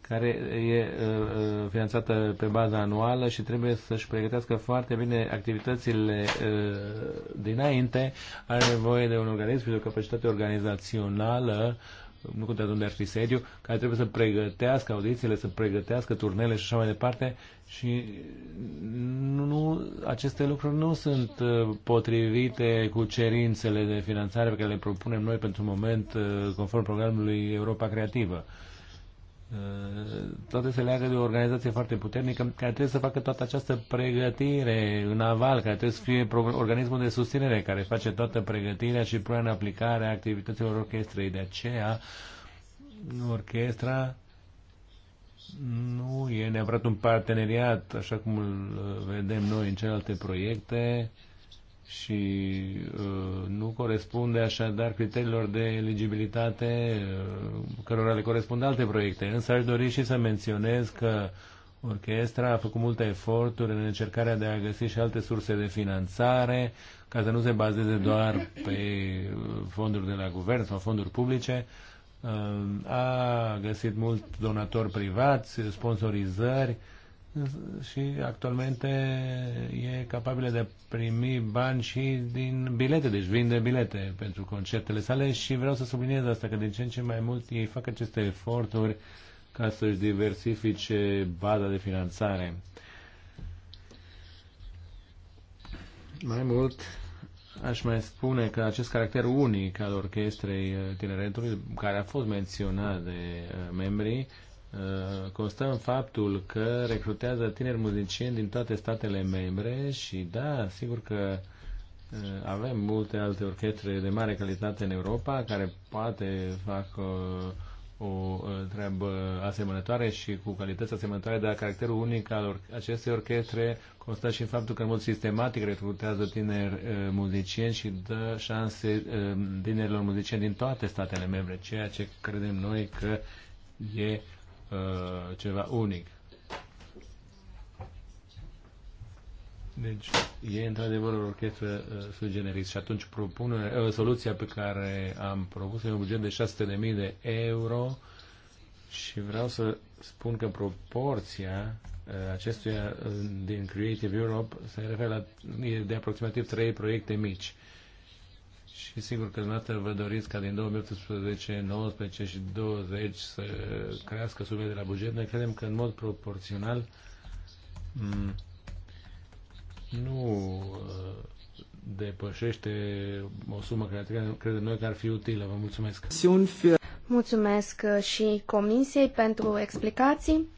care e uh, uh, finanțată pe bază anuală și trebuie să-și pregătească foarte bine activitățile dinainte. Are nevoie de un organism și de o capacitate organizațională nu contează unde ar fi sediu, care trebuie să pregătească audițiile, să pregătească turnele și așa mai departe și nu, nu, aceste lucruri nu sunt uh, potrivite cu cerințele de finanțare pe care le propunem noi pentru moment uh, conform programului Europa Creativă. Eh, toate se leagă de o organizație foarte puternică care trebuie să facă toată această pregătire în aval, care trebuie să fie organismul de susținere care face toată pregătirea și punerea în aplicare a activităților orchestrei. De aceea, orchestra nu e neapărat un parteneriat, așa cum îl vedem noi în celelalte proiecte, și uh, nu corespunde așadar criteriilor de eligibilitate uh, cărora le corespund alte proiecte. Însă aș dori și să menționez că orchestra a făcut multe eforturi în încercarea de a găsi și alte surse de finanțare, ca să nu se bazeze doar pe uh, fonduri de la guvern sau fonduri publice. Uh, a găsit mult donatori privați, sponsorizări, și actualmente e capabilă de a primi bani și din bilete, deci vinde bilete pentru concertele sale și vreau să subliniez asta, că din ce în ce mai mult ei fac aceste eforturi ca să-și diversifice baza de finanțare. Mai mult, aș mai spune că acest caracter unic al orchestrei tineretului, care a fost menționat de uh, membrii, Uh, constă în faptul că recrutează tineri muzicieni din toate statele membre și da, sigur că uh, avem multe alte orchestre de mare calitate în Europa care poate fac o, o uh, treabă asemănătoare și cu calități asemănătoare, dar caracterul unic al or- acestei orchestre constă și în faptul că în mod sistematic recrutează tineri muzicieni și dă șanse tinerilor muzicieni din toate statele membre, ceea ce credem noi că e uh, ceva unic. Deci e într-adevăr o orchestră uh, generis și atunci propune, uh, soluția pe care am propus e un buget de 600.000 de euro și vreau să spun că proporția uh, acestuia uh, din Creative Europe se referă la e de aproximativ 3 proiecte mici și sigur că dumneavoastră vă doriți ca din 2018, 19 și 20 să crească sumele de la buget. Noi credem că în mod proporțional mm, nu uh, depășește o sumă care credem noi că ar fi utilă. Vă mulțumesc! Mulțumesc uh, și Comisiei pentru explicații.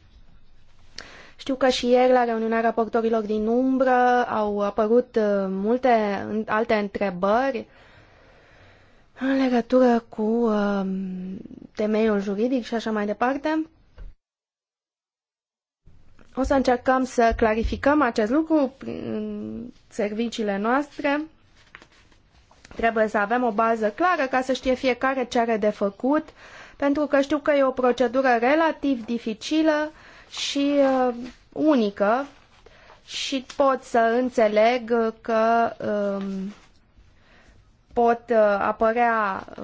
Știu că și ieri la reuniunea raportorilor din umbră au apărut uh, multe alte întrebări în legătură cu uh, temeiul juridic și așa mai departe. O să încercăm să clarificăm acest lucru în serviciile noastre. Trebuie să avem o bază clară ca să știe fiecare ce are de făcut, pentru că știu că e o procedură relativ dificilă și uh, unică și pot să înțeleg că uh, pot uh, apărea uh,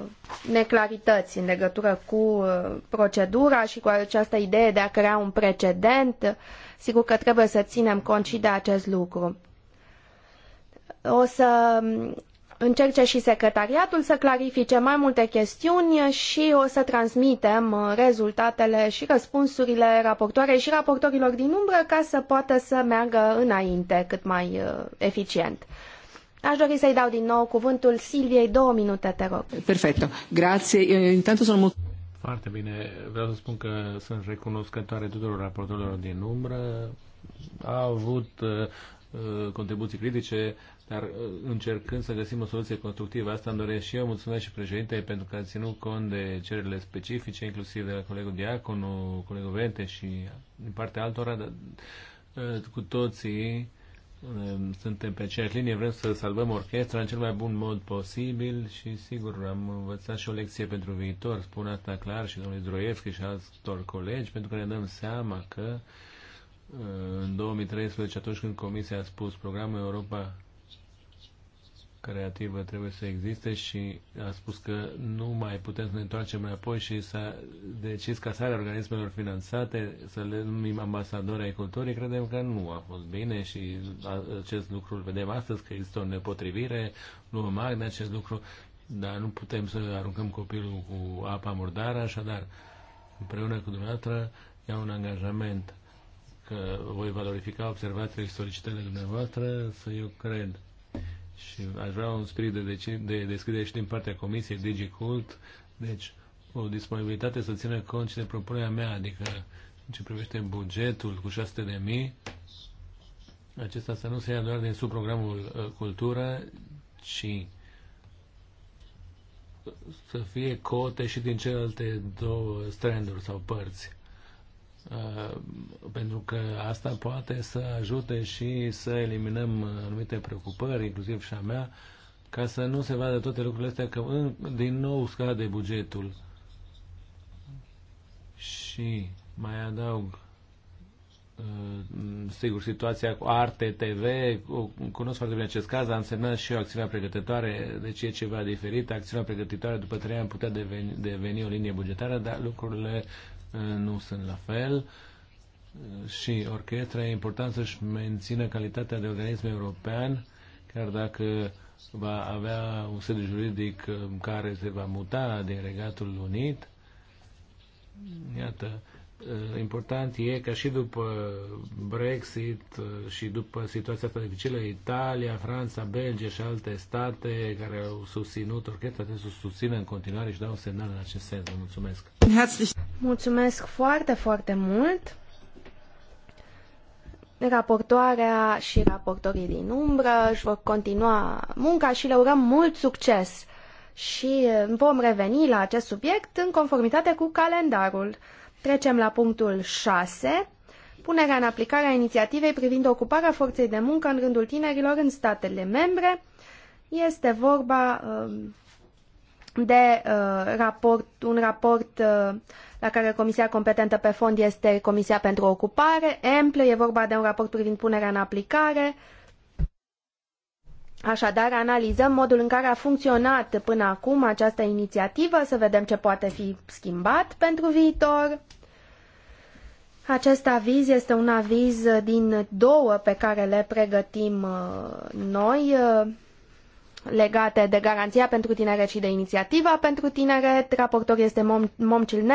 neclarități în legătură cu uh, procedura și cu această idee de a crea un precedent. Sigur că trebuie să ținem cont și de acest lucru. O să um, încerce și secretariatul să clarifice mai multe chestiuni și o să transmitem rezultatele și răspunsurile raportoarei și raportorilor din umbră ca să poată să meargă înainte cât mai eficient. Aș dori să-i dau din nou cuvântul Silviei, două minute, te rog. Perfecto. Grazie. Intanto sono molto... Foarte bine. Vreau să spun că sunt recunoscătoare tuturor raportorilor din umbră. A avut uh, uh, contribuții critice, dar uh, încercând să găsim o soluție constructivă. Asta îmi doresc și eu. Mulțumesc și președinte pentru că a ținut cont de cererile specifice, inclusiv de la colegul Diaconu, colegul Vente și din partea altora. Dar, uh, cu toții Ehm, suntem pe aceeași linie, vrem să salvăm orchestra în cel mai bun mod posibil și sigur am învățat și o lecție pentru viitor, spun asta clar și domnului Zdroievski și altor colegi, pentru că ne dăm seama că ehm, în 2013, atunci când Comisia a spus programul Europa creativă trebuie să existe și a spus că nu mai putem să ne întoarcem înapoi și să a decis casarea organismelor finanțate, să le numim ambasadori ai culturii. Credem că nu a fost bine și acest lucru îl vedem astăzi, că există o nepotrivire, nu o magne acest lucru, dar nu putem să aruncăm copilul cu apa murdară, așadar, împreună cu dumneavoastră, iau un angajament că voi valorifica observațiile și solicitările dumneavoastră, să eu cred și aș vrea un spirit de, deci, de deschidere și din partea Comisiei DigiCult, deci o disponibilitate să țină cont și de propunerea mea, adică în ce privește bugetul cu 600 de mii, acesta să nu se ia doar din subprogramul uh, ă, Cultura, ci să fie cote și din celelalte două stranduri sau părți. Uh, pentru că asta poate să ajute și să eliminăm anumite preocupări, inclusiv și a mea, ca să nu se vadă toate lucrurile astea că în, din nou scade bugetul. Și mai adaug uh, sigur, situația cu Arte TV, cunosc foarte bine acest caz, a însemnat și eu acțiunea pregătitoare, deci e ceva diferit. Acțiunea pregătitoare după trei ani putea deveni, deveni o linie bugetară, dar lucrurile nu sunt la fel și orchestra e important să-și mențină calitatea de organism european, chiar dacă va avea un sediu juridic uh, care se va muta din Regatul Unit. Iată, Eh, important e că și după Brexit eh, și după situația asta dificilă, Italia, Franța, Belgia și alte state care au susținut orchestra trebuie să susțină în continuare și dau un semnal în acest sens. Vă mulțumesc! Mulțumesc foarte, foarte mult! Raportoarea și raportorii din umbră își vor continua munca și le urăm mult succes! Și eh, vom reveni la acest subiect în conformitate cu calendarul. Trecem la punctul 6. Punerea în aplicare a inițiativei privind ocuparea forței de muncă în rândul tinerilor în statele membre. Este vorba um, de uh, raport, un raport uh, la care Comisia competentă pe fond este Comisia pentru Ocupare, EMPLE, e vorba de un raport privind punerea în aplicare, Așadar, analizăm modul în care a funcționat până acum această inițiativă, să vedem ce poate fi schimbat pentru viitor. Acest aviz este un aviz din două pe care le pregătim uh, noi uh, legate de garanția pentru tineret și de inițiativa pentru tineret. Raportor este Mom, Momcil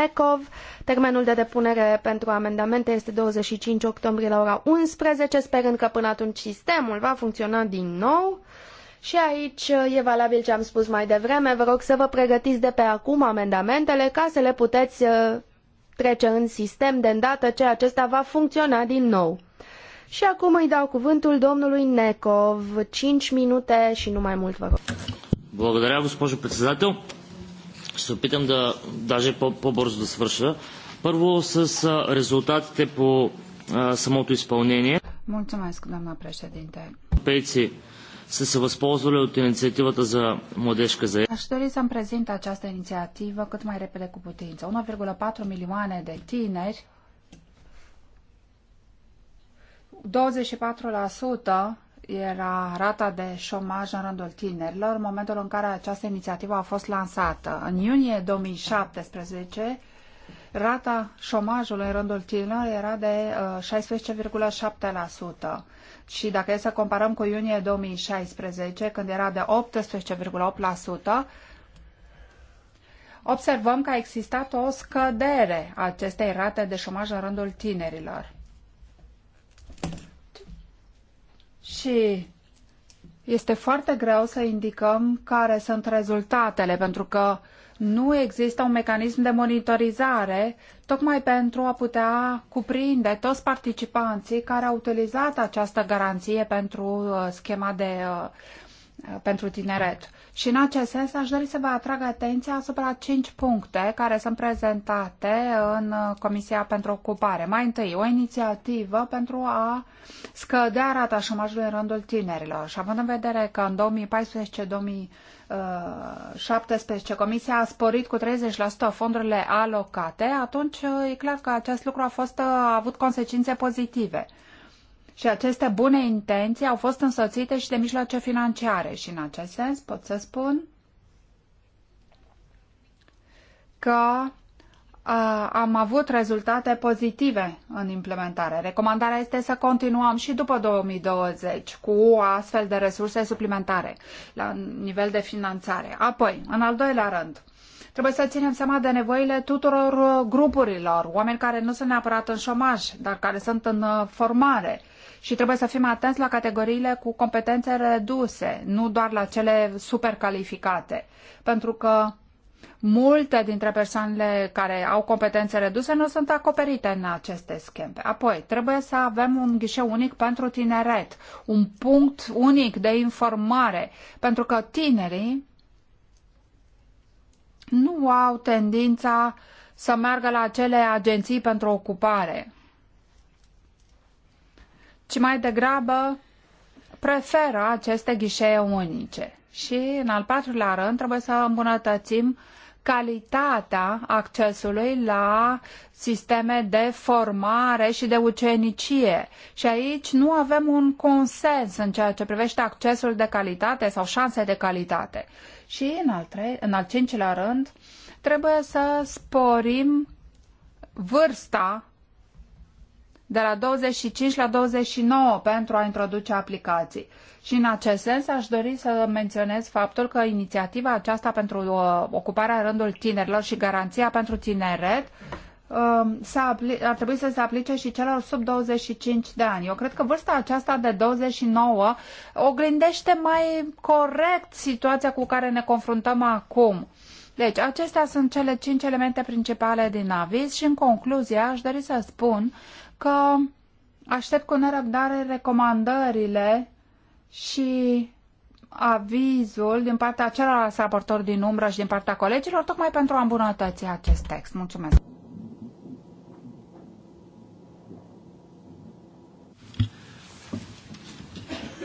Termenul de depunere pentru amendamente este 25 octombrie la ora 11, sperând că până atunci sistemul va funcționa din nou. Și aici uh, e valabil ce am spus mai devreme. Vă rog să vă pregătiți de pe acum amendamentele ca să le puteți uh, trece în sistem de îndată ce acesta va funcționa din nou. Și acum îi dau cuvântul domnului Necov. 5 minute și nu mai mult, vă rog. Благодаря, госпожо председател. Ще се опитам да, даже по-бързо да свърша. Първо с резултатите по самото изпълнение. Mulțumesc, doamna președinte. Пейци să se възползвали от инициативата за младежка заедост. Aș dori să-mi prezint această inițiativă cât mai repede cu putință. 1,4 milioane de tineri, 24% era rata de șomaj în rândul tinerilor în momentul în care această inițiativă a fost lansată. În iunie 2017, rata șomajului în rândul tinerilor era de 16,7%. Uh, și dacă e să comparăm cu iunie 2016, când era de 18,8%, observăm că a existat o scădere a acestei rate de șomaj în rândul tinerilor. Și este foarte greu să indicăm care sunt rezultatele, pentru că uh, nu există un mecanism de monitorizare tocmai pentru a putea cuprinde toți participanții care au utilizat această garanție pentru uh, schema de uh, uh, pentru tineret. Și în acest sens aș dori să vă atrag atenția asupra cinci puncte care sunt prezentate în uh, Comisia pentru Ocupare. Mai întâi, o inițiativă pentru a scădea rata șomajului în rândul tinerilor. Și având în vedere că în 2014-2017 uh, Comisia a sporit cu 30% fondurile alocate, atunci uh, e clar că acest lucru a, fost, a avut consecințe pozitive. Și aceste bune intenții au fost însoțite și de mijloace financiare și în acest sens pot să spun că a, am avut rezultate pozitive în implementare. Recomandarea este să continuăm și după 2020 cu astfel de resurse suplimentare la nivel de finanțare. Apoi, în al doilea rând, trebuie să ținem seama de nevoile tuturor grupurilor, oameni care nu sunt neapărat în șomaj, dar care sunt în uh, formare, și trebuie să fim atenți la categoriile cu competențe reduse, nu doar la cele supercalificate. Pentru că multe dintre persoanele care au competențe reduse nu sunt acoperite în aceste scheme. Apoi, trebuie să avem un ghișeu unic pentru tineret, un punct unic de informare, pentru că tinerii nu au tendința să meargă la acele agenții pentru ocupare ci mai degrabă preferă aceste ghișee unice. Și, în al patrulea rând, trebuie să îmbunătățim calitatea accesului la sisteme de formare și de ucenicie. Și aici nu avem un consens în ceea ce privește accesul de calitate sau șanse de calitate. Și, în al, tre- în al cincilea rând, trebuie să sporim vârsta de la 25 la 29 pentru a introduce aplicații. Și în acest sens aș dori să menționez faptul că inițiativa aceasta pentru uh, ocuparea rândul tinerilor și garanția pentru tineret um, ar trebui să se aplice și celor sub 25 de ani. Eu cred că vârsta aceasta de 29 oglindește mai corect situația cu care ne confruntăm acum. Deci, acestea sunt cele cinci elemente principale din aviz și, în concluzie, aș dori să spun că aștept cu nerăbdare recomandările și avizul din partea celorlalți raportori din umbră și din partea colegilor, tocmai pentru a îmbunătăți acest text. Mulțumesc!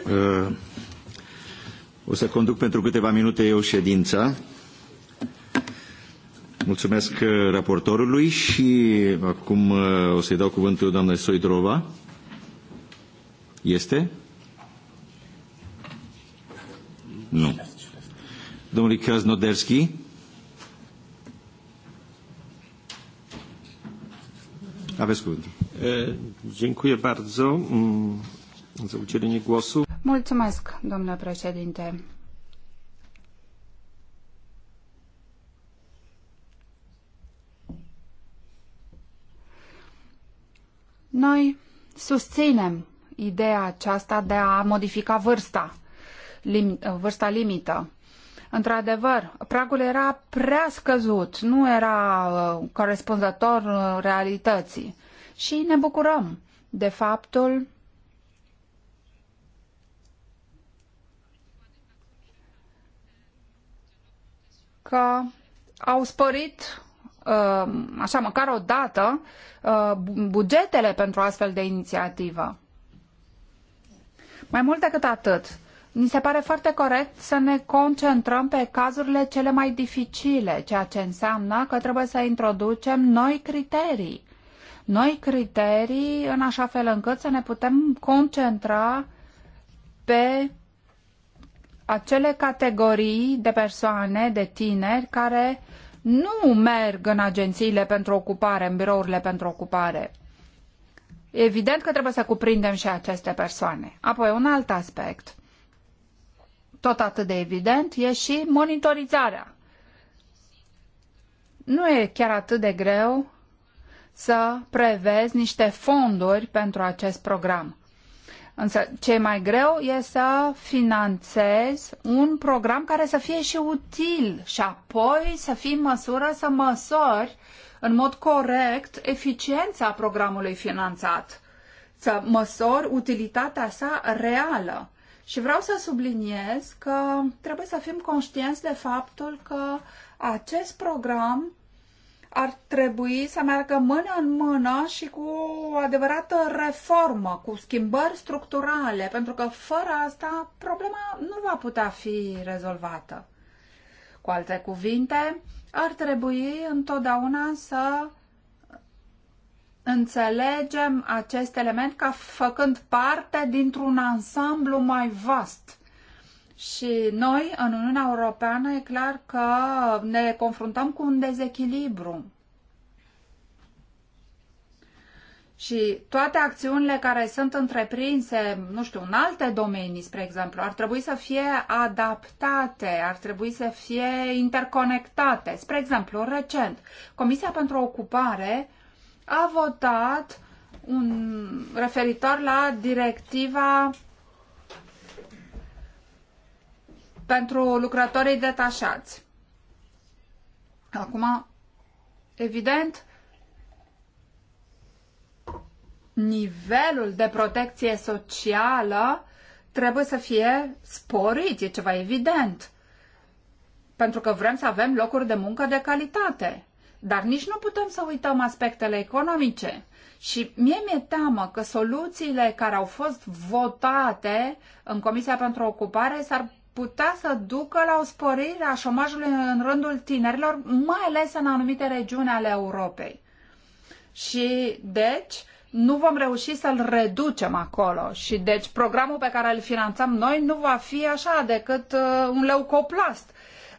Uh, o să conduc pentru câteva minute eu ședința. Mulțumesc uh, raportorului și uh, acum uh, o să-i dau cuvântul doamnei Soidrova. Este? Nu. Domnul Krasnoderski? Aveți cuvântul. Dziękuję bardzo mm, za udzielenie głosu. Mulțumesc, domnule președinte. Noi susținem ideea aceasta de a modifica vârsta, lim, vârsta limită. Într-adevăr, pragul era prea scăzut, nu era uh, corespunzător uh, realității. Și ne bucurăm de faptul că au sporit Uh, așa măcar o dată, uh, bugetele pentru astfel de inițiativă. Mai mult decât atât, mi se pare foarte corect să ne concentrăm pe cazurile cele mai dificile, ceea ce înseamnă că trebuie să introducem noi criterii. Noi criterii în așa fel încât să ne putem concentra pe acele categorii de persoane, de tineri, care nu merg în agențiile pentru ocupare, în birourile pentru ocupare. Evident că trebuie să cuprindem și aceste persoane. Apoi, un alt aspect, tot atât de evident, e și monitorizarea. Nu e chiar atât de greu să prevezi niște fonduri pentru acest program. Însă ce mai greu e să finanțezi un program care să fie și util și apoi să fii în măsură să măsori în mod corect eficiența programului finanțat, să măsori utilitatea sa reală. Și vreau să subliniez că trebuie să fim conștienți de faptul că acest program ar trebui să meargă mână în mână și cu o adevărată reformă, cu schimbări structurale, pentru că fără asta problema nu va putea fi rezolvată. Cu alte cuvinte, ar trebui întotdeauna să înțelegem acest element ca făcând parte dintr-un ansamblu mai vast și noi, în Uniunea Europeană, e clar că ne confruntăm cu un dezechilibru. Și toate acțiunile care sunt întreprinse, nu știu, în alte domenii, spre exemplu, ar trebui să fie adaptate, ar trebui să fie interconectate. Spre exemplu, recent, Comisia pentru Ocupare a votat un referitor la directiva pentru lucrătorii detașați. Acum, evident, nivelul de protecție socială trebuie să fie sporit, e ceva evident. Pentru că vrem să avem locuri de muncă de calitate. Dar nici nu putem să uităm aspectele economice. Și mie mi-e teamă că soluțiile care au fost votate în Comisia pentru Ocupare s-ar putea să ducă la o sporire a șomajului în rândul tinerilor, mai ales în anumite regiuni ale Europei. Și, deci, nu vom reuși să-l reducem acolo și deci programul pe care îl finanțăm noi nu va fi așa decât uh, un leucoplast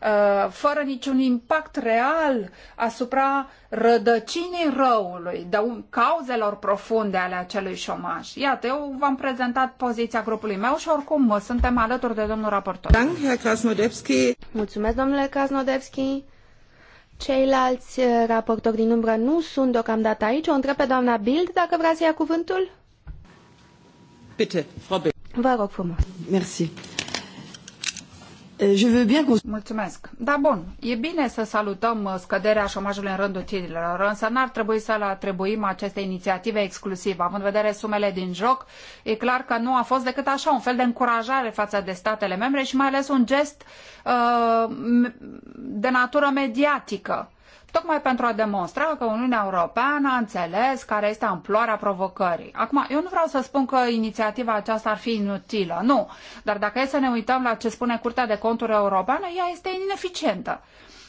Uh, fără niciun impact real asupra rădăcinii răului, de cauzelor profunde ale acelui șomaj. Iată, eu v-am prezentat poziția grupului meu și oricum suntem alături de domnul raportor. Mulțumesc, domnule Krasnodebski. Ceilalți uh, raportori din umbră nu sunt deocamdată aici. O întreb pe doamna Bild dacă vrea să ia cuvântul. Bitte, Frau Bild. Vă rog frumos. Merci. Eh, je veux bien qu'on... Mulțumesc. Da, bun. E bine să salutăm uh, scăderea șomajului în rândul tinerilor, însă n-ar trebui să-l atribuim aceste inițiative exclusiv. Având în vedere sumele din joc, e clar că nu a fost decât așa, un fel de încurajare față de statele membre și mai ales un gest uh, de natură mediatică tocmai pentru a demonstra că Uniunea Europeană a înțeles care este amploarea provocării. Acum, eu nu vreau să spun că inițiativa aceasta ar fi inutilă, nu, dar dacă e să ne uităm la ce spune Curtea de Conturi Europeană, ea este ineficientă.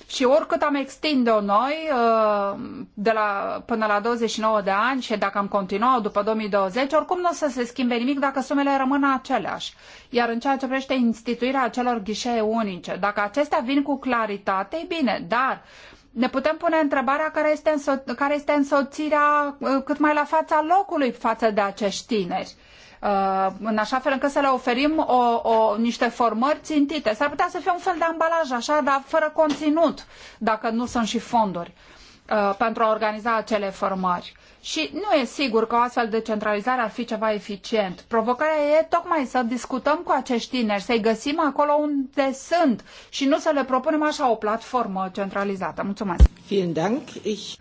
Și oricât am extinde-o noi uh, de la, până la 29 de ani și dacă am continuat după 2020, oricum nu o să se schimbe nimic dacă sumele rămân aceleași. Iar în ceea ce privește instituirea acelor ghișee unice, dacă acestea vin cu claritate, e bine, dar uh, ne putem pune întrebarea care este, înso- care este însoțirea uh, cât mai la fața locului față de acești tineri uh, în așa fel încât să le oferim o, o, niște formări țintite. S-ar putea să fie un fel de ambalaj așa, dar fără conținut, dacă nu sunt și fonduri uh, pentru a organiza acele formări și nu e sigur că o astfel de centralizare ar fi ceva eficient. Provocarea e tocmai să discutăm cu acești tineri, să-i găsim acolo unde sunt și nu să le propunem așa o platformă centralizată. Mulțumesc! Vielen Dank. Ich...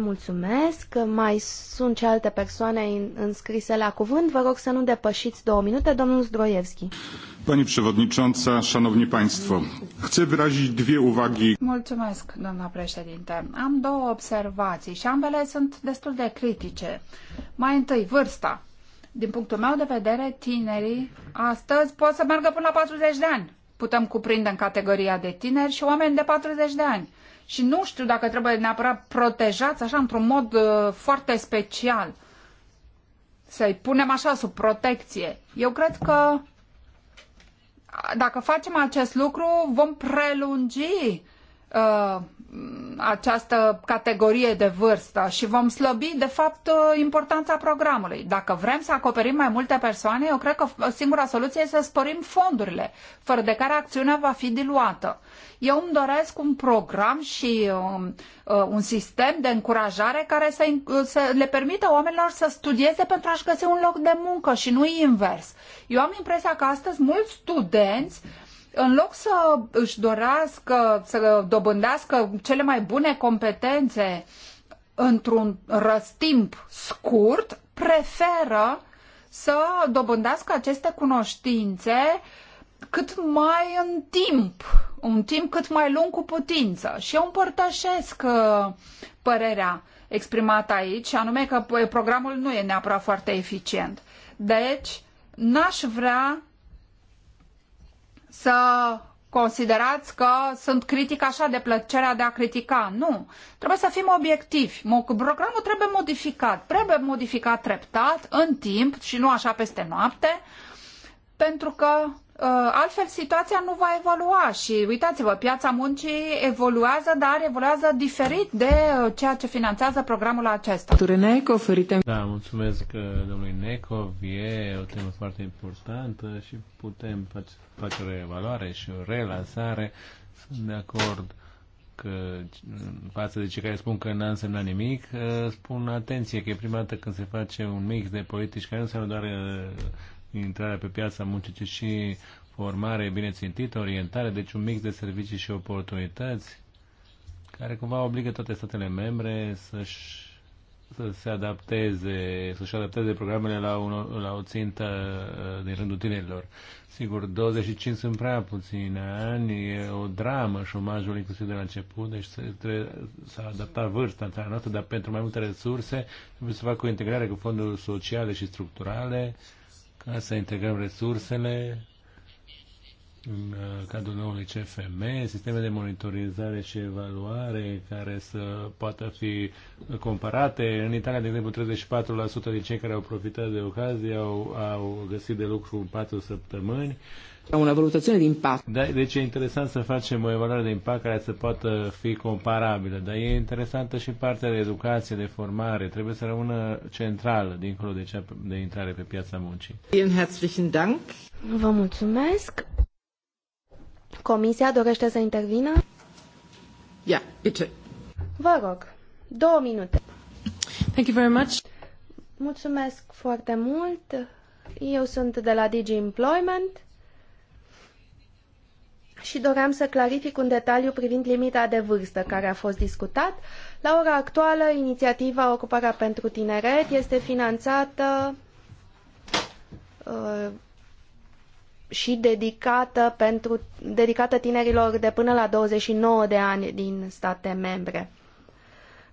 Mulțumesc. Mai sunt și alte persoane înscrise la cuvânt. Vă rog să nu depășiți două minute. Domnul Zdroievski. Pani przewodnicząca, szanowni państwo, chcę wyrazić dwie uwagi. Mulțumesc, doamna președinte. Am două observații și ambele sunt destul de critice. Mai întâi, vârsta. Din punctul meu de vedere, tinerii astăzi pot să meargă până la 40 de ani. Putem cuprinde în categoria de tineri și oameni de 40 de ani și nu știu dacă trebuie neapărat protejați așa într-un mod uh, foarte special. Să-i punem așa sub protecție. Eu cred că dacă facem acest lucru, vom prelungi uh, această categorie de vârstă și vom slăbi, de fapt, importanța programului. Dacă vrem să acoperim mai multe persoane, eu cred că singura soluție este să sporim fondurile, fără de care acțiunea va fi diluată. Eu îmi doresc un program și um, uh, un sistem de încurajare care să, uh, să le permită oamenilor să studieze pentru a-și găsi un loc de muncă și nu invers. Eu am impresia că astăzi mulți studenți în loc să își dorească să dobândească cele mai bune competențe într-un răstimp scurt, preferă să dobândească aceste cunoștințe cât mai în timp, un timp cât mai lung cu putință. Și eu împărtășesc uh, părerea exprimată aici, anume că păi, programul nu e neapărat foarte eficient. Deci, n-aș vrea să considerați că sunt critic așa de plăcerea de a critica. Nu. Trebuie să fim obiectivi. Programul trebuie modificat. Trebuie modificat treptat, în timp și nu așa peste noapte, pentru că Uh, altfel situația nu va evolua și uitați-vă, piața muncii evoluează, dar evoluează diferit de uh, ceea ce finanțează programul acesta. Da, mulțumesc uh, domnului Necov, e o temă foarte importantă și putem face, face o reevaluare și o relansare. Sunt de acord că față de cei care spun că n-a însemnat nimic, spun atenție că e prima dată când se face un mix de politici care nu înseamnă doar intrarea pe piața muncii, ci și formare bine țintită, orientare, deci un mix de servicii și oportunități care cumva obligă toate statele membre să-și să se adapteze, să-și adapteze programele la, un, la o țintă uh, din rândul tinerilor. Sigur, 25 sunt prea puține ani, e o dramă șomajul inclusiv de la început, deci s-a adaptat vârsta în noastră, dar pentru mai multe resurse trebuie să facă o integrare cu fonduri sociale și structurale, ca să integrăm resursele în uh, cadrul noului CFM, sisteme de monitorizare și evaluare care să poată fi comparate. În Italia, de exemplu, 34% din cei care au profitat de ocazie au, au găsit de lucru în 4 săptămâni una valutazione di impatto. Da, deci e interesant să facem o evaluare de impact care să poată fi comparabilă, dar e interesantă și partea de educație, de formare. Trebuie să rămână centrală, dincolo de cea de intrare pe piața muncii. Vielen herzlichen Dank. Vă mulțumesc. Comisia dorește să intervină? Ia, yeah, bitte. Vă rog, două minute. Thank you very much. Mulțumesc foarte mult. Eu sunt de la Digi Employment și doream să clarific un detaliu privind limita de vârstă care a fost discutat. La ora actuală, inițiativa Ocuparea pentru Tineret este finanțată uh, și dedicată, pentru, dedicată tinerilor de până la 29 de ani din state membre.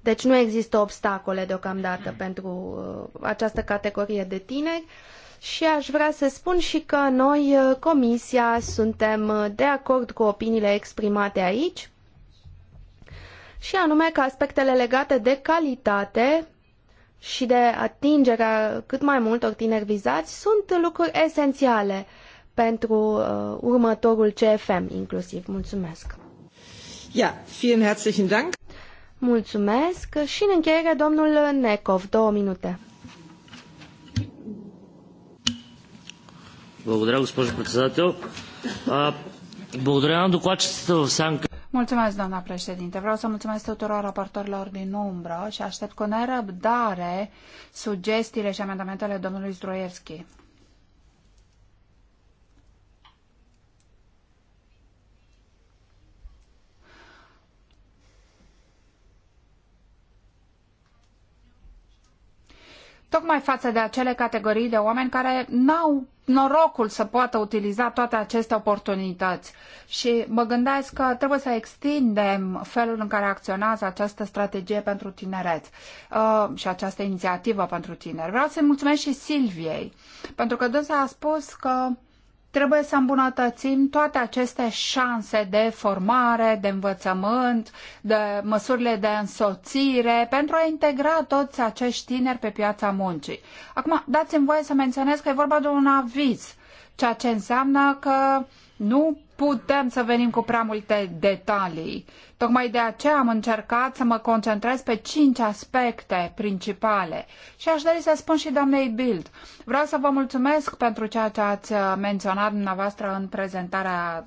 Deci nu există obstacole deocamdată mm. pentru uh, această categorie de tineri. Uh, și aș vrea să spun și că noi, uh, Comisia, suntem uh, de acord cu opiniile exprimate aici și anume că aspectele legate de calitate și de atingerea cât mai multor tineri vizați sunt lucruri esențiale pentru uh, următorul CFM inclusiv. Mulțumesc! Ja, vielen herzlichen Dank! Mulțumesc și în încheiere domnul Necov, două minute. Благодаря, госпожо председател. А, благодаря на докладчицата в сянка. Mulțumesc, doamna președinte. Vreau să mulțumesc tuturor raportorilor din umbră și aștept cu nerăbdare sugestiile și amendamentele domnului Zdroievski. tocmai față de acele categorii de oameni care n-au norocul să poată utiliza toate aceste oportunități. Și mă gândesc că trebuie să extindem felul în care acționează această strategie pentru tineret uh, și această inițiativă pentru tineri. Vreau să-i mulțumesc și Silviei, pentru că dânsa a spus că Trebuie să îmbunătățim toate aceste șanse de formare, de învățământ, de măsurile de însoțire pentru a integra toți acești tineri pe piața muncii. Acum, dați-mi voie să menționez că e vorba de un aviz, ceea ce înseamnă că nu putem să venim cu prea multe detalii. Tocmai de aceea am încercat să mă concentrez pe cinci aspecte principale. Și aș dori să spun și doamnei Bild. Vreau să vă mulțumesc pentru ceea ce ați menționat dumneavoastră în prezentarea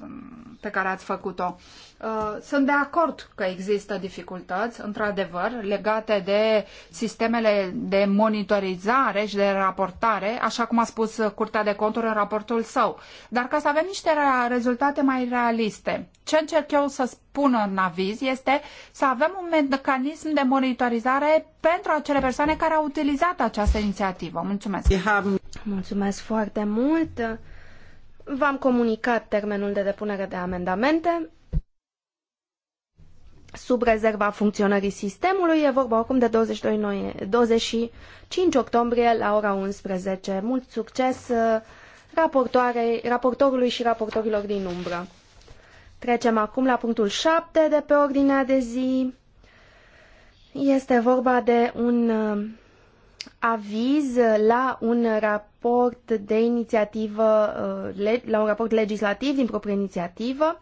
pe care ați făcut-o. Uh, sunt de acord că există dificultăți, într-adevăr, legate de sistemele de monitorizare și de raportare, așa cum a spus Curtea de Conturi în raportul său. Dar ca să avem niște rezultate mai realiste, ce încerc eu să spună în aviz este să avem un mecanism de monitorizare pentru acele persoane care au utilizat această inițiativă. Mulțumesc! Mulțumesc foarte mult! V-am comunicat termenul de depunere de amendamente sub rezerva funcționării sistemului. E vorba acum de 22 noie, 25 octombrie la ora 11. Mult succes uh, raportorului și raportorilor din umbră. Trecem acum la punctul 7 de pe ordinea de zi. Este vorba de un uh, aviz la un raport de inițiativă, uh, la un raport legislativ din proprie inițiativă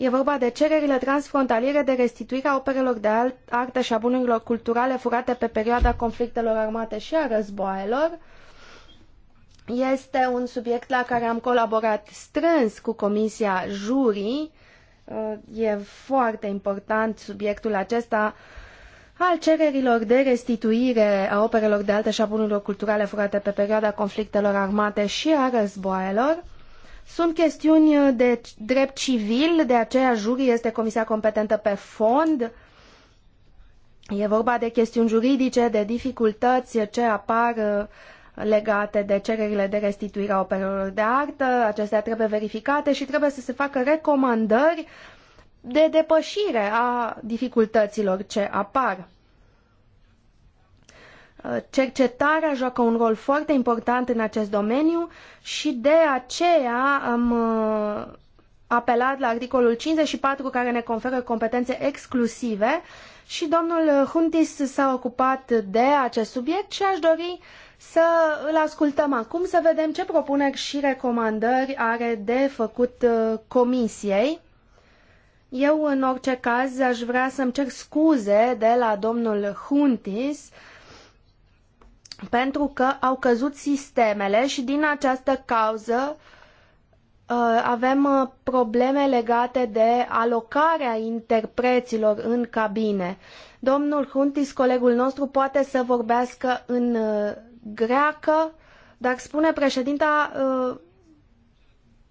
E vorba de cererile transfrontaliere de restituire a operelor de artă și a bunurilor culturale furate pe perioada conflictelor armate și a războaielor. Este un subiect la care am colaborat strâns cu Comisia juri. Uh, e foarte important subiectul acesta al cererilor de restituire a operelor de artă și a bunurilor culturale furate pe perioada conflictelor armate și a războaielor. Sunt chestiuni uh, de drept civil, de aceea jurii este comisia competentă pe fond. E vorba de chestiuni juridice, de dificultăți ce apar uh, legate de cererile de restituire a operelor de artă. Acestea trebuie verificate și trebuie să se facă recomandări de depășire a dificultăților ce apar. Uh, cercetarea joacă un rol foarte important în acest domeniu și de aceea am uh, apelat la articolul 54 care ne conferă competențe exclusive și domnul Huntis s-a ocupat de acest subiect și aș dori să îl ascultăm acum, să vedem ce propuneri și recomandări are de făcut uh, comisiei. Eu, în orice caz, aș vrea să-mi cer scuze de la domnul Huntis uh, pentru că au căzut sistemele și din această cauză uh, avem uh, probleme legate de alocarea interpreților în cabine. Domnul Huntis, colegul nostru, poate să vorbească în uh, greacă, dar spune președinta,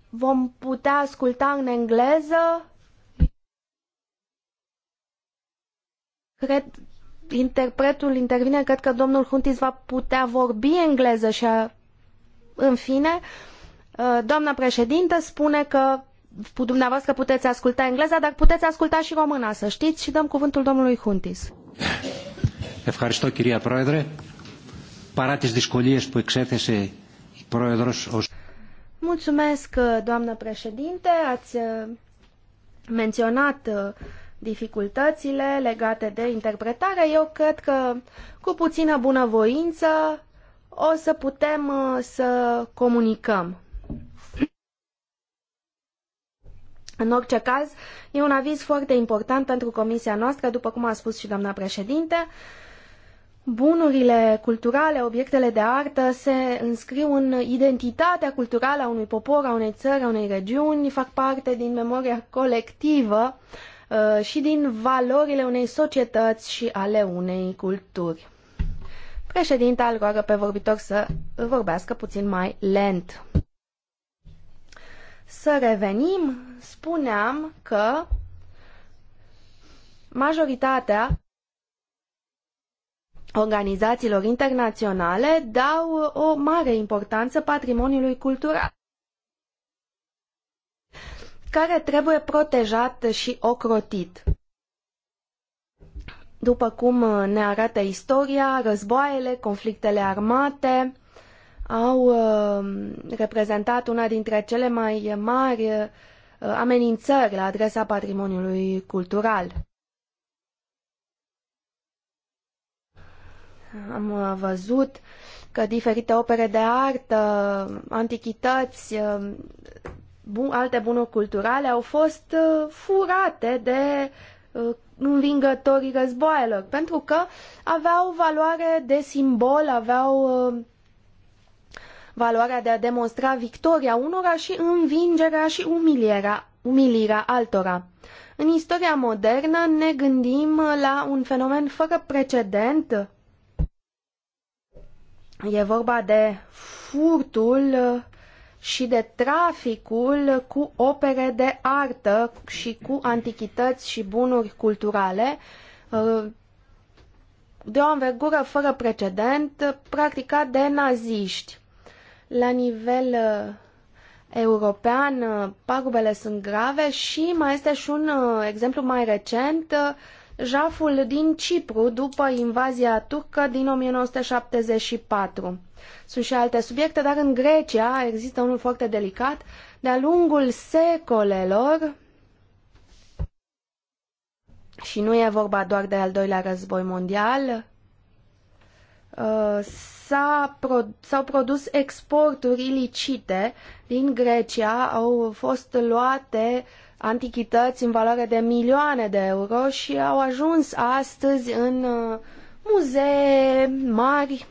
vom putea asculta în engleză. Cred interpretul intervine, cred că domnul Huntis va putea vorbi engleză și a... în fine, uh, doamna președintă spune că dumneavoastră puteți asculta engleza, dar puteți asculta și româna, să știți, și dăm cuvântul domnului Huntis. Ευχαριστώ κυρία Πρόεδρε. Παρά τις δυσκολίες που εξέθεσε η Πρόεδρος ως... Mulțumesc, uh, doamnă președinte, ați uh, menționat dificultățile legate de interpretare, eu cred că cu puțină bunăvoință o să putem uh, să comunicăm. În orice caz, e un aviz foarte important pentru comisia noastră, după cum a spus și doamna președinte. Bunurile culturale, obiectele de artă se înscriu în identitatea culturală a unui popor, a unei țări, a unei regiuni, fac parte din memoria colectivă uh, Uh, și din valorile unei societăți și ale unei culturi. Președinta îl roagă pe vorbitor să vorbească puțin mai lent. Să revenim, spuneam că majoritatea organizațiilor internaționale dau o mare importanță patrimoniului cultural care trebuie protejat și ocrotit. După cum ne arată istoria, războaiele, conflictele armate au uh, reprezentat una dintre cele mai mari uh, amenințări la adresa patrimoniului cultural. Am uh, văzut că diferite opere de artă, antichități alte bunuri culturale au fost uh, furate de uh, învingătorii războaielor, pentru că aveau valoare de simbol, aveau uh, valoarea de a demonstra victoria unora și învingerea și umilierea, umilirea altora. În istoria modernă ne gândim la un fenomen fără precedent. E vorba de furtul și de traficul cu opere de artă și cu antichități și bunuri culturale uh, de o anvergură fără precedent practicat de naziști. La nivel uh, european, uh, pagubele sunt grave și mai este și un exemplu mai recent jaful din Cipru după invazia turcă din 1974. Sunt și alte subiecte, dar în Grecia există unul foarte delicat. De-a lungul secolelor, și nu e vorba doar de al doilea război mondial, uh, s-au produs exporturi ilicite din Grecia, au fost luate uh, antichități în valoare de milioane de euro și au ajuns astăzi în uh, muzee mari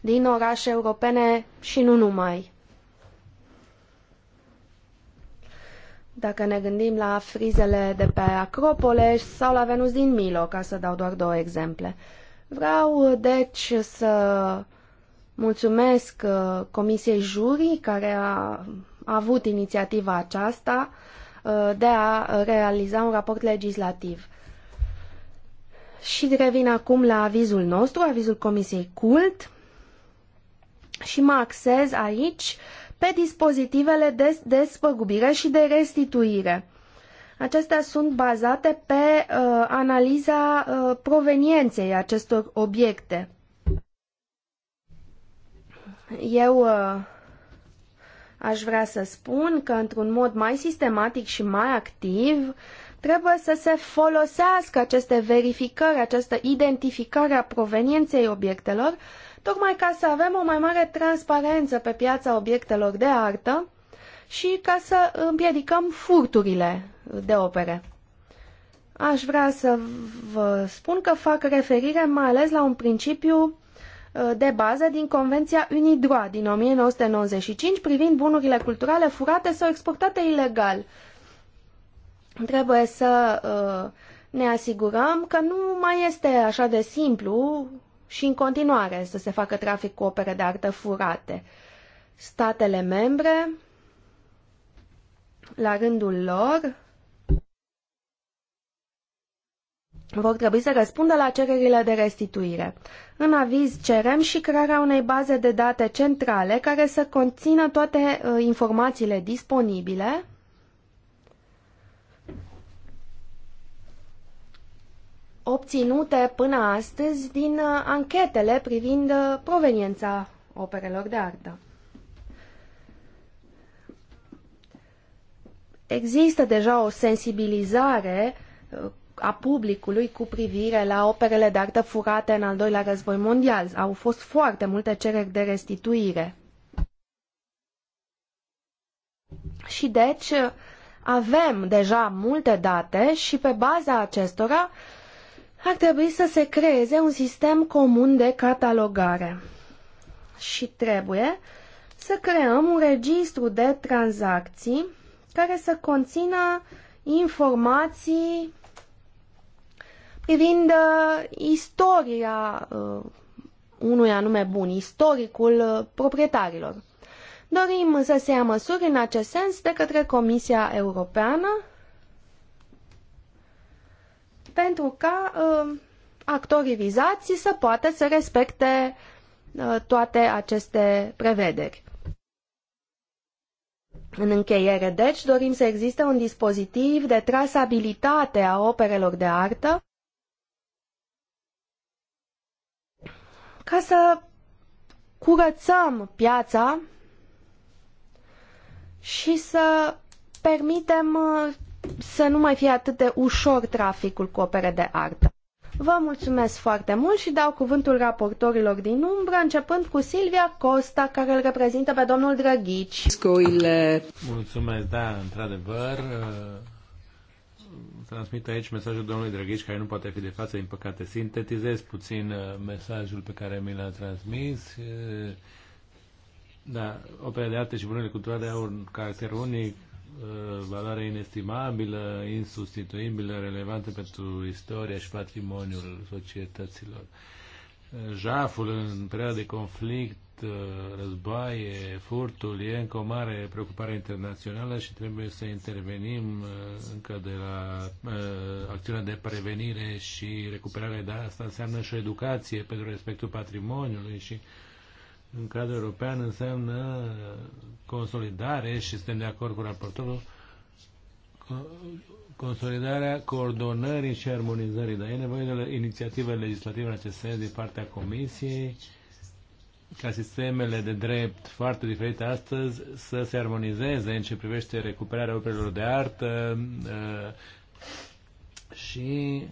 din orașe europene și nu numai. Dacă ne gândim la frizele de pe Acropole sau la Venus din Milo, ca să dau doar două exemple. Vreau, deci, să mulțumesc uh, Comisiei Jurii, care a avut inițiativa aceasta, Uh, de a realiza un raport legislativ. Și revin acum la avizul nostru, avizul Comisiei Cult și mă axez aici pe dispozitivele de despăgubire și de restituire. Acestea sunt bazate pe uh, analiza uh, provenienței acestor obiecte. Eu uh, Aș vrea să spun că într-un mod mai sistematic și mai activ trebuie să se folosească aceste verificări, această identificare a provenienței obiectelor, tocmai ca să avem o mai mare transparență pe piața obiectelor de artă și ca să împiedicăm furturile de opere. Aș vrea să vă spun că fac referire mai ales la un principiu Uh, de bază din Convenția UNIDROA din 1995 privind bunurile culturale furate sau exportate ilegal. Trebuie să uh, ne asigurăm că nu mai este așa de simplu și în continuare să se facă trafic cu opere de artă furate. Statele membre, la rândul lor, vor trebui să răspundă la cererile de restituire. În aviz cerem și crearea unei baze de date centrale care să conțină toate uh, informațiile disponibile obținute până astăzi din uh, anchetele privind uh, proveniența operelor de artă. Există deja o sensibilizare a publicului cu privire la operele de artă furate în al doilea război mondial. Au fost foarte multe cereri de restituire. Și deci avem deja multe date și pe baza acestora ar trebui să se creeze un sistem comun de catalogare. Și trebuie să creăm un registru de tranzacții care să conțină informații privind uh, istoria uh, unui anume bun, istoricul uh, proprietarilor. Dorim să se ia măsuri în acest sens de către Comisia Europeană pentru ca uh, actorii vizați să poată să respecte uh, toate aceste prevederi. În încheiere, deci, dorim să existe un dispozitiv de trasabilitate a operelor de artă ca să curățăm piața și să permitem uh, să nu mai fie atât de ușor traficul cu opere de artă. Vă mulțumesc foarte mult și dau cuvântul raportorilor din umbră, începând cu Silvia Costa, care îl reprezintă pe domnul Drăghici. Mulțumesc, da, într-adevăr, uh, transmit aici mesajul domnului Drăghici, care nu poate fi de față, din păcate. Sintetizez puțin uh, mesajul pe care mi l-a transmis. Uh, da, opera de arte și bunurile culturale au un caracter unic, uh, valoare inestimabilă, insustituibilă, relevantă pentru istoria și patrimoniul societăților. Jaful în perioada de conflict Uh, războaie, furtul e încă o mare preocupare internațională și trebuie să intervenim uh, încă de la uh, acțiunea de prevenire și recuperare, dar asta înseamnă și o educație pentru respectul patrimoniului și în cadrul european înseamnă consolidare și suntem de acord cu raportorul consolidarea coordonării și armonizării, dar e nevoie de inițiative legislative în acest sens din partea Comisiei ca sistemele de drept foarte diferite astăzi să se armonizeze în ce privește recuperarea operelor de artă uh, și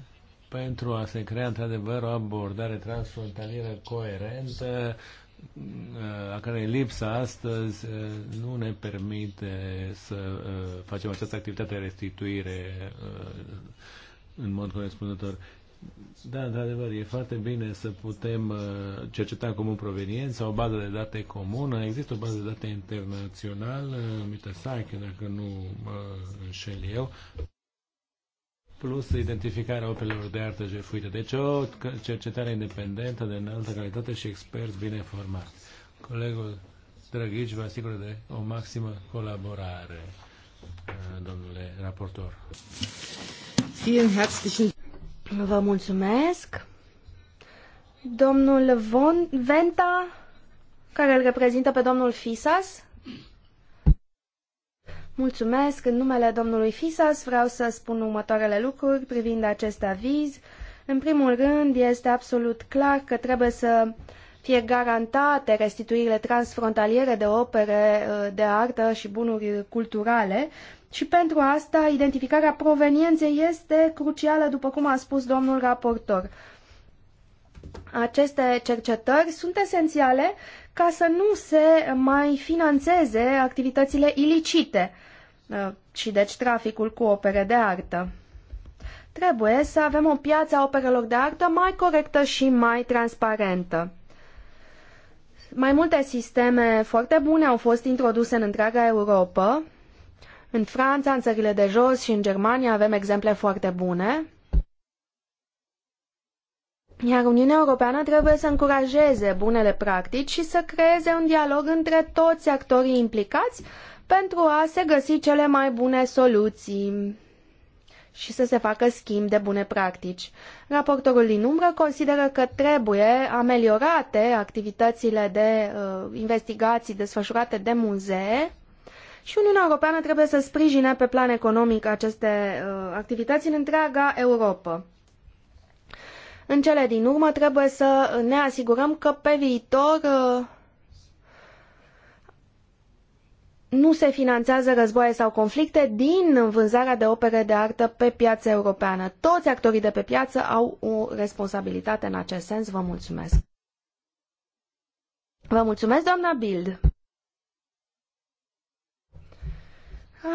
pentru a se crea într-adevăr o abordare transfrontalieră coerentă uh, a care lipsa astăzi uh, nu ne permite să facem această activitate de restituire în mod corespunzător. Da, într-adevăr, e foarte bine să putem uh, cerceta în comun proveniența, o bază de date comună. Există o bază de date internațională, să SACE, dacă nu mă înșel eu, plus identificarea operelor de artă jefuite. Deci o cercetare independentă de înaltă calitate și experți bine formați. Colegul Drăghici vă asigură de o maximă colaborare, uh, domnule raportor. Vielen herzlichen Vă mulțumesc. Domnul Von Venta, care îl reprezintă pe domnul Fisas. Mulțumesc. În numele domnului Fisas vreau să spun următoarele lucruri privind acest aviz. În primul rând, este absolut clar că trebuie să fie garantate restituirile transfrontaliere de opere uh, de artă și bunuri culturale și pentru asta, identificarea provenienței este crucială, după cum a spus domnul raportor. Aceste cercetări sunt esențiale ca să nu se mai financeze activitățile ilicite uh, și deci traficul cu opere de artă. Trebuie să avem o piață a operelor de artă mai corectă și mai transparentă. Mai multe sisteme foarte bune au fost introduse în întreaga Europa, în Franța, în țările de jos și în Germania avem exemple foarte bune. Iar Uniunea Europeană trebuie să încurajeze bunele practici și să creeze un dialog între toți actorii implicați pentru a se găsi cele mai bune soluții și să se facă schimb de bune practici. Raportorul din umbră consideră că trebuie ameliorate activitățile de uh, investigații desfășurate de muzee și Uniunea Europeană trebuie să sprijine pe plan economic aceste uh, activități în întreaga Europa. În cele din urmă trebuie să ne asigurăm că pe viitor uh, nu se finanțează războaie sau conflicte din vânzarea de opere de artă pe piața europeană. Toți actorii de pe piață au o responsabilitate în acest sens. Vă mulțumesc! Vă mulțumesc, doamna Bild!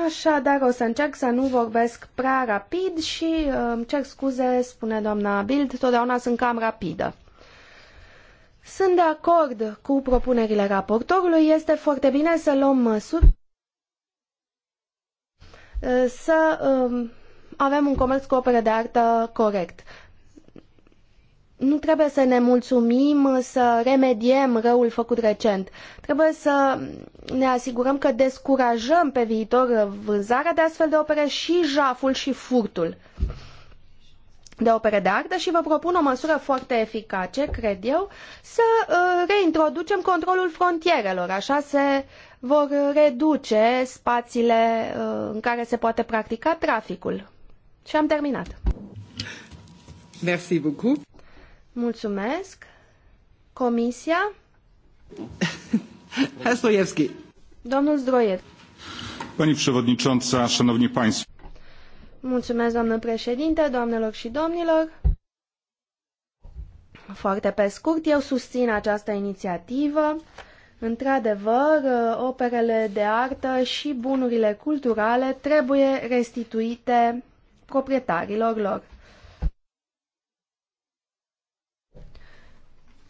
Așa, dar o să încerc să nu vorbesc prea rapid și uh, îmi cer scuze, spune doamna Bild, totdeauna sunt cam rapidă. Sunt de acord cu propunerile raportorului, este foarte bine să luăm măsuri uh, să um, avem un comerț cu opere de artă corect nu trebuie să ne mulțumim să remediem răul făcut recent. Trebuie să ne asigurăm că descurajăm pe viitor vânzarea de astfel de opere și jaful și furtul de opere de artă și vă propun o măsură foarte eficace, cred eu, să uh, reintroducem controlul frontierelor. Așa se vor reduce spațiile uh, în care se poate practica traficul. Și am terminat. Merci beaucoup. Mulțumesc. Comisia? Zdrojewski. Domnul Zdroiev. Pani Przewodnicząca, Szanowni Państwo. Mulțumesc, doamnă președinte, doamnelor și domnilor. Foarte pe scurt, eu susțin această inițiativă. Într-adevăr, operele de artă și bunurile culturale trebuie restituite proprietarilor lor.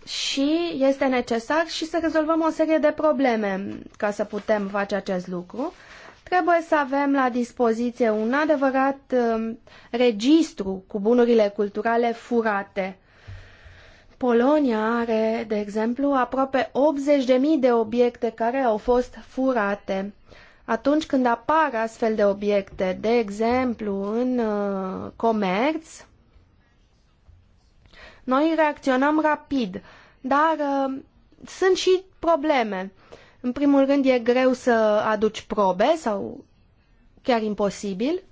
și este necesar și să rezolvăm o serie de probleme ca să putem face acest lucru. Trebuie să avem la dispoziție un adevărat uh, registru cu bunurile culturale furate. Polonia are, de exemplu, aproape 80.000 de obiecte care au fost furate. Atunci când apar astfel de obiecte, de exemplu, în uh, comerț, noi reacționăm rapid, dar uh, sunt și probleme. În primul rând e greu să aduci probe sau chiar imposibil.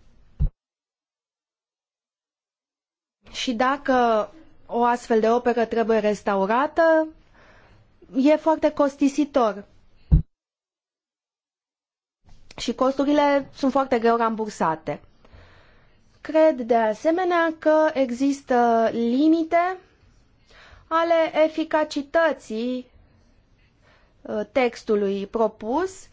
Și dacă o astfel de operă trebuie restaurată, e foarte costisitor. Și costurile sunt foarte greu rambursate. Cred de asemenea că există limite ale eficacității uh, textului propus,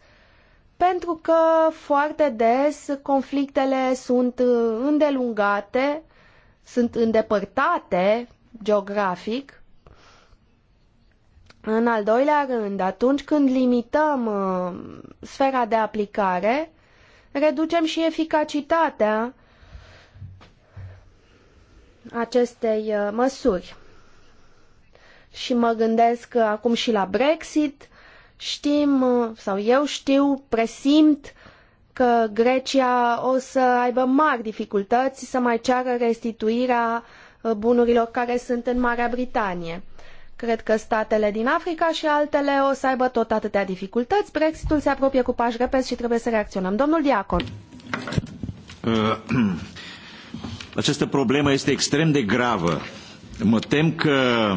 pentru că foarte des conflictele sunt uh, îndelungate, sunt îndepărtate geografic. În al doilea rând, atunci când limităm uh, sfera de aplicare, reducem și eficacitatea acestei măsuri și mă gândesc acum și la Brexit. Știm, sau eu știu, presimt că Grecia o să aibă mari dificultăți să mai ceară restituirea uh, bunurilor care sunt în Marea Britanie. Cred că statele din Africa și altele o să aibă tot atâtea dificultăți. Brexitul se apropie cu pași repezi și trebuie să reacționăm. Domnul Diacon. Uh, această problemă este extrem de gravă. Mă tem că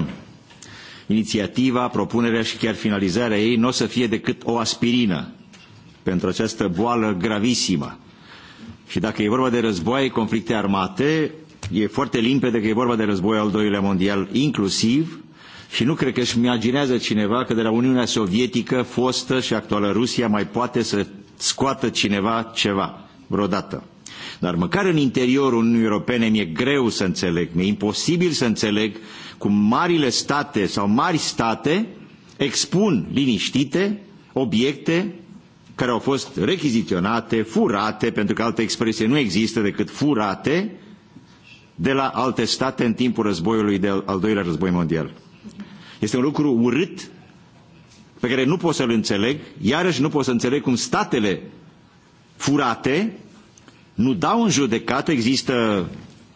inițiativa, propunerea și chiar finalizarea ei nu o să fie decât o aspirină pentru această boală gravisimă. Și dacă e vorba de războaie, conflicte armate, e foarte limpede că e vorba de războiul al doilea mondial inclusiv și nu cred că își imaginează cineva că de la Uniunea Sovietică, fostă și actuală Rusia, mai poate să scoată cineva ceva vreodată. Dar măcar în interiorul Uniunii Europene mi-e greu să înțeleg, mi-e imposibil să înțeleg cum marile state sau mari state expun liniștite obiecte care au fost rechiziționate, furate, pentru că altă expresie nu există decât furate, de la alte state în timpul războiului de al doilea război mondial. Este un lucru urât pe care nu pot să-l înțeleg, iarăși nu pot să înțeleg cum statele furate nu dau în judecată, există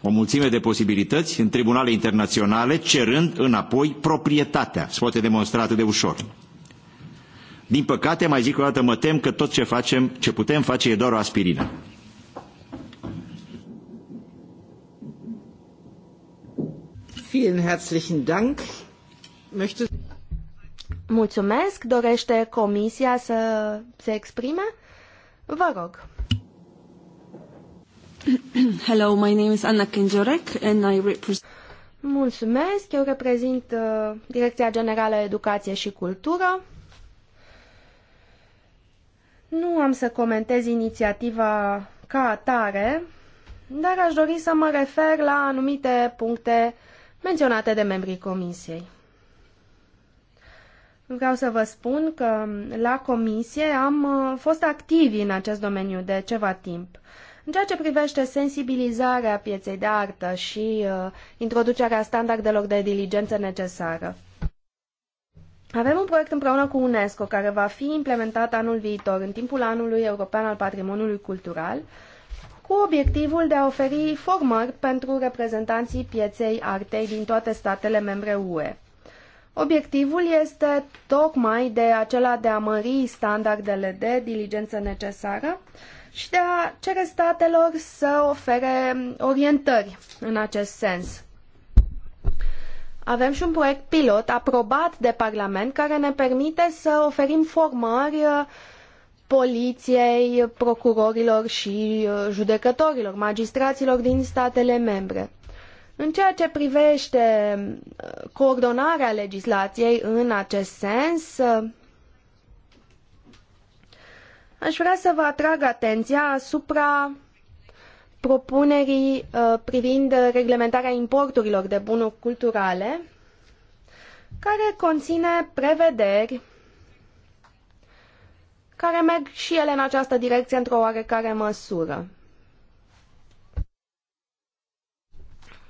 o mulțime de posibilități în tribunale internaționale, cerând înapoi proprietatea. Se poate demonstra atât de ușor. Din păcate, mai zic o dată, mă tem că tot ce facem, ce putem face e doar o aspirină. Mulțumesc. Dorește comisia să se exprime? Vă rog. Hello, my name is Anna Kenjorek and I represent... Mulțumesc, eu reprezint uh, Direcția Generală Educație și Cultură. Nu am să comentez inițiativa ca atare, dar aș dori să mă refer la anumite puncte menționate de membrii Comisiei. Vreau să vă spun că la Comisie am uh, fost activi în acest domeniu de ceva timp. În ceea ce privește sensibilizarea pieței de artă și uh, introducerea standardelor de diligență necesară. Avem un proiect împreună cu UNESCO care va fi implementat anul viitor în timpul anului european al patrimoniului cultural cu obiectivul de a oferi formări pentru reprezentanții pieței artei din toate statele membre UE. Obiectivul este tocmai de acela de a mări standardele de diligență necesară și de a cere statelor să ofere orientări în acest sens. Avem și un proiect pilot aprobat de Parlament care ne permite să oferim formări uh, poliției, procurorilor și uh, judecătorilor, magistraților din statele membre. În ceea ce privește uh, coordonarea legislației în acest sens, Aș vrea să vă atrag atenția asupra propunerii uh, privind uh, reglementarea importurilor de bunuri culturale, care conține prevederi care merg și ele în această direcție într-o oarecare măsură.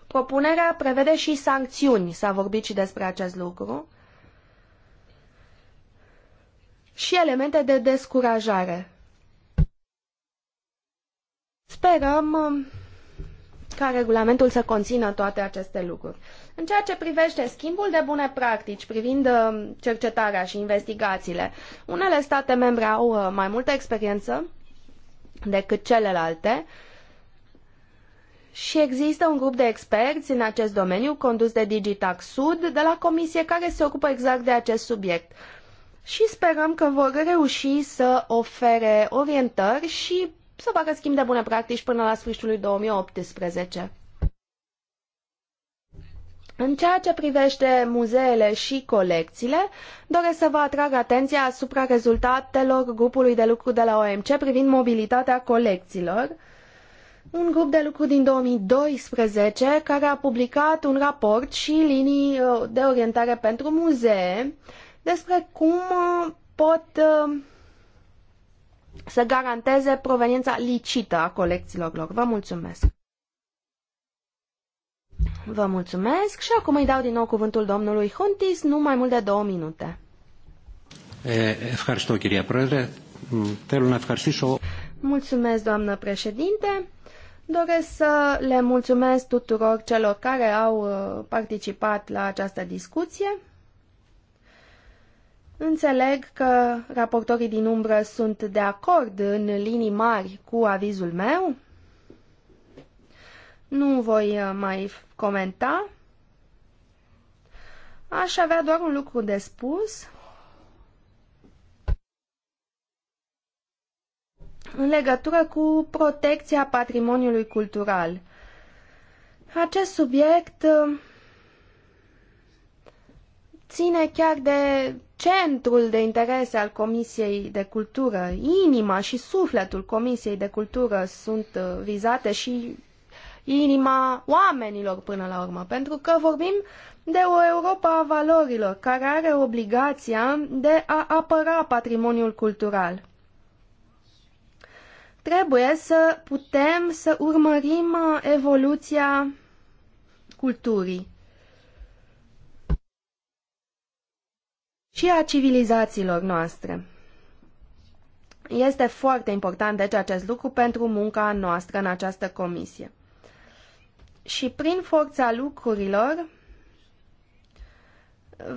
Propunerea prevede și sancțiuni, s-a vorbit și despre acest lucru, și elemente de descurajare. Sperăm um, ca regulamentul să conțină toate aceste lucruri. În ceea ce privește schimbul de bune practici privind um, cercetarea și investigațiile, unele state membre au uh, mai multă experiență decât celelalte și există un grup de experți în acest domeniu condus de Digitax Sud de la comisie care se ocupă exact de acest subiect și sperăm că vor reuși să ofere orientări și să facă schimb de bune practici până la sfârșitul lui 2018. În ceea ce privește muzeele și colecțiile, doresc să vă atrag atenția asupra rezultatelor grupului de lucru de la OMC privind mobilitatea colecțiilor, un grup de lucru din 2012 care a publicat un raport și linii uh, de orientare pentru muzee despre cum uh, pot uh, să garanteze proveniența licită a colecțiilor lor. Vă mulțumesc! Vă mulțumesc și acum îi dau din nou cuvântul domnului Huntis, nu mai mult de două minute. Mulțumesc, doamnă președinte. Doresc să le mulțumesc tuturor celor care au uh, participat la această discuție. Înțeleg că raportorii din umbră sunt de acord în linii mari cu avizul meu. Nu voi uh, mai comenta. Aș avea doar un lucru de spus. În legătură cu protecția patrimoniului cultural. Acest subiect uh, ține chiar de centrul de interese al Comisiei de Cultură. Inima și sufletul Comisiei de Cultură sunt uh, vizate și inima oamenilor până la urmă, pentru că vorbim de o Europa a valorilor, care are obligația de a apăra patrimoniul cultural. Trebuie să putem să urmărim uh, evoluția culturii. și a civilizațiilor noastre. Este foarte important, deci, acest lucru pentru munca noastră în această comisie. Și prin forța lucrurilor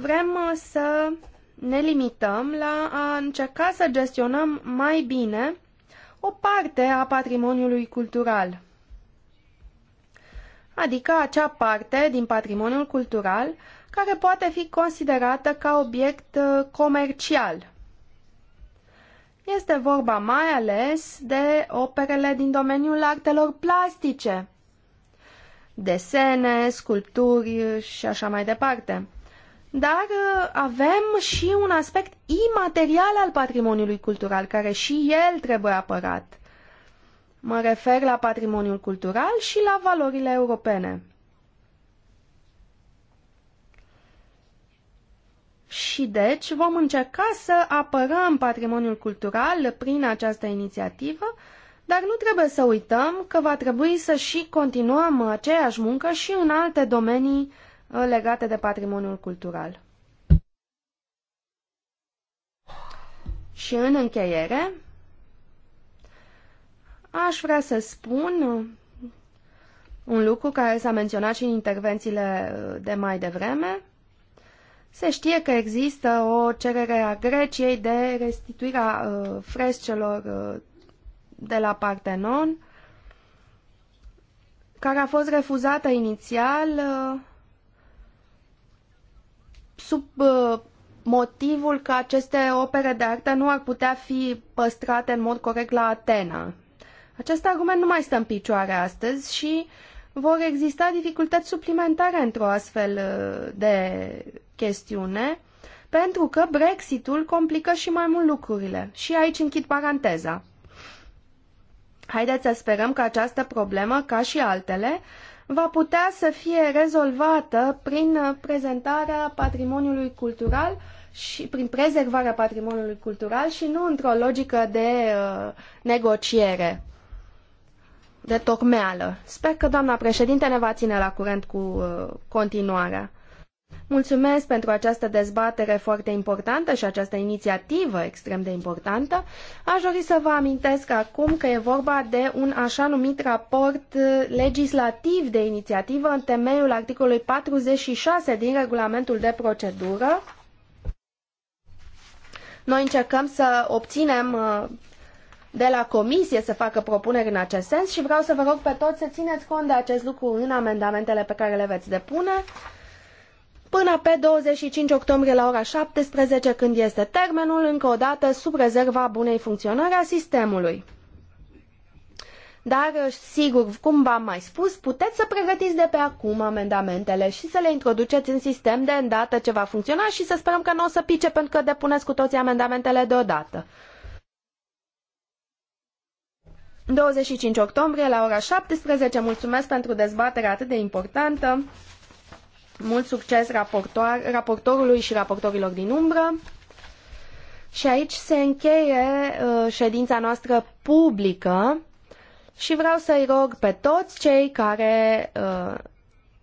vrem să ne limităm la a încerca să gestionăm mai bine o parte a patrimoniului cultural. Adică acea parte din patrimoniul cultural care poate fi considerată ca obiect uh, comercial. Este vorba mai ales de operele din domeniul artelor plastice, desene, sculpturi și așa mai departe. Dar uh, avem și un aspect imaterial al patrimoniului cultural, care și el trebuie apărat. Mă refer la patrimoniul cultural și la valorile europene. Și deci vom încerca să apărăm patrimoniul cultural prin această inițiativă, dar nu trebuie să uităm că va trebui să și continuăm aceeași muncă și în alte domenii uh, legate de patrimoniul cultural. Și în încheiere, aș vrea să spun uh, un lucru care s-a menționat și în intervențiile uh, de mai devreme, se știe că există o cerere a Greciei de restituirea uh, frescelor uh, de la Partenon, care a fost refuzată inițial uh, sub uh, motivul că aceste opere de artă nu ar putea fi păstrate în mod corect la Atena. Acest argument nu mai stă în picioare astăzi și vor exista dificultăți suplimentare într-o astfel uh, de chestiune, pentru că Brexitul complică și mai mult lucrurile. Și aici închid paranteza. Haideți să sperăm că această problemă, ca și altele, va putea să fie rezolvată prin prezentarea patrimoniului cultural și prin prezervarea patrimoniului cultural și nu într-o logică de uh, negociere, de tocmeală. Sper că doamna președinte ne va ține la curent cu uh, continuarea. Mulțumesc pentru această dezbatere foarte importantă și această inițiativă extrem de importantă. Aș dori să vă amintesc acum că e vorba de un așa numit raport legislativ de inițiativă în temeiul articolului 46 din regulamentul de procedură. Noi încercăm să obținem uh, de la comisie să facă propuneri în acest sens și vreau să vă rog pe toți să țineți cont de acest lucru în amendamentele pe care le veți depune până pe 25 octombrie la ora 17, când este termenul, încă o dată, sub rezerva bunei funcționări a sistemului. Dar, sigur, cum v-am mai spus, puteți să pregătiți de pe acum amendamentele și să le introduceți în sistem de îndată ce va funcționa și să sperăm că nu o să pice pentru că depuneți cu toții amendamentele deodată. 25 octombrie la ora 17. Mulțumesc pentru dezbaterea atât de importantă. Mult succes raportorului și raportorilor din umbră. Și aici se încheie uh, ședința noastră publică și vreau să-i rog pe toți cei care uh,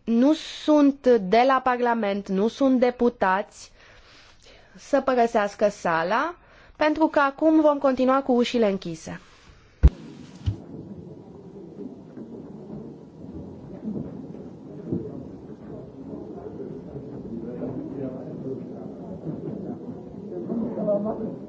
nu sunt de la Parlament, nu sunt deputați, să părăsească sala, pentru că acum vom continua cu ușile închise. Domnului.